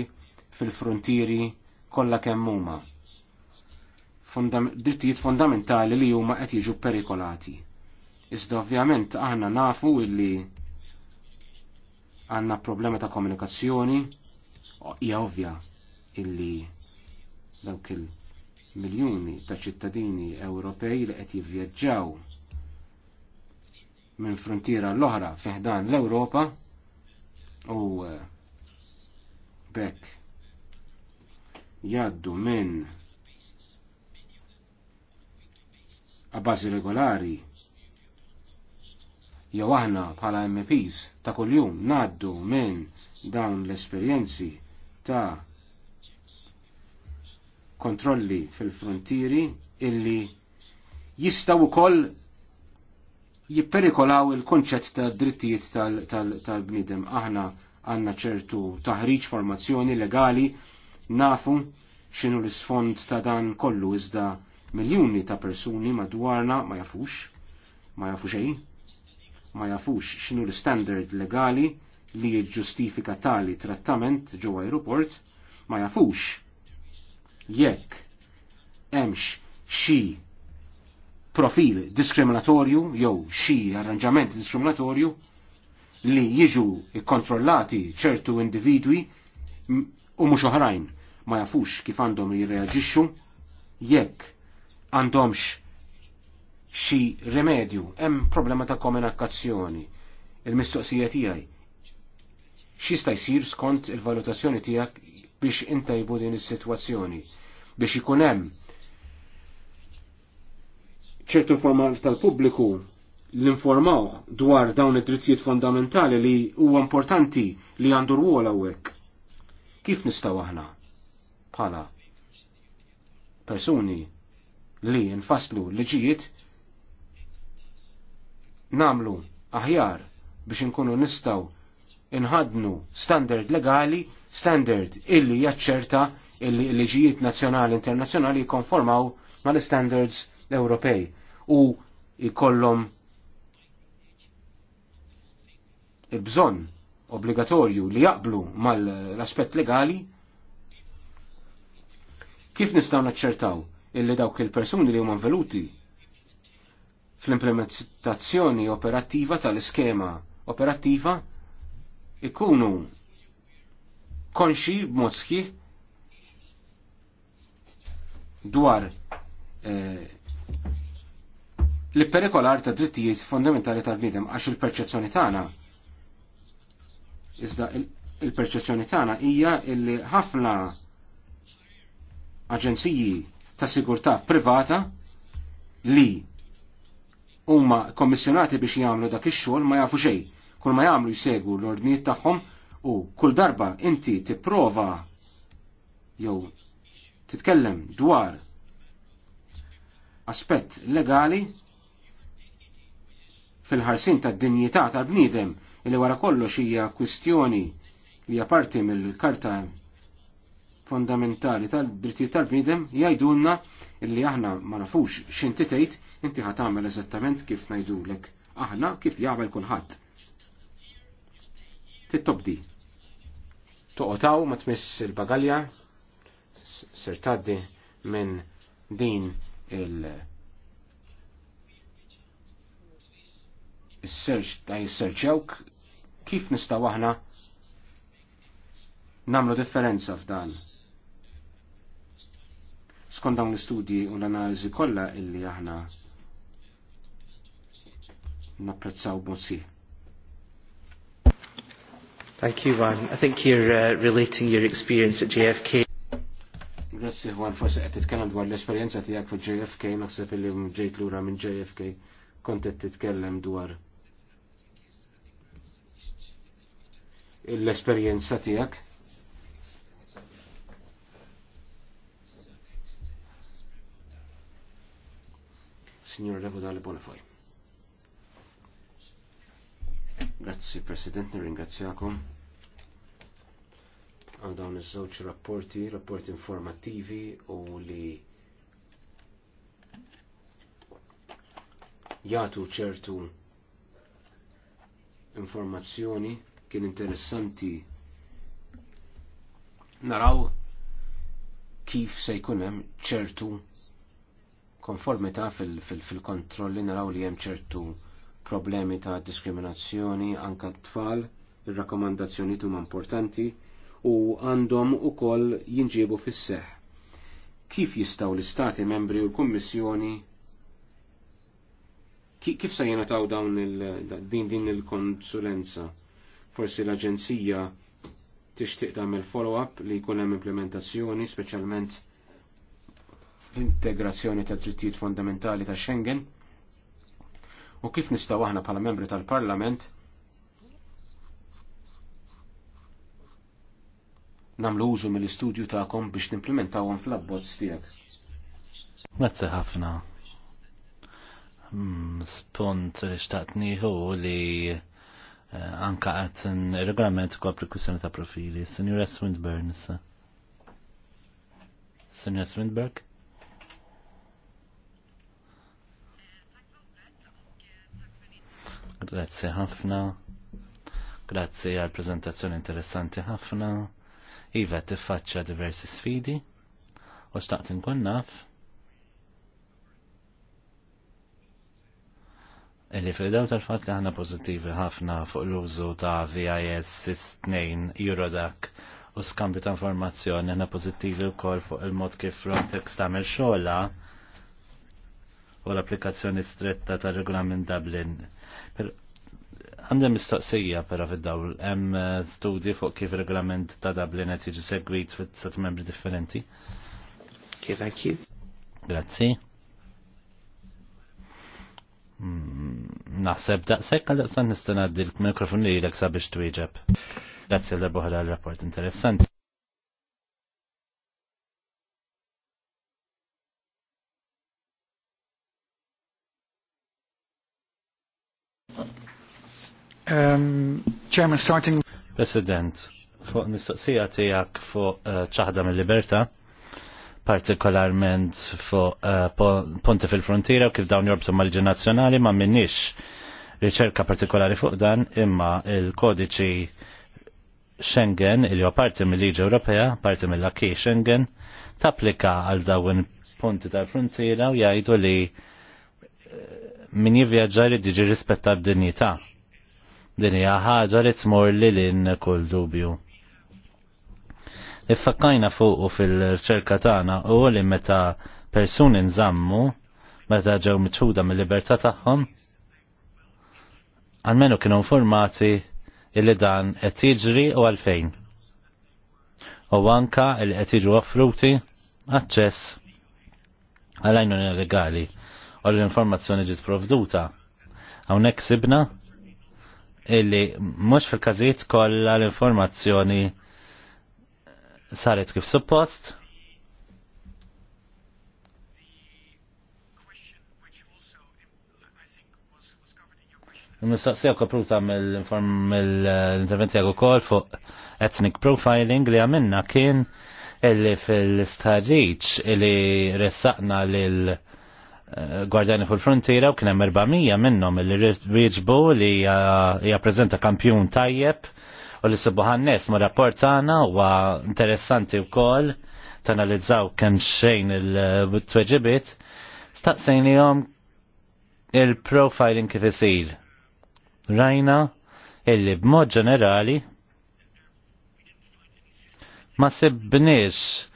fil-frontieri kollha kemm huma drittijiet fondamentali li huma qed jiġu perikolati. Iżda ovvjament aħna nafu illi għanna problema ta' komunikazzjoni, hija ovvja illi dawk il-miljuni ta' ċittadini Ewropej li qed jivvjaġġaw minn frontiera l-oħra fiħdan l-Ewropa u eh, bekk jaddu minn għabbażi regolari jew aħna bħala MPs ta' kuljum naddu minn dawn l-esperjenzi ta' kontrolli fil-frontieri illi jistaw ukoll jipperikolaw il-konċett ta' drittijiet tal-bnidem. Aħna għanna ċertu taħriġ formazzjoni legali nafu xinu l-isfond ta' dan kollu iżda Miljuni ta' persuni madwarna ma jafux, ma jafux ej, ma jafux xinu l-standard legali li jiġġustifika tali trattament ġo aeroport, ma jafux jekk hemmx xi profil diskriminatorju jew xi arranġament diskriminatorju li jiġu kontrollati ċertu individwi u mhux oħrajn ma jafux kif għandhom jirreaġixxu jekk għandhomx xi remedju hemm problema ta' komunikazzjoni. Il-mistoqsija tiegħi x'jista' jsir skont il-valutazzjoni tiegħek biex intajbu din is-sitwazzjoni biex ikun hemm ċertu forma tal-pubbliku l informawħ dwar dawn id-drittijiet fondamentali li huwa importanti li għandu rwol hawnhekk. Kif nistgħu aħna bħala persuni li nfasslu liġijiet namlu aħjar biex inkunu nistaw inħadnu standard legali, standard illi jaċċerta illi liġijiet nazzjonali internazzjonali konformaw mal-standards Ewropej u jkollhom il-bżonn obbligatorju li jaqblu mal-aspett legali kif nistgħu naċċertaw illi dawk il-persuni li huma veluti fl-implementazzjoni operattiva tal-iskema operattiva ikunu konxi b'mod sħiħ dwar eh, perikolar ta' drittijiet fondamentali tal-bniedem għax il-perċezzjoni tagħna iżda il-perċezzjoni tagħna hija illi ħafna aġenziji ta' sigurtà privata li huma kommissjonati biex jagħmlu dak ix-xogħol ma jafu xejn. Kull ma jagħmlu jsegu l-ordnijiet tagħhom u kull darba inti tipprova jew titkellem dwar aspett legali fil-ħarsin tad-dinjità tal-bniedem li wara kollox hija kwistjoni li hija parti mill-Karta fondamentali tal-drittijiet tal-bniedem jgħidulna illi aħna ma nafux x'inti tgħid inti ħad tagħmel eżattament kif ngħidulek aħna kif jagħmel kulħadd. Tittobdi. Toqotaw ma tmiss il-bagalja ser tgħaddi minn din il- is serġ ta' jisserġewk kif nistgħu aħna namlu differenza f'dan skont dawn l-istudji u l-analiżi kollha illi aħna napprezzaw b'mod Thank you, Juan. I think you're uh, relating your experience at JFK. Grazie Juan, forse qed titkellem dwar l-esperjenza tiegħek fi JFK, naħseb mġejt l-ura minn JFK kont t dwar l-esperjenza tiegħek. Signor Revodale Bonifaj. Grazzi President, nirringrazzjakom għal dawn iż-żewġ rapporti, rapporti informattivi u li jagħtu ċertu informazzjoni kien interessanti naraw kif se jkun hemm ċertu konformità fil-kontroll li naraw li hemm ċertu problemi ta' diskriminazzjoni anka tfal, ir-rakkomandazzjoni huma importanti u għandhom ukoll jinġiebu fis-seħ. Kif jistaw l-istati membri u l-Kummissjoni kif se jingħataw dawn din din il-konsulenza? Forsi l-Aġenzija tixtieq tagħmel follow-up li jkun hemm implementazzjoni speċjalment integrazzjoni ta' drittijiet fondamentali ta' Schengen u kif nistaw aħna bħala membri tal-Parlament namlu użu mill-istudju kom biex nimplementawhom fl-abbozz tiegħek. Grazzi ħafna. Hmm, Spont li xtaqt nieħu li eh, anka qed regolament kopri kwistjoni ta' profili. Sinjura Swindburn issa. Sinjura Swindberg? Grazzi ħafna. Grazie għal prezentazzjoni interessanti ħafna. Iva tiffaċċa diversi sfidi. U xtaqt inkun naf. Illi fil-daw tal-fat li ħana pozitivi ħafna fuq l-użu ta' VIS 2 Eurodac u skambju ta' informazzjoni ħana u wkoll fuq il-mod kif Frontex tagħmel xogħla u l-applikazzjoni stretta tal regolament Dublin Għandem mistoqsija pera fid-dawl, hemm eh, studji fuq kif regolament ta' Dublin qed jiġi segwit fit-sat membri differenti. Kif kif? Grazzi. Hmm, naħseb daqshekk għal daqsan nista' ngħaddi l-mikrofon jilek sabiex twieġeb. Grazzi għal darbohra l-rapport interessanti. Um, Chairman, starting... President, fuq mistoqsija tijak fuq uh, ċaħda uh, mill-liberta, partikolarment fuq uh, ponti fil-frontiera u kif dawn jorbtu mal-ġin nazzjonali ma minnix riċerka partikolari fuq dan imma il-kodiċi Schengen, il jo parti mill-Liġi Ewropea, parti mill-Aki Schengen, tapplika għal dawn punti tal-frontiera u jgħidu li uh, min jivvjaġġar li diġi rispetta b-dinjità. Din hija ħaġa li tmur li lin kull dubju. Iffakkajna fuq fil-ċerka tagħna u li meta persuni nżammu meta ġew mitħuda mill-libertà tagħhom għalmenu kienu informati illi dan qed jiġri u għalfejn. U anka li qed jiġu offruti aċċess għal għajnuna legali u l-informazzjoni ġiet provduta. Hawnhekk sibna illi mhux fil kazit kollha l-informazzjoni saret kif suppost. Mistaqsija kopruta mill-interventi għu kol fuq ethnic profiling li għamilna kien illi fil-starriċ illi ressaqna lil gwardjani fuq l frontiera u kien hemm 400 minnhom li rieġbu li uh, jappreżenta kampjun tajjeb u li sibuħan nes ma rapportana u interessanti wkoll tanalizzaw kemm xejn il-tweġibiet jom il-profiling kif isir. Rajna illi b'mod ġenerali ma sibniex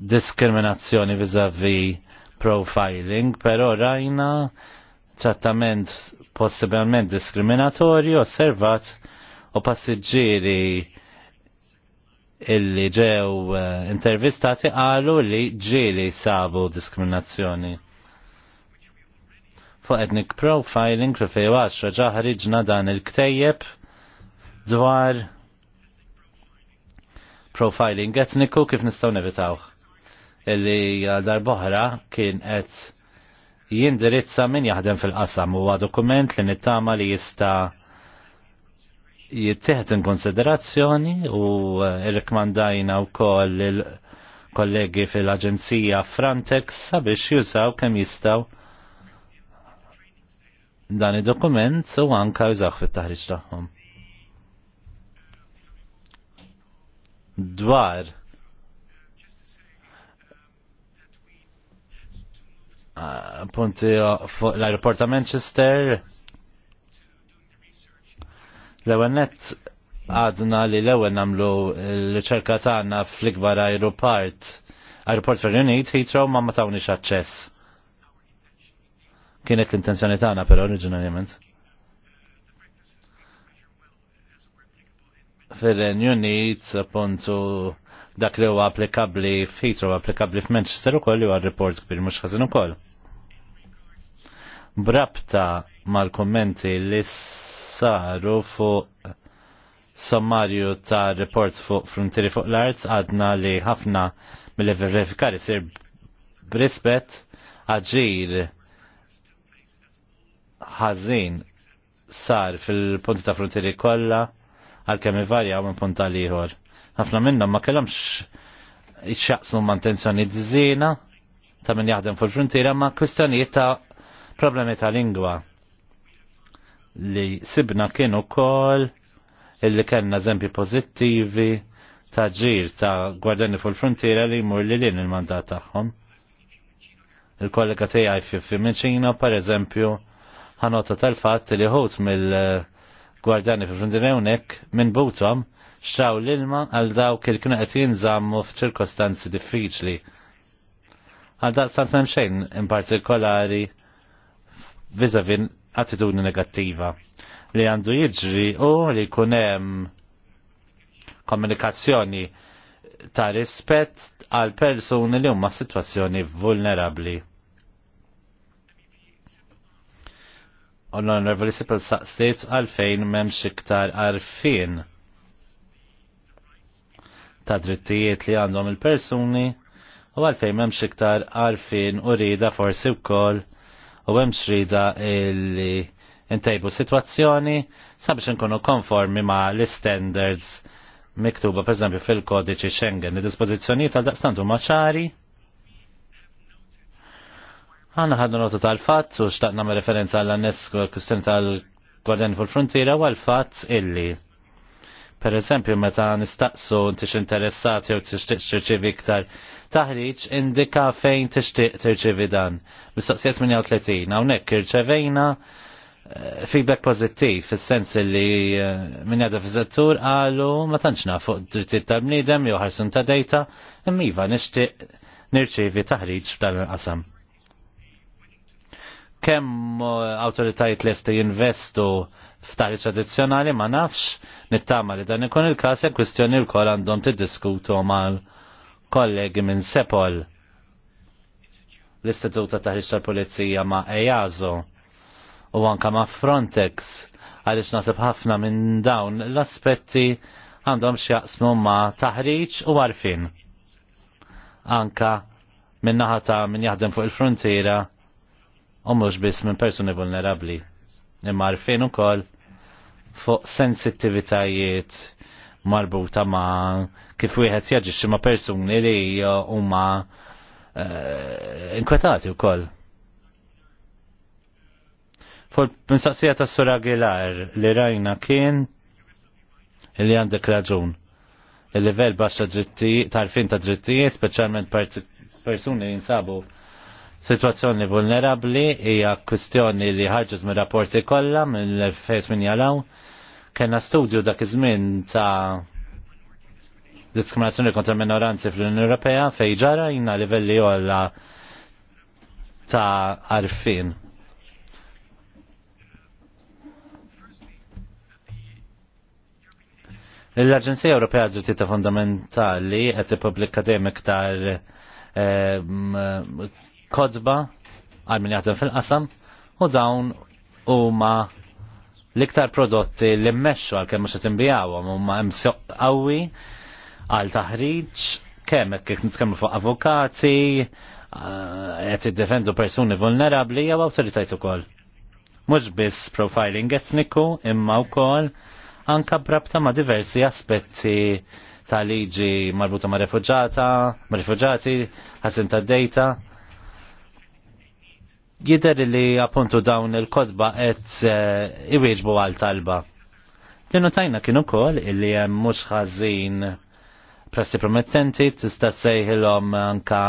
diskriminazzjoni vizavi profiling, pero rajna trattament possibilment diskriminatorju osservat u passiġġieri illi ġew eh, intervistati qalu li ġieli sabu diskriminazzjoni. Fuq etnik profiling rifej għaxra ġaħriġna dan il-ktejjeb dwar profiling etniku kif nistaw nevitawh li darboħra kien qed jindirizza min jaħdem fil-qasam huwa dokument li nittama li jista' jittieħed in konsiderazzjoni u eh, rikmandajna wkoll il-kollegi fil-Aġenzija Frontex sabiex jużaw kemm jistgħu dan id-dokument u anka jużaw fit-taħriġ tagħhom. Dwar l-aeroport ta' Manchester. l net għadna li l-ewen namlu l-ċerka tagħna fl-ikbar aeroport. Aeroport fil-Unit Heathrow ma ma tawniex aċċess. Kienet l-intenzjoni tagħna però oriġinarjament. Fil-Unit appuntu dak li huwa applikabbli f'Heathrow applikabbli f'Manchester ukoll li huwa report kbir mhux ħażin ukoll. Brabta mal-kommenti li saru fuq sommarju ta' report fuq frontieri fuq l-arts għadna li ħafna mill-verifikari sir brispet għagġir ħażin sar fil-punti ta' frontieri kollha għal kemm ivarja minn punta liħor ħafna minnhom ma kellhomx iċċaqsmu mantenzjoni d-żiena ta' min jaħdem fuq frontiera ma' kwistjonijiet ta' problemi ta' lingwa li sibna kienu kol illi kellna eżempji pożittivi ta' ġir ta' gwardjani fuq frontiera li jmur li lin il-mandat tagħhom. Il-kollega tiegħi fi minn Ċina, per eżempju, ħanota tal-fatt li ħut mill-gwardjani fuq frontiera hawnhekk minn butom xaw l-ilma għal dawk il kienu qed jinżammu f'ċirkostanzi diffiċli. Għal daqs sant m'hemm xejn in partikolari viżavi attitudni negattiva li għandu jiġri u li jkun hemm komunikazzjoni ta' rispett għal persuni li huma situazzjoni vulnerabbli. Onorevoli Sipil States għalfejn m'hemmx iktar għarfien ta' drittijiet li għandhom il-persuni u għalfejn hemm iktar għarfin u rida forsi wkoll u hemm xrida illi intejbu sitwazzjoni sabiex nkunu konformi ma' l-standards miktuba pereżempju fil-kodiċi Schengen. Id-dispożizzjonijiet għal daqstant huma ċari. Għanna ħadnu nota tal-fatt u xtaqna me referenza għall-annesku kustin tal-Gwardjani fil-Frontiera u għal-fatt illi Per eżempju, meta nistaqsu tix interessat jew tixtieq tirċivi iktar taħriġ indika fejn tixtieq tirċivi dan. Mistoqsijiet 38, hawnhekk irċevejna eh, feedback pozittiv, fis sens li eh, minn għada fiżettur qalu ma tantx fuq drittijiet tal bniedem jew ħarsun ta' dejta, iva nixtieq nirċievi taħriġ f'dan il-qasam. Kemm eh, awtoritajiet lesti jinvestu ftari tradizjonali ma nafx nittama li dan ikun il-kas jek kwistjoni l-kol għandhom tiddiskutu mal kollegi minn Sepol l-Istitut ta' Taħriġ tal-Pulizija ma' EJAZO u anka ma' Frontex għaliex nasib ħafna minn dawn l-aspetti għandhom xjaqsmu ma' taħriġ u għarfin. Anka minn naħata minn jaħdem fuq il-frontiera u mhux biss minn persuni vulnerabli imma u ukoll fuq sensittivitajiet marbuta ma' kif wieħed jaġixxi ma' persuni li huma ma eh, inkwetati wkoll. Fuq minsaqsija ta' Sura Aguilar li rajna kien li għandek raġun. Il-livell baxa dritti, tarfin ta' drittijiet, speċjalment persuni jinsabu Situazzjoni vulnerabli hija kwistjoni li ħarġet mir rapporti kollha mill-2008 jalaw. Kenna studju dak iż-żmien ta' diskriminazzjoni kontra minoranzi fl-Unjoni Ewropea fej ġara jina livelli għolla ta' arfin. L-Aġenzija Ewropea għadżu ta' fundamentali qed pubblika dejjem iktar eh, kodba għal min jaħdem fil-qasam u dawn huma l-iktar prodotti li mmexxu għal kemm mhux qed inbijawhom huma hemm qawwi għal taħriġ kemm kif nitkellmu fuq avukati eh, qed iddefendu persuni vulnerabbli jew awtoritajt ukoll. Mhux biss profiling etniku imma wkoll anka brabta ma' diversi aspetti ta' liġi marbuta ma' refuġata, ma' refuġati, ħasin ta' data, Jider li appuntu dawn il-kodba qed eh, iwieġbu għal talba. Li tajna kienu kol illi hemm mhux ħażin prassi promettenti tista' sejħilom anka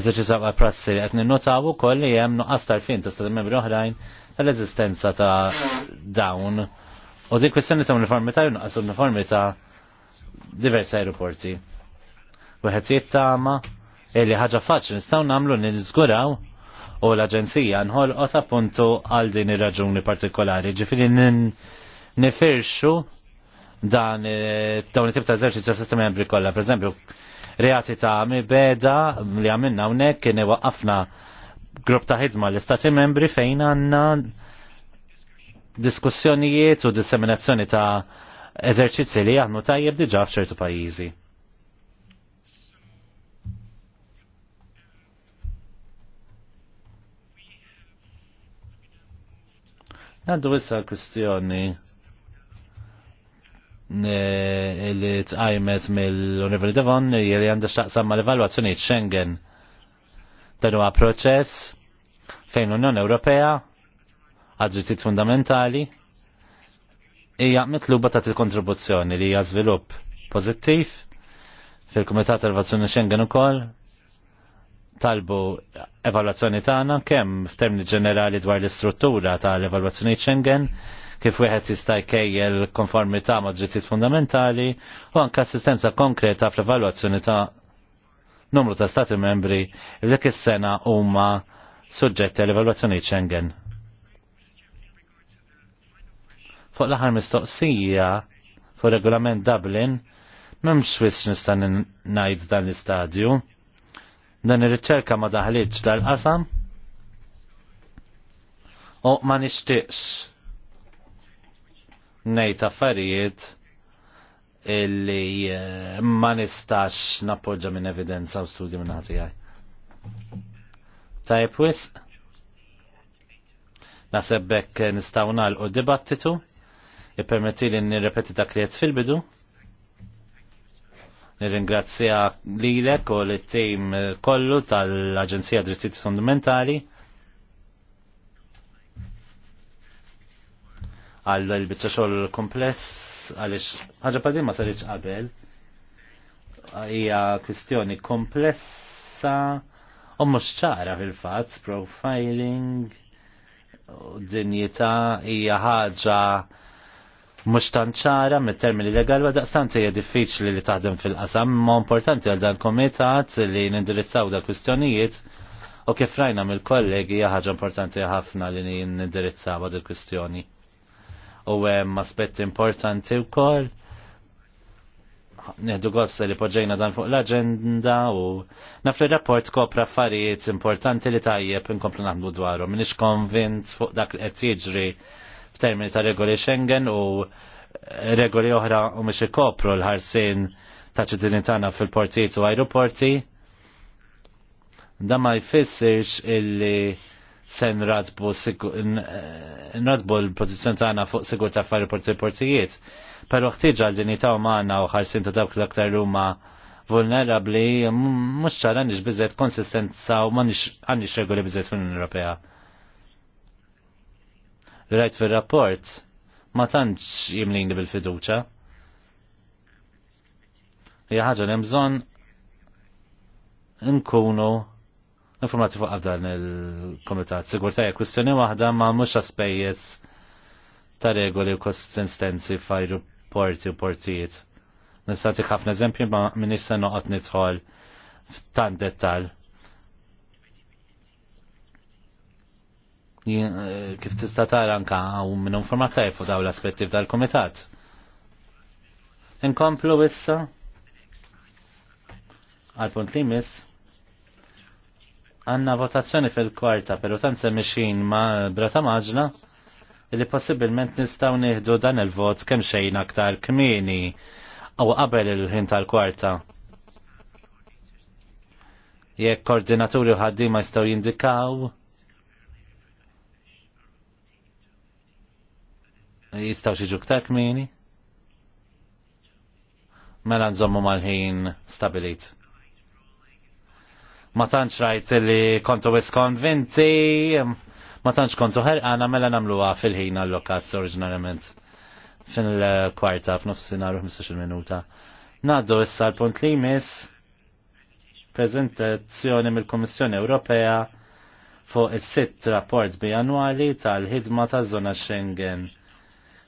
eżerċizzaw għal prassi li qed tawu ukoll li hemm nuqqas tarfin tista' stati membri oħrajn tal-eżistenza ta' dawn. U dik kwestjoni ta' uniformità jinqas ta' diversi aeroporti. Wieħed jittama illi ħaġa faċli nistgħu nagħmlu nilżguraw u l-Aġenzija nħolqot appuntu għal din ir-raġuni partikolari. Ġifieri nifirxu dan eh, dawn it-tip ta' eżerċizzju f'sistemi membri kollha. Pereżempju, reati ta' mi beda li għamilna hawnhekk kien waqqafna grupp ta' ħidma l-istati membri fejn għandna diskussjonijiet u disseminazzjoni ta' eżerċizzi li jaħdmu tajjeb diġà f'ċertu pajjiżi. Għandu issa kustjoni li tqajmet mill univerli Devon li għandha x'aqsam ma l-evalwazzjoni Schengen. Dan huwa proċess fejn l-Unjoni Ewropea għadġitit fundamentali hija mitluba ta' kontribuzzjoni li hija żvilupp pożittiv fil-Kumitat tal-Vazzjoni Schengen ukoll talbu evalwazzjoni tagħna kemm f'termini ġenerali dwar l-istruttura tal-evalwazzjoni Schengen, kif wieħed jista' jkejjel konformità ma' drittijiet fundamentali u anke assistenza konkreta fl-evalwazzjoni ta' numru ta' stati membri li dik is-sena huma suġġetti għall evalwazzjoni Schengen. Fuq l-aħħar mistoqsija fuq regolament Dublin, m'hemmx wiss nista' ngħid dan l-istadju Dan ir-riċerka ma daħlitx dal-qasam u ma nixtieqx ngħid affarijiet illi eh, ma nistax nappoġġa minn evidenza u studju minn ħati għaj. Tajb wis, nasebbek nistaw nalqu dibattitu, i permetti li dak li fil-bidu. Nirringrazzja lilek u l-tim kollu tal-Aġenzija Drittijiet Fundamentali. għal il-bicċa xogħol kompless għaliex ħaġa padin ma saritx qabel hija kwistjoni komplessa u mhux ċara fil-fatt profiling u dinjità hija ħaġa mhux tanċara mit-termini legali wa daqstant hija diffiċli li taħdem fil-qasam, ma importanti għal dan komitat li nindirizzaw da kwistjonijiet u kif rajna mill-kollegi hija ħaġa importanti ħafna li nindirizzaw għad il-kwistjoni. U hemm aspetti importanti wkoll neħdu gossa li poġġejna dan fuq l-agenda u naf li rapport kopra affarijiet importanti li tajjeb inkomplu naħdmu dwaru. Minix konvint fuq dak li qed jiġri f'termini ta' regoli Schengen u regoli oħra u mhux ikopru l-ħarsin ta' ċittadini tagħna fil-portijiet u aeroporti. Dan ma jfissirx illi se nradbu nradbu l-pożizzjoni tagħna fuq sigur ta' f'aeroporti portijiet. Però ħtieġa l dinità umana u ħarsin ta' dawk l-aktar huma vulnerabli mhux ċara għandix biżet konsistenza u m'għandix għandix regoli biżet fl-Unjoni Ewropea li rajt fil-rapport ma tantx jimlini bil-fiduċa. Hija ħaġa li bżonn nkunu informati fuq dan il-komitat. Sigurtajja kwistjoni waħda ma mhux aspejjeż ta' regoli u konsistenzi f'ajruporti u portijiet. Nistati ħafna eżempju ma minix se noqgħod nidħol f'tant dettal. E, kif tista' tara anka u minn informataj fuq daw l-aspetti tal-Kumitat. Inkomplu issa għal punt li miss għanna votazzjoni fil-kwarta, per tant semmixin ma' brata maġna li possibilment nistaw nieħdu dan il-vot kemm xejn aktar kmini u qabel il-ħin tal-kwarta jekk koordinaturi u ħaddiema jistgħu jindikaw jistaw xieġu ktar kmini? Mela nżommu mal-ħin stabilit. Ma tantx rajt li kontu wiskonvinti, ma tantx kontu ħerqana mela namluha fil-ħin allokat oriġinarjament fil-kwarta f'nofsinhar u 15 minuta. Naddu issa l-punt li jmiss prezentazzjoni mill-Kummissjoni Ewropea fuq is-sitt rapport bianwali tal-ħidma taż-żona Schengen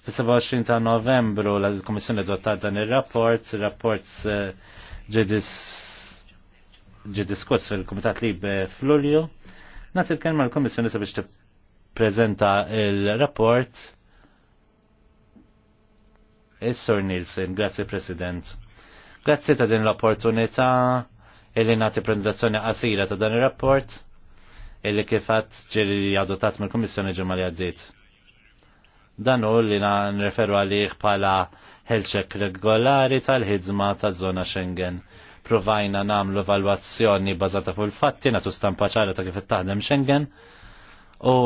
Fis-27 ta' Novembru l-Komissjoni adottat dan ir-rapport, ir-rapport eh, ġi diskuss fil-Kumitat Lib fl-Ulju. Nagħti l-kelma l-Komissjoni sabiex tippreżenta il-rapport. Is-Sur Nielsen, grazie President. Grazzi ta' din l-opportunità illi nagħti prezentazzjoni qasira ta' dan ir-rapport illi kifat ġiri adottat mill-Komissjoni ġemali li għaddiet Dan u li nreferu għalih bħala ħelċek regolari tal-ħidma ta' zona Schengen. Provajna namlu valwazzjoni bazata fuq il-fatti, natu stampa ċara ta' kif taħdem Schengen, u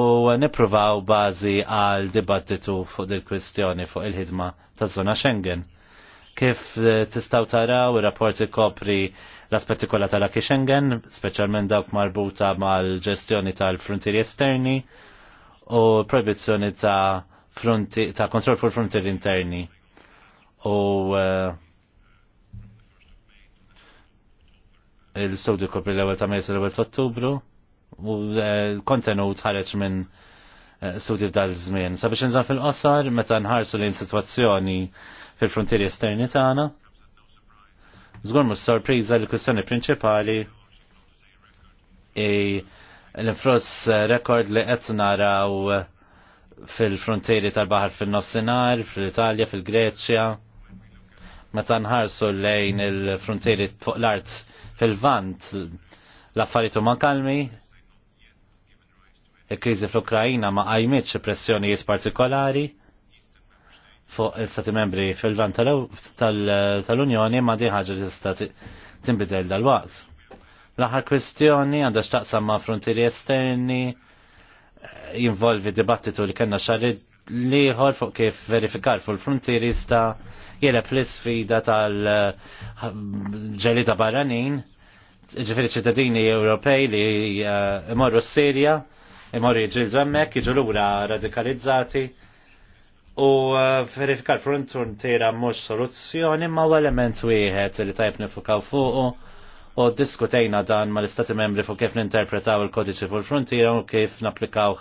nipruvaw bazi għal dibattitu fuq il kwistjoni fuq il-ħidma ta' zona Schengen. Kif eh, tistaw taraw, il rapporti kopri l-aspetti kollha tal-Aki Schengen, speċjalment dawk marbuta mal-ġestjoni tal-frontieri esterni u proibizzjoni ta' fronti, ta' kontrol fuq frontier interni. U uh, eh, il-sodju kopri l-ewel ta' mejs l-ewel ta' ottubru u eh, l-kontenut ħareċ minn eh, studju f'dal żmien. Sabiex nżan fil-qosar, meta nħarsu lejn situazzjoni fil-frontieri esterni tagħna. Żgur mhux sorpriża li kwistjoni prinċipali l-infross rekord li qed naraw fil-frontieri tal-bahar fil-nofsinar, fil-Italja, fil-Greċja. Meta nħarsu lejn il-frontieri fuq l-art fil-vant, l-affarijiet huma kalmi. Il-kriżi fl-Ukrajina ma għajmitx pressjonijiet partikolari fuq il-stati membri fil-vant tal-Unjoni ma diħħaġa ħaġa li tista' tinbidel dal-waqt. L-aħħar kwestjoni għandha x'taqsam ma' frontieri esterni, jinvolvi dibattitu li kena xarri liħor fuq kif verifikar fuq il-frontieri sta jeleb l-sfida tal-ġelita barranin, ġifiri ċittadini Ewropej li eh, imorru s-Sirja, imorru jġildu emmek, jġilura radikalizzati, u eh, verifikar frontiera mux soluzzjoni ma u element wieħed li tajb nifukaw fuqu u diskutejna dan ma l-istati membri fuq kif ninterpretaw il-kodiċi fu l-frontira u kif naplikaw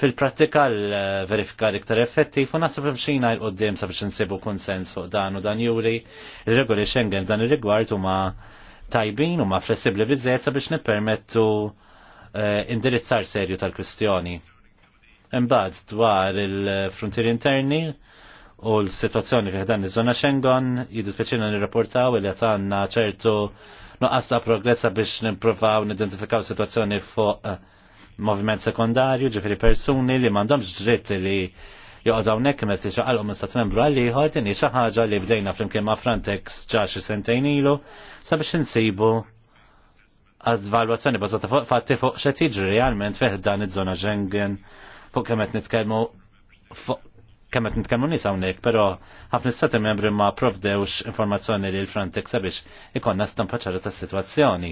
fil-prattika l-verifika iktar effettiv u nasib imxina il-qoddim sabiex nsibu konsens fuq dan u dan juri il-regoli Schengen dan il-rigward u ma tajbin u ma flessibli bizzet sabiex nippermettu eh, indirizzar serju tal-kwistjoni. Imbagħad dwar il-frontier interni u l-situazzjoni fih dan iż-żona Schengen jiddispeċina nirrapportaw li jatanna ċertu nuqqas ta' progressa biex nippruvaw nidentifikaw situazzjoni fuq eh, moviment sekundarju, ġifiri persuni li m'għandhomx dritt li joqgħod hawnhekk imma tixaqalhom minn stat membru għal ieħor tinhi xi ħaġa li bdejna flimkien ma' Frontex ġa xi sentejn ilu sabiex insibu għad-valwazzjoni bażata fuq fatti fuq xed jiġri realment fih dan iż-żona Schengen fuq kemm qed nitkellmu fuq kemm qed nitkellmu nies hawnhekk, però ħafna stati membri ma provdewx informazzjoni li l Frontex sabiex ikonna stampa ċara tas-sitwazzjoni.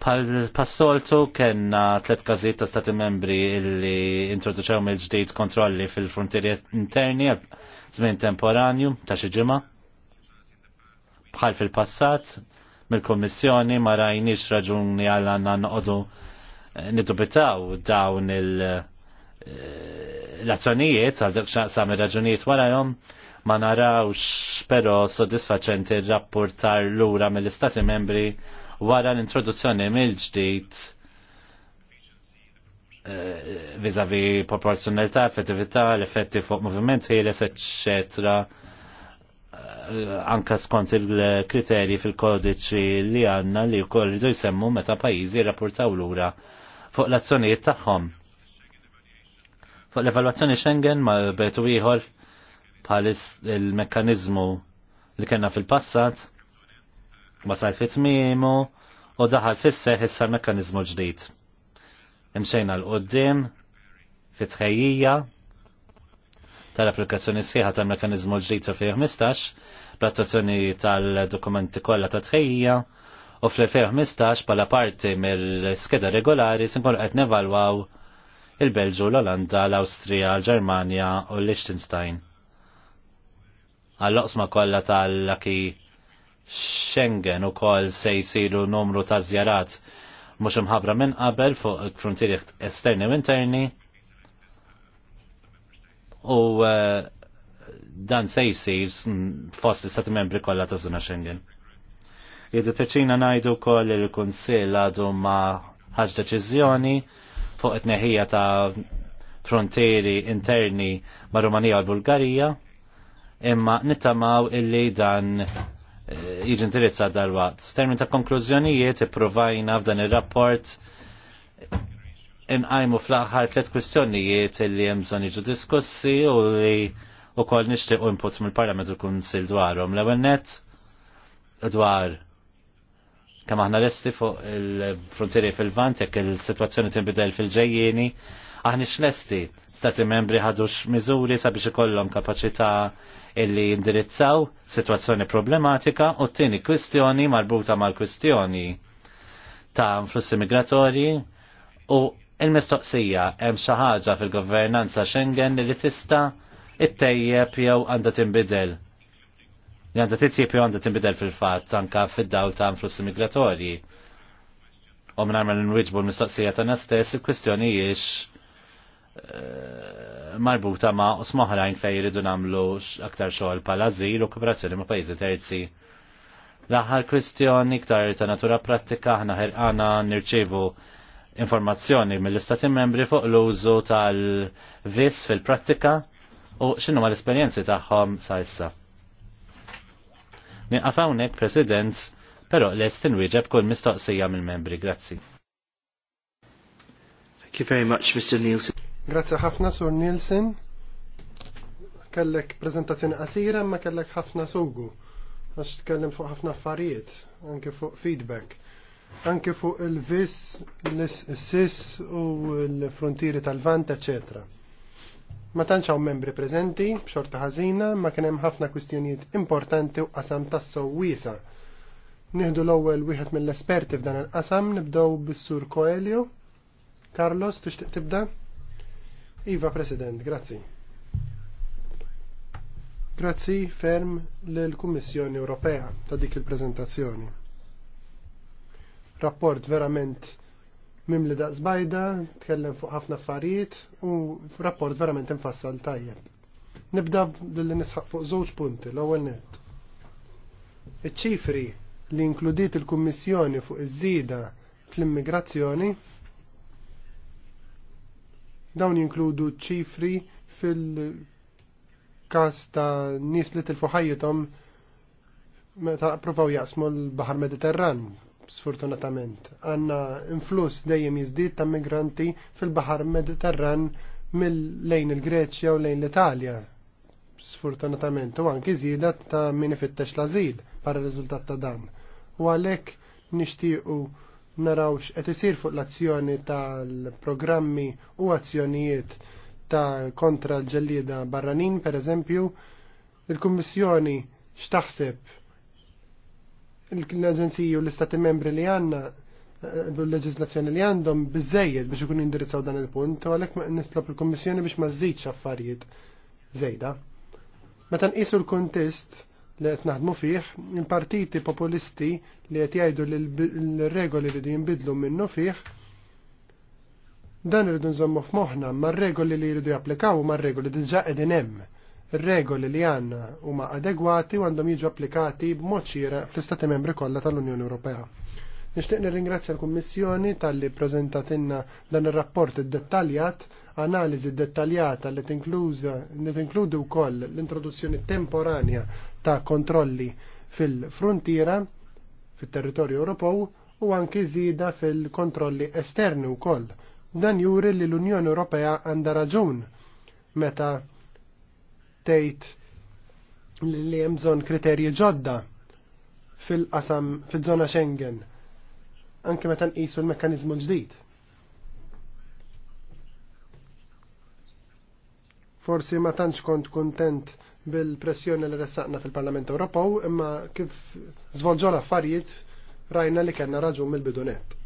Passoltu kena tlet kazit ta' stati membri illi introduċew mill-ġdid kontrolli fil-frontieri interni għal żmien temporanju ta' xi ġimgħa. Bħal fil-passat, mill-Kommissjoni ma rajniex raġuni għal għandna noqogħdu nidubitaw dawn il- razzjonijiet eh, għal dak xaqsam ir-raġunijiet warahom ma narawx però soddisfaċenti rapportar lura mill-Istati membri wara l-introduzzjoni mill-ġdid eh, vizavi proporzjonalità, effettività, l-effetti fuq moviment ħieles, eccetera eh, anka skont il-kriteri fil-kodiċi li għanna li kollidu jisemmu meta pajizi rapportaw lura fuq l-azzjonijiet tagħhom. Fuq l-evalwazzjoni Schengen ma betu ieħor bħal il-mekkanizmu li kena fil-passat wasal fit-tmiemu u daħal fisse issa l-mekkanizmu ġdid. Imxejna l-qoddim fit-tħejjija tal-applikazzjoni sħiħa tal-mekanizmu ġdid fil-2015, bl-attuazzjoni tal-dokumenti kollha ta' tħejja, u fl-2015 pala parti mill-skeda regolari sinkun qed nevalwaw il-Belġu, l-Olanda, l-Awstrija, l-Ġermanja u l-Liechtenstein. Għall-oqsma kollha tal-laki Schengen u koll se jisiru numru ta' zjarat mhux imħabra minn qabel fuq il-frontieri esterni u interni u eh, dan se jisir fost il membri kollha ta' zona Schengen. Jiddipeċina najdu koll il-Kunsill għadu ma' ħax deċiżjoni fuq it-neħija ta' frontieri interni ma' Rumanija u Bulgarija, imma nittamaw illi dan eh, jiġi indirizza dal-waqt. Termin ta' konklużjonijiet ipprovajna f'dan ir-rapport inqajmu fl-aħħar tliet kwistjonijiet li hemm bżonn jiġu diskussi u li wkoll nixtiequ inputs mill-Parlament u Kunsil dwarhom. L-ewwel net dwar kemm aħna lesti fuq il-frontieri fil-vant jekk il-sitwazzjoni tinbidel fil-ġejjieni, aħniex lesti stati membri ħadux miżuri sabiex ikollhom kapaċità illi jindirizzaw sitwazzjoni problematika u t-tieni kwistjoni marbuta mal-kwistjoni ta' flussi migratorji u il-mistoqsija hemm xi ħaġa fil-governanza Schengen li tista' ittejjeb jew għandha tinbidel li għandha għanda għandha imbidel fil-fatt tanka fid-dawl ta' influssi migratorji. U minn għamil l-inwiġbu l-mistoqsija ta' nastess, il-kwistjoni jiex eh, marbuta ma' smoħrajn fej jridu namlu aktar xogħol pal azil u kooperazzjoni ma' pajjiżi terzi. L-aħħar kwistjoni iktar ta' natura prattika aħna ħirqana nirċivu informazzjoni mill-istati membri fuq l-użu tal-vis fil-prattika u xinu ma l-esperienzi tagħhom sa' issa. Nieqaf hawnhekk President, però lest inwieġeb kull mistoqsija mill-membri. Grazzi. Thank you very much, Mr. Nielsen. Grazzi ħafna, Sur Nielsen. Kellek prezentazzjoni qasira ma kellek ħafna sugu. Għax tkellem fuq ħafna affarijiet, anke fuq feedback, anke fuq il-vis, l-sis u l-frontieri tal-vant, eccetera. Ma tantx hawn membri preżenti b'xorta ħażina ma kien hemm ħafna kwistjonijiet importanti u qasam tas-sew wiesa. Nieħdu l-ewwel wieħed mill-esperti f'dan il-qasam nibdew bis-Sur Coelho. Carlos, tixtieq tibda? Iva President, grazzi. Grazzi ferm lill-Kummissjoni Ewropea ta' dik il-preżentazzjoni rapport verament mimli daq zbajda, tkellem fuq ħafna affarijiet u rapport verament infassal tajjeb. Nibda billi nisħaq fuq żewġ punti l-ewwel net. Iċ-ċifri li inkludiet il-Kummissjoni fuq iż-żida fl-immigrazzjoni dawn jinkludu ċifri fil-kas ta' nies li tilfu ħajjithom meta provaw jaqsmu l-Baħar Mediterran sfortunatament. Għanna influss dejjem jizdid ta' migranti fil-Bahar Mediterran mill-lejn il-Greċja u lejn l-Italja. Sfortunatament, u anki zidat ta' min ifittex l-azil para riżultat ta' dan. U għalek nishtiqu narawx qed isir fuq l-azzjoni tal-programmi u azzjonijiet ta' kontra l-ġellida barranin, per eżempju, il-Kummissjoni x'taħseb l-Aġenziji u l-Istati membri li għanna eh, l leġislazzjoni li għandhom bizzejed biex ikun indirizzaw dan il-punt, u għalhekk nitlob il-Kommissjoni biex ma żżidx affarijiet żejda. Meta nqisu l kontest li qed naħdmu fih, il-partiti populisti li qed jgħidu li l-regoli li jinbidlu minnu fih, dan irridu nżommu f'moħħna ma' regoli li jridu japplikaw u mar-regoli diġà qegħdin hemm regoli li għanna huma adegwati u għandhom jiġu applikati b'moċira fl-Istati membri kollha tal-Unjoni Ewropea. Nixtieq nirringrazzja l-Kummissjoni tal-li prezentatinna dan ir-rapport dettaljat, analiżi dettaljata li tinkludi wkoll l-introduzzjoni temporanja ta' kontrolli fil-frontiera fit-territorju Ewropew u anki żieda fil-kontrolli esterni wkoll. Dan juri li l-Unjoni Ewropea għandha raġun meta tgħid li hemm bżonn kriterji ġodda fil-qasam fil-żona Schengen anke meta nqisu l-mekkaniżmu ġdid. Forsi ma tantx kont kuntent bil-pressjoni li ressaqna fil-Parlament Ewropew imma kif żvolġu l-affarijiet rajna li kellna raġun mill-bidunet.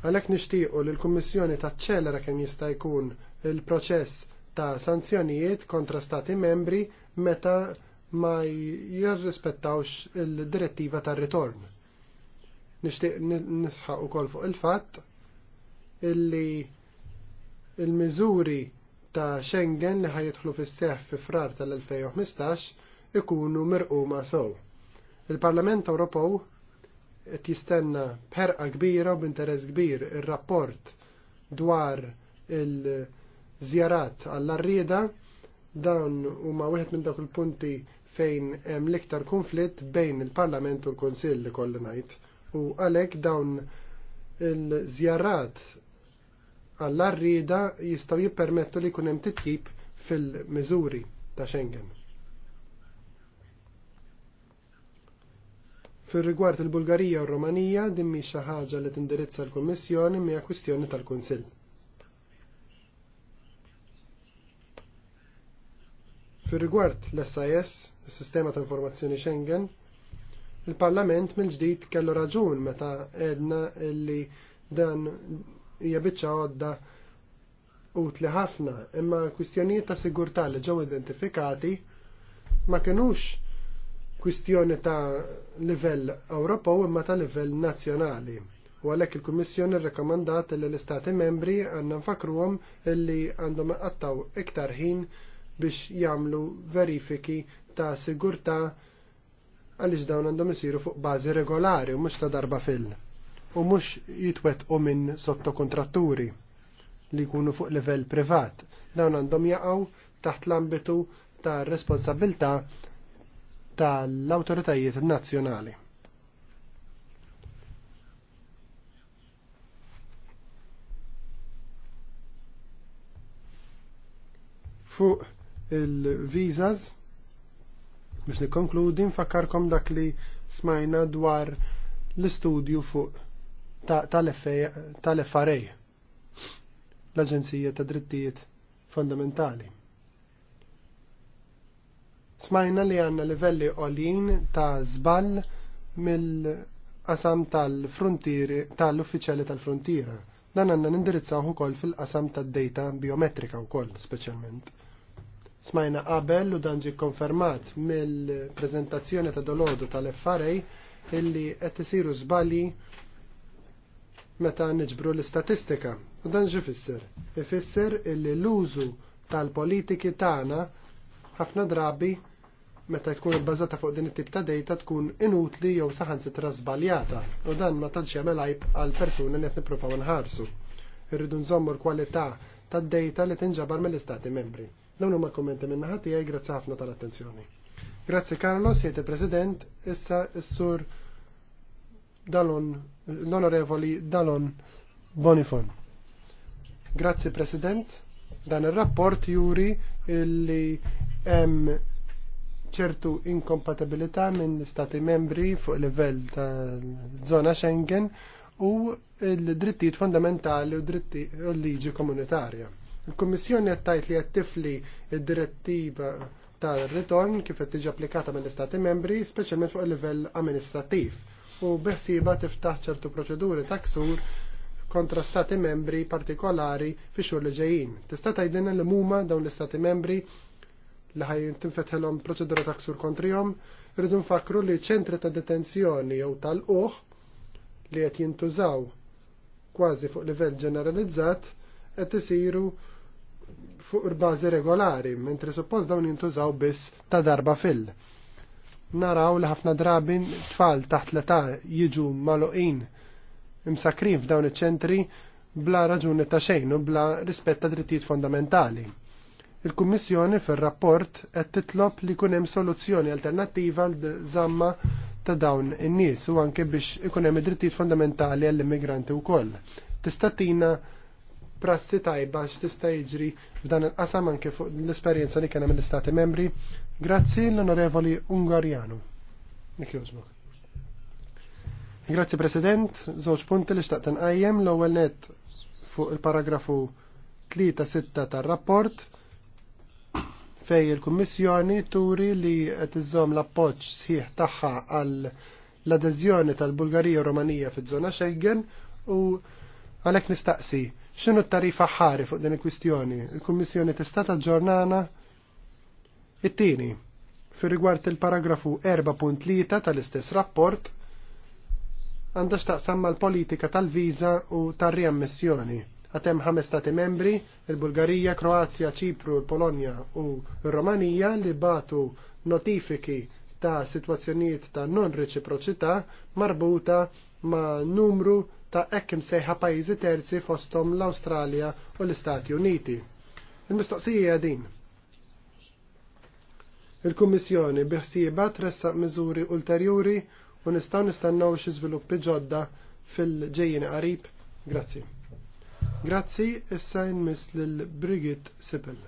Għalhekk nixtiequ li l-Kummissjoni taċċelera kemm jista' jkun il-proċess ta' sanzjonijiet kontra stati membri meta ma jirrispettawx il-direttiva tar ritorn Nixtieq nisħaq ukoll fuq il-fatt illi il-miżuri ta' Schengen li ħajidħlu fis-seħħ fi frar tal-2015 ikunu mirquma sew. Il-Parlament Ewropew qed jistenna bħerqa kbira u b'interess kbir ir-rapport dwar il- Zjarat għall-arrieda dawn huma wieħed minn dak il-punti fejn hemm l-iktar konflitt bejn il-Parlament u l-Kunsill li kollu ngħid. U għalhekk dawn il-żjarat għall-arrieda jistgħu jippermettu li jkun hemm titjib fil-miżuri ta' Schengen. Fir rigward il-Bulgarija u r-Romanija din xi ħaġa li tindirizza l-Kummissjoni mija kwistjoni tal-Kunsill. Fir rigward l-SIS, il-Sistema ta' Informazzjoni Schengen, il-Parlament mill-ġdid kellu raġun meta edna li dan hija biċċa għodda utli ħafna, imma kwistjonijiet ta' sigurtà li ġew identifikati ma kinux kwistjoni ta' livell Ewropew imma ta' livell nazzjonali. U għalhekk il-Kummissjoni rrekomandat li l-Istati membri għandna nfakruhom illi għandhom qattaw iktar ħin biex jagħmlu verifiki ta' sigurtà għaliex dawn għandhom isiru fuq bażi regolari u mhux ta' darba fil. U mhux jitwettqu minn sottokontratturi li jkunu fuq livell privat. Dawn għandhom jaqgħu taħt l-ambitu ta' responsabilità tal-awtoritajiet nazzjonali. Fuq il-visas biex nikkonkludi nfakkarkom dak li smajna dwar l-istudju fuq tal-FRA l-Aġenzija ta' Drittijiet Fundamentali. Smajna li għanna livelli għolin ta' zball mill-qasam tal-frontieri tal-uffiċjali tal-frontiera. Dan għanna nindirizzaw ukoll fil-qasam tad-data biometrika wkoll speċjalment. Smajna qabel u dan konfermat mill-prezentazzjoni ta' dolodu tal effarej illi qed isiru żbalji meta niġbru l-istatistika. U dan ġi fisser. Ifisser illi l-użu tal-politiki tagħna ħafna drabi meta tkun bbażata fuq din it-tip ta' dejta tkun inutli jew saħansitra żbaljata u dan ma tantx jagħmel għajb għal persuni li qed nippruvaw nħarsu. Irridu nżommu l-kwalità tad dejta li tinġabar mill-Istati membri. Dawn huma kommenti minn naħa tiegħi grazzi ħafna tal-attenzjoni. Grazzi Carlos, siete president issa s-sur Dalon, l-Onorevoli Dalon Bonifon. Grazzi President, dan ir-rapport juri li hemm ċertu inkompatibilità minn stati membri fuq livell ta' zona Schengen u l-drittijiet fondamentali u l-liġi komunitarja. Il-Kummissjoni qed tgħid li qed tifli d-direttiva tal-ritorn kif qed tiġi applikata mill-Istati membri, specialment fuq il-livell amministrattiv u beħsiba tiftaħ ċertu proċeduri ta' ksur kontra stati membri partikolari fi xur li ġejjin. Tista' tgħidilna li huma dawn l-istati membri li ħaj tinfetħilhom proċedura ta' ksur kontrihom, rridu nfakru li ċentri ta' detenzjoni jew tal-uħ li qed jintużaw kważi fuq livell ġeneralizzat qed isiru fuq bażi regolari, mentri suppost dawn jintużaw biss ta' darba fil. Naraw li ħafna drabin tfal taħt l-età jiġu maloqin imsakrin f'dawn iċ-ċentri bla raġuni ta' xejn u bla rispett ta' drittijiet fondamentali. Il-Kummissjoni fir-rapport qed titlob li jkun hemm soluzzjoni alternattiva l-żamma ta' dawn in-nies u anke biex ikun hemm id-drittijiet fondamentali għall-immigranti wkoll. Tista' tina prassi tajba x'tista' jiġri f'dan il-qasam anke fuq l-esperjenza li kien hemm istati Membri. Grazzi l-Onorevoli Ungarjanu. Nik Grazzi President, żewġ punti li xtaqt nqajjem l-ewwel net fuq il-paragrafu 3-6 tar-rapport fej il-Kummissjoni turi li qed iżżomm l-appoġġ sħiħ tagħha għal l-adeżjoni tal-Bulgarija u Romanija fiż-żona Schengen u għalhekk nistaqsi X'inhu t-tarifa ħari fuq din il-kwistjoni? Il-Kummissjoni tista' taġġornana it-tieni fir rigward il-paragrafu 4.3 tal-istess rapport għandha x'taqsam mal-politika tal-viża u tar-riammissjoni. Għatem ħames stati membri, il-Bulgarija, Kroazja, Ċipru, il-Polonja u il-Romanija li batu notifiki ta' situazzjonijiet ta' non reċiproċità marbuta ma' numru ta' ekkim sejħa pajizi terzi fostom l australia u l-Istati Uniti. Il-mistoqsija din. Il-Kummissjoni biħsieba tressa miżuri ulterjuri u nistaw nistennaw xi żviluppi ġodda fil-ġejjin qarib. Grazzi. Grazzi, issa nmiss lil Brigitte Sippel.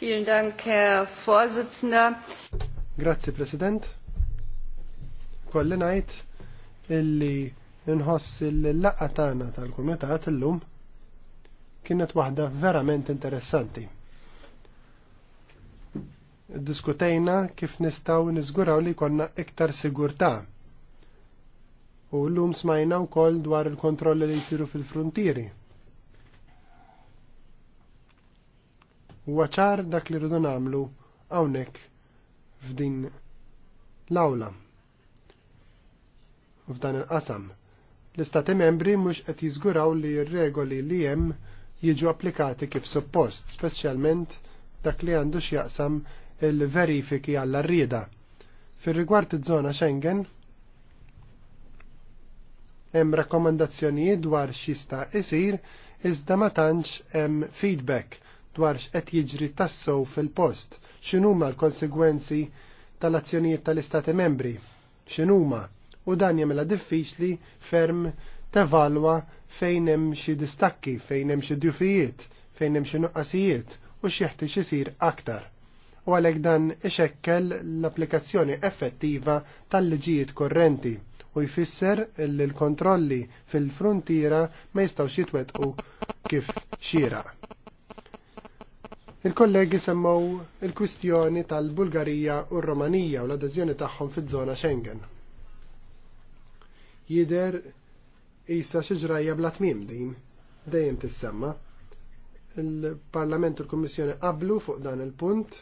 Vielen Dank, Herr Vorsitzender. Grazie, President. Kolle Neid illi nħoss il-laqqa tagħna tal-kumitat illum kienet waħda verament interessanti. Diskutejna kif nistaw niżguraw li konna iktar sigurtà. U llum smajna wkoll dwar il-kontrolli li jsiru fil-frontieri. Huwa ċar dak li rridu nagħmlu hawnhekk f'din l-awla f'dan il-qasam. L-istati membri mhux qed jiżguraw li r-regoli li hemm jiġu applikati kif suppost, speċjalment dak li għandu x'jaqsam il-verifiki għall arrieda Fir-rigward iż-żona Schengen, hemm rakkomandazzjonijiet dwar x'jista' isir iżda ma tantx hemm feedback dwar x'qed jiġri tassew fil-post, x'inhuma l-konsegwenzi tal-azzjonijiet tal-Istati membri, x'inhuma u dan jagħmilha diffiċli ferm tevalwa fejn hemm xi distakki, fejn hemm xi djufijiet, fejn hemm xi nuqqasijiet u x'jeħtieġ isir aktar. U għalhekk dan ixekkel l-applikazzjoni effettiva tal-liġijiet korrenti u jfisser li l-kontrolli fil-frontiera ma jistgħux jitwetqu kif xira. Il-kollegi semmow il-kwistjoni tal-Bulgarija u r-Romanija u l-adeżjoni tagħhom fiż-żona Schengen jider jisa xiġrajja bla tmim din, dejjem tissemma. Il-Parlament u l-Kommissjoni qablu fuq dan il-punt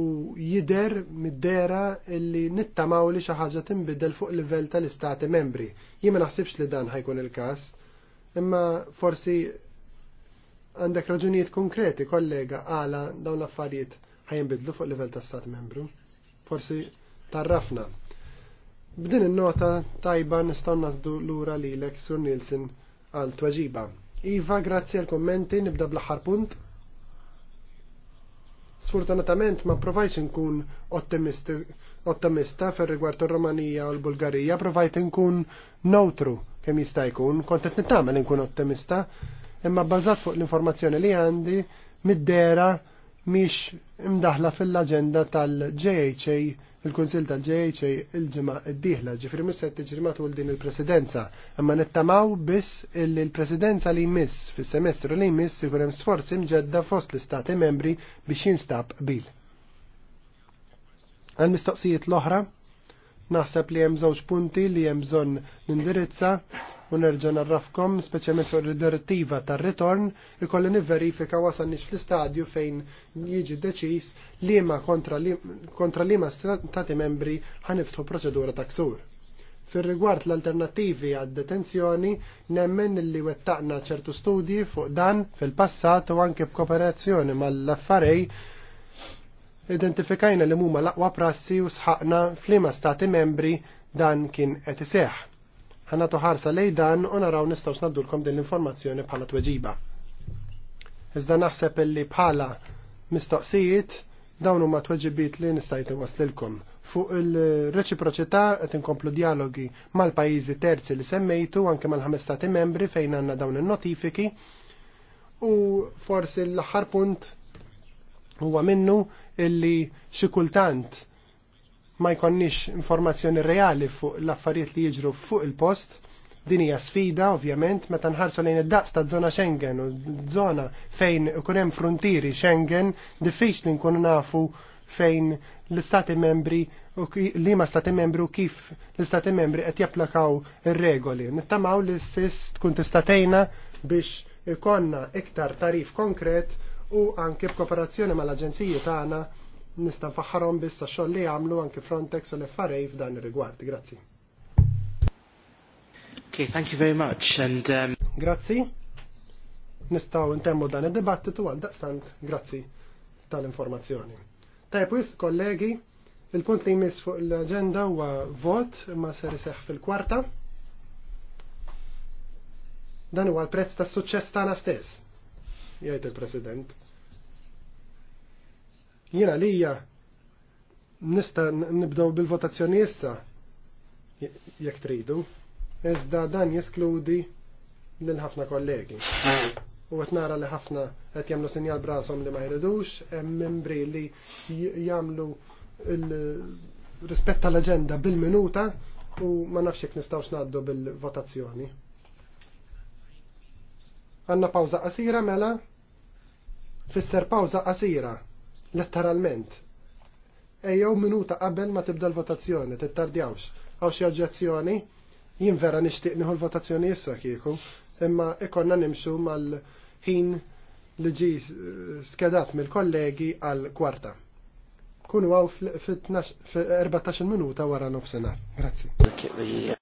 u jider middera illi nittamaw li xaħġa timbidel fuq livell tal-istati membri. Jien ma naħsibx li dan ħajkun il-każ, imma forsi għandek raġunijiet konkreti, kollega, għala dawn l-affarijiet ħajnbidlu fuq livell ta' istati membru. Forsi tarrafna B'din il-nota tajba nistaw nazdu l-ura li l Sur Nielsen għal twaġiba. Iva, grazzi għal kommenti, nibda bl-ħar punt. Sfortunatament ma provajx nkun ottimista fer rigward ir-Romanija u l-Bulgarija, provajt nkun neutru kemm jista' jkun, kont qed nitagħmel nkun ottimista, imma bbażat fuq l-informazzjoni li għandi mid-dera miex imdaħla fil-aġenda tal-JHA il-Kunsil tal-ġejċe il-ġimgħa d-dieħla ġifri mhux se tiġri matul din il-Presidenza, imma nittamaw biss il presidenza li jmiss fis-semestru li jmiss sigurem hemm sforzi mġedda fost l-Istati membri biex jinstab bil. Għal mistoqsijiet l-oħra, Naħseb li hemm żewġ punti li hemm bżonn nindirizza u nerġa' narrafkom speċjalment fuq id-direttiva tar-ritorn ikolli nivverifika nix fl-istadju fejn jiġi deċiż liema kontra liema stati membri ħaniftħu proċedura ta' ksur. Fir-rigward l-alternattivi għad detenzjoni nemmen li wettaqna ċertu studji fuq dan fil-passat u anke b'kooperazzjoni mal-affarej identifikajna li huma laqwa prassi u sħaqna f'liema stati membri dan kien qed iseħħ. Ħana toħarsa lej dan u naraw nistgħu snaddulkom din l-informazzjoni bħala tweġiba. Iżda naħseb li bħala mistoqsijiet dawn huma tweġibiet li nistajt waslilkom. Fuq il-reċiproċità qed inkomplu dialogi mal-pajjiżi terzi li semmejtu anke mal-ħames stati membri fejn għandna dawn in-notifiki u forsi l-aħħar punt huwa minnu illi xi kultant ma jkonnix informazzjoni reali fuq l-affarijiet li jiġru fuq il-post. Din hija sfida ovvjament meta nħarsu lejn id-daqs ta' żona Schengen u żona fejn ikun hemm frontieri Schengen diffiċli nkunu nafu fejn l-istati membri u li ma stati membri u kif l-istati membri qed japplakaw ir-regoli. Nittamaw li s-sis tkun tistatejna biex ikonna iktar tarif konkret u anke b'kooperazzjoni mal-aġenziji tagħna nista' nfaħħarhom biss għax-xogħol li jagħmlu anke Frontex u l-FRA f'dan ir-rigward. Grazzi. Okay, thank you very much and um... Grazzi. Nistgħu ntemmu dan id-dibattitu għal daqstant grazzi tal-informazzjoni. Tajb wis kollegi, il-punt li jmiss fuq l-aġenda huwa vot ma ser iseħħ fil-kwarta. Dan huwa l-prezz tas-suċċess tagħna stess jgħid il-President. Jiena lija nista' nibdew bil-votazzjoni issa jekk tridu, iżda dan jeskludi lil ħafna kollegi. U qed nara li ħafna qed jagħmlu sinjal brashom li ma jridux, hemm membri li jagħmlu rispetta l-aġenda bil-minuta u ma nafx jekk nistgħux ngħaddu bil-votazzjoni. Għanna pawża qasira mela Fisser pawza qasira, letteralment. Ejjew minuta qabel ma tibda l-votazzjoni, tittardjawx. Għaw xi oġġezzjoni? Jien vera nixtieq nieħu l-votazzjoni issa kieku, imma ikonna nimxu mal-ħin li ġi eh, skedat mill-kollegi għal kwarta. Kunu għaw f-14 minuta wara nofsenar. Grazzi. Uh,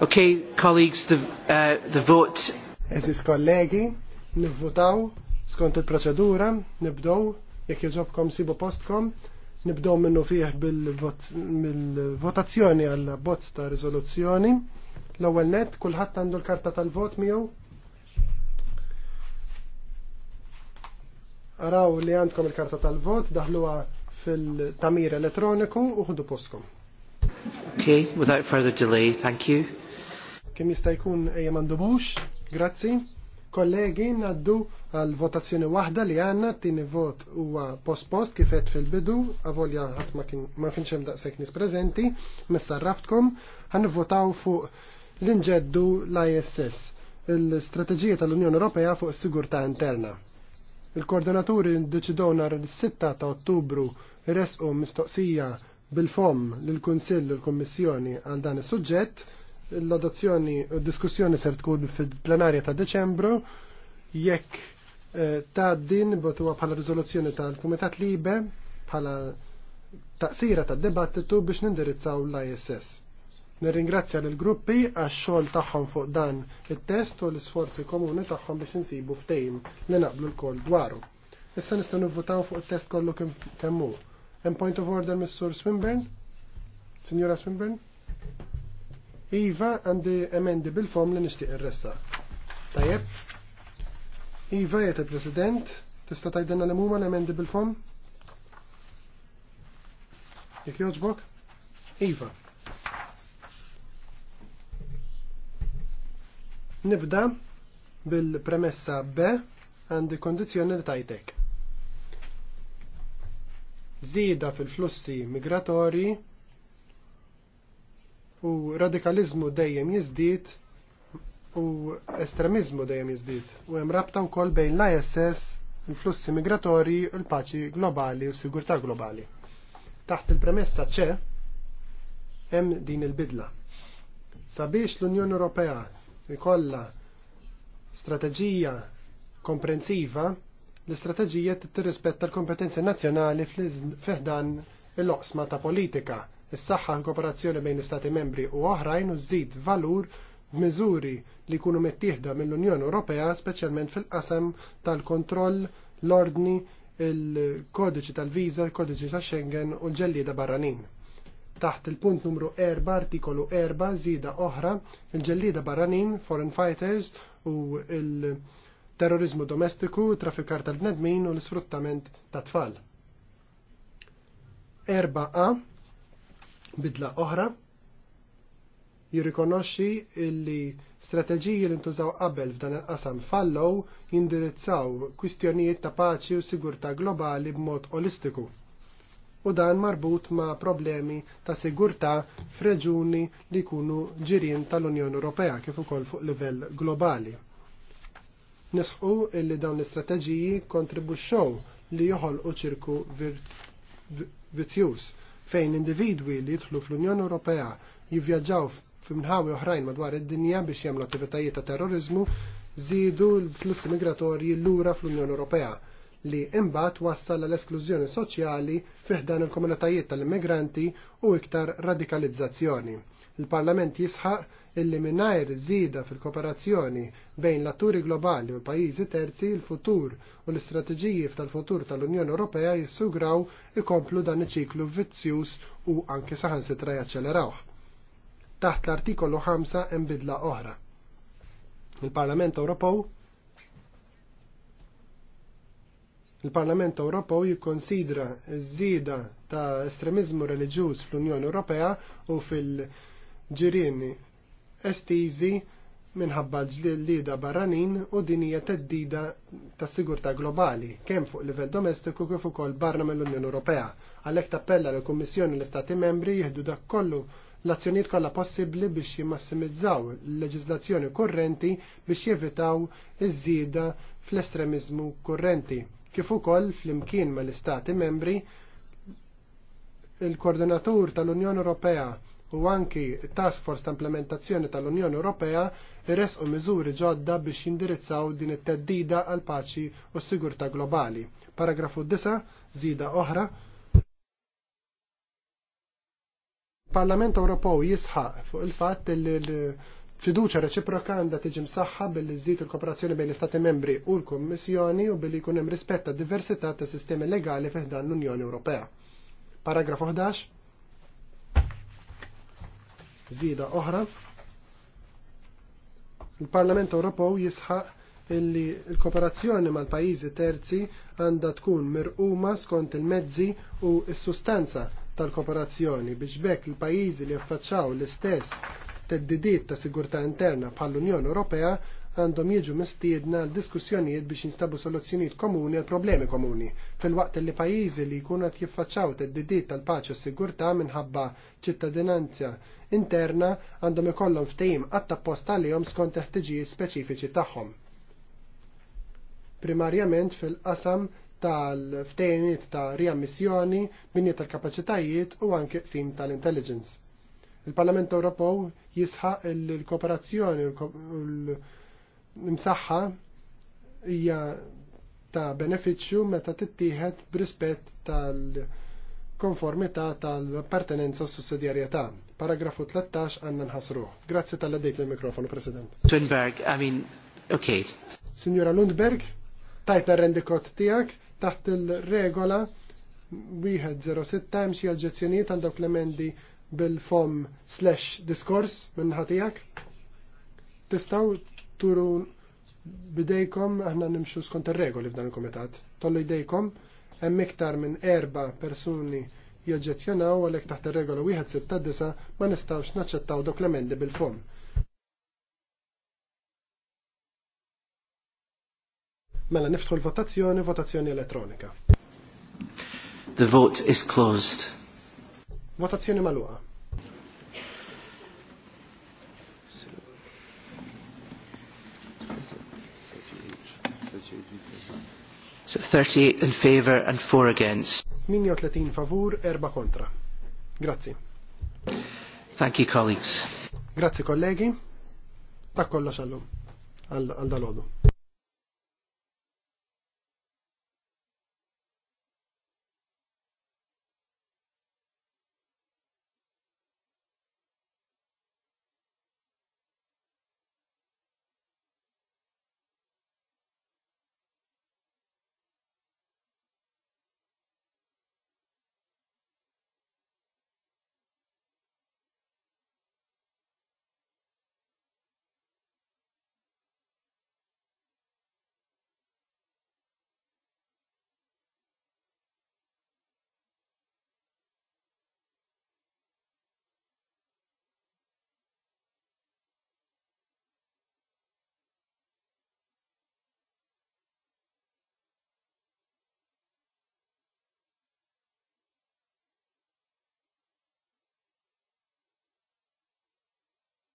Okay, colleagues, the, uh, the vote. Eżis kollegi, nivvutaw skont il-proċedura, nibdow, jekk jġobkom sibu postkom, nibdow minnu fih bil-votazzjoni bil għal bozz ta' rizoluzzjoni. L-ewwel net, kulħadd għandu l-karta tal-vot miegħu. Araw li għandkom il-karta tal-vot, daħluha fil-tamir elettroniku uħdu postkom. Okay, without further delay, thank you kem jista' jkun ejja mandubux? Grazzi. Kollegi, naddu għal votazzjoni waħda li għanna tini vot huwa post-post kifet fil-bidu, għavolja għat ma kienx hemm daqshekk nis preżenti, missarraftkom, ħan votaw fuq l-inġeddu l-ISS, l strateġija tal-Unjoni Ewropea fuq is-sigurtà interna. Il-koordinaturi deċidow nhar il-6 ta' Ottubru resqu mistoqsija bil-fom lill-Kunsill l-Kummissjoni għal dan is-suġġett l-adozzjoni u diskussjoni ser tkun fil-plenarja ta' Deċembru jekk eh, ta' din botuwa bħala riżoluzzjoni tal-Kumitat Libe bħala taqsira ta' debattitu biex nindirizzaw l-ISS. Nirringrazzja l gruppi għax xogħol tagħhom fuq dan it-test u l-isforzi komuni tagħhom biex insibu ftehim li naqblu l-kol dwaru. Issa nistgħu nivvutaw fuq it-test kollu kemm hu. Hemm point of order mis-Sur Swinburne? Signora Swinburne? Iva għandi emendi bil-fom li nishtiq il ressa Tajep? Iva jgħet il-President, tista' tajdenna li muma l-emendi bil-fom? Jek joġbok? Iva. Nibda bil-premessa B għandi kondizjoni li tajtek. Zida fil-flussi migratori u radikalizmu dejjem jiżdied u estremizmu dejjem jiżdied u hemm rabta wkoll bejn l-ISS, il-flussi migratori, il-paċi globali u s-sigurtà globali. Taħt il-premessa ċe hemm din il-bidla. Sabiex l-Unjoni Ewropea jkollha strateġija komprensiva, l-istrateġija tirrispetta l-kompetenzi nazzjonali fl-fehdan il-oqsma ta' politika is-saħħa kooperazzjoni bejn istati membri u oħrajn u żid valur miżuri li jkunu mettieħda mill-Unjoni Ewropea speċjalment fil-qasam tal-kontroll, l-ordni, il-kodiċi tal viza il-kodiċi ta' schengen u l-ġellieda barranin. Taħt il-punt numru 4, artikolu 4, żida oħra, il-ġellieda barranin, foreign fighters u il-terrorizmu domestiku, traffikar tal-bnedmin u l-sfruttament tat tfal. 4a Bidla oħra jirrikonoxxi illi strateġiji li ntużaw qabel f'dan il-qasam fallow jindirizzaw kwistjonijiet ta' paċi u sigurtà globali b'mod olistiku. U dan marbut ma' problemi ta' sigurtà f'reġuni li jkunu ġirien tal-Unjoni Ewropea kif ukoll fuq livell globali. Nisħu illi dawn l-istrateġiji kontribuxxew li joħolqu ċirku vizzjuż fejn individwi li jidħlu fl-Unjoni Ewropea jivvjaġġaw f'imħawi oħrajn madwar id-dinja biex jagħmlu attivitajiet ta' terrorizmu żidu l-flussi migratorji lura fl-Unjoni Ewropea li imbagħad wassal l-esklużjoni soċjali fiħdan il-komunitajiet tal-immigranti u iktar radikalizzazzjoni. Il-Parlament jisħaq illi minnajr zida fil-kooperazzjoni bejn l-atturi globali u pajjiżi terzi il-futur u l-istrateġiji tal-futur tal-Unjoni Ewropea jissugraw ikomplu dan iċiklu vizzjus u anke saħansitra jaċċeleraw. Taħt l-artikolu 5 imbidla bidla oħra. Il-Parlament Ewropew Il-Parlament Ewropew jikkonsidra ż-żieda ta' estremizmu reliġjuż fl-Unjoni Ewropea u fil- ġirieni estiżi minħabba l da barranin u din hija teddida tas sigurtà globali, kemm fuq livell domestiku kif ukoll barra mill-Unjoni Ewropea. Għalhekk tappella lill kummissjoni l-Istati membri jieħdu dak kollu l-azzjonijiet kollha possibbli biex jimmassimizzaw l-leġiżlazzjoni kurrenti biex jevitaw iż-żieda fl-estremiżmu kurrenti. Kif ukoll flimkien mal-Istati membri il-Koordinatur tal-Unjoni Ewropea u anki task force ta' implementazzjoni tal-Unjoni Ewropea resqu miżuri ġodda biex jindirizzaw din it-teddida għal paċi u s-sigurtà globali. Paragrafu 9, zida oħra. Parlament Ewropew jisħaq fuq il-fatt li l-fiduċa reċiproka għandha tiġi msaħħa billi żżid il-kooperazzjoni bejn l-Istati membri u l-Kummissjoni u billi jkun hemm rispett tad diversità ta' sistemi legali dan l-Unjoni Ewropea. Paragrafu 11 żieda oħra. Il-Parlament Ewropew jisħaq illi l-kooperazzjoni mal-pajjiżi terzi għandha tkun mirquma skont il-mezzi u s-sustanza tal-kooperazzjoni biex bekk il-pajjiżi li jaffaċċaw l-istess teddidiet ta' sigurtà interna bħall-Unjoni Ewropea għandhom jiġu mistiedna l-diskussjonijiet biex jinstabu soluzzjonijiet komuni għal problemi komuni. Fil-waqt li pajjiżi li jkunu qed jiffaċċaw t didiet tal-paċi u s-sigurtà minħabba ċittadinanza interna għandhom ikollhom ftehim qatt apposta għalihom skont teħtiġijiet speċifiċi tagħhom. Primarjament fil-qasam tal ftejnijiet ta' riammissjoni, binja tal-kapaċitajiet u anke sim tal-intelligence. Il-Parlament Ewropew jisħaq il-kooperazzjoni u l msaħħa hija ta' beneficju meta tittieħed b'rispett tal-konformità tal-appartenenza s sussidjarjetà. Paragrafu 13 għandna nħasruh. Grazzi tal-għaddejt l-mikrofonu, President. Lundberg, I mean, okay. Signora Lundberg, tajta rendikot tijak taħt il-regola 106 imxie oġġezzjonijiet tal-dok l-emendi bil-fom slash diskors minnħatijak. Tistaw turu bidejkom aħna nimxu skont ir-regoli f'dan il-komitat. Tollu jdejkom hemm iktar minn erba' persuni joġġezzjonaw għalhekk taħt ir-regola wieħed sitta disa ma nistgħux naċċettaw dok l-emendi bil-fom. Mela niftħu l-votazzjoni, votazzjoni elettronika. The vote is closed. Votazzjoni maluqa. 30 38 in favor and 4 against. 38 favur, 4 kontra. Grazzi. Thank you, colleagues. Grazzi, colleghi. Ta' kollox għallum. Għal dalodu.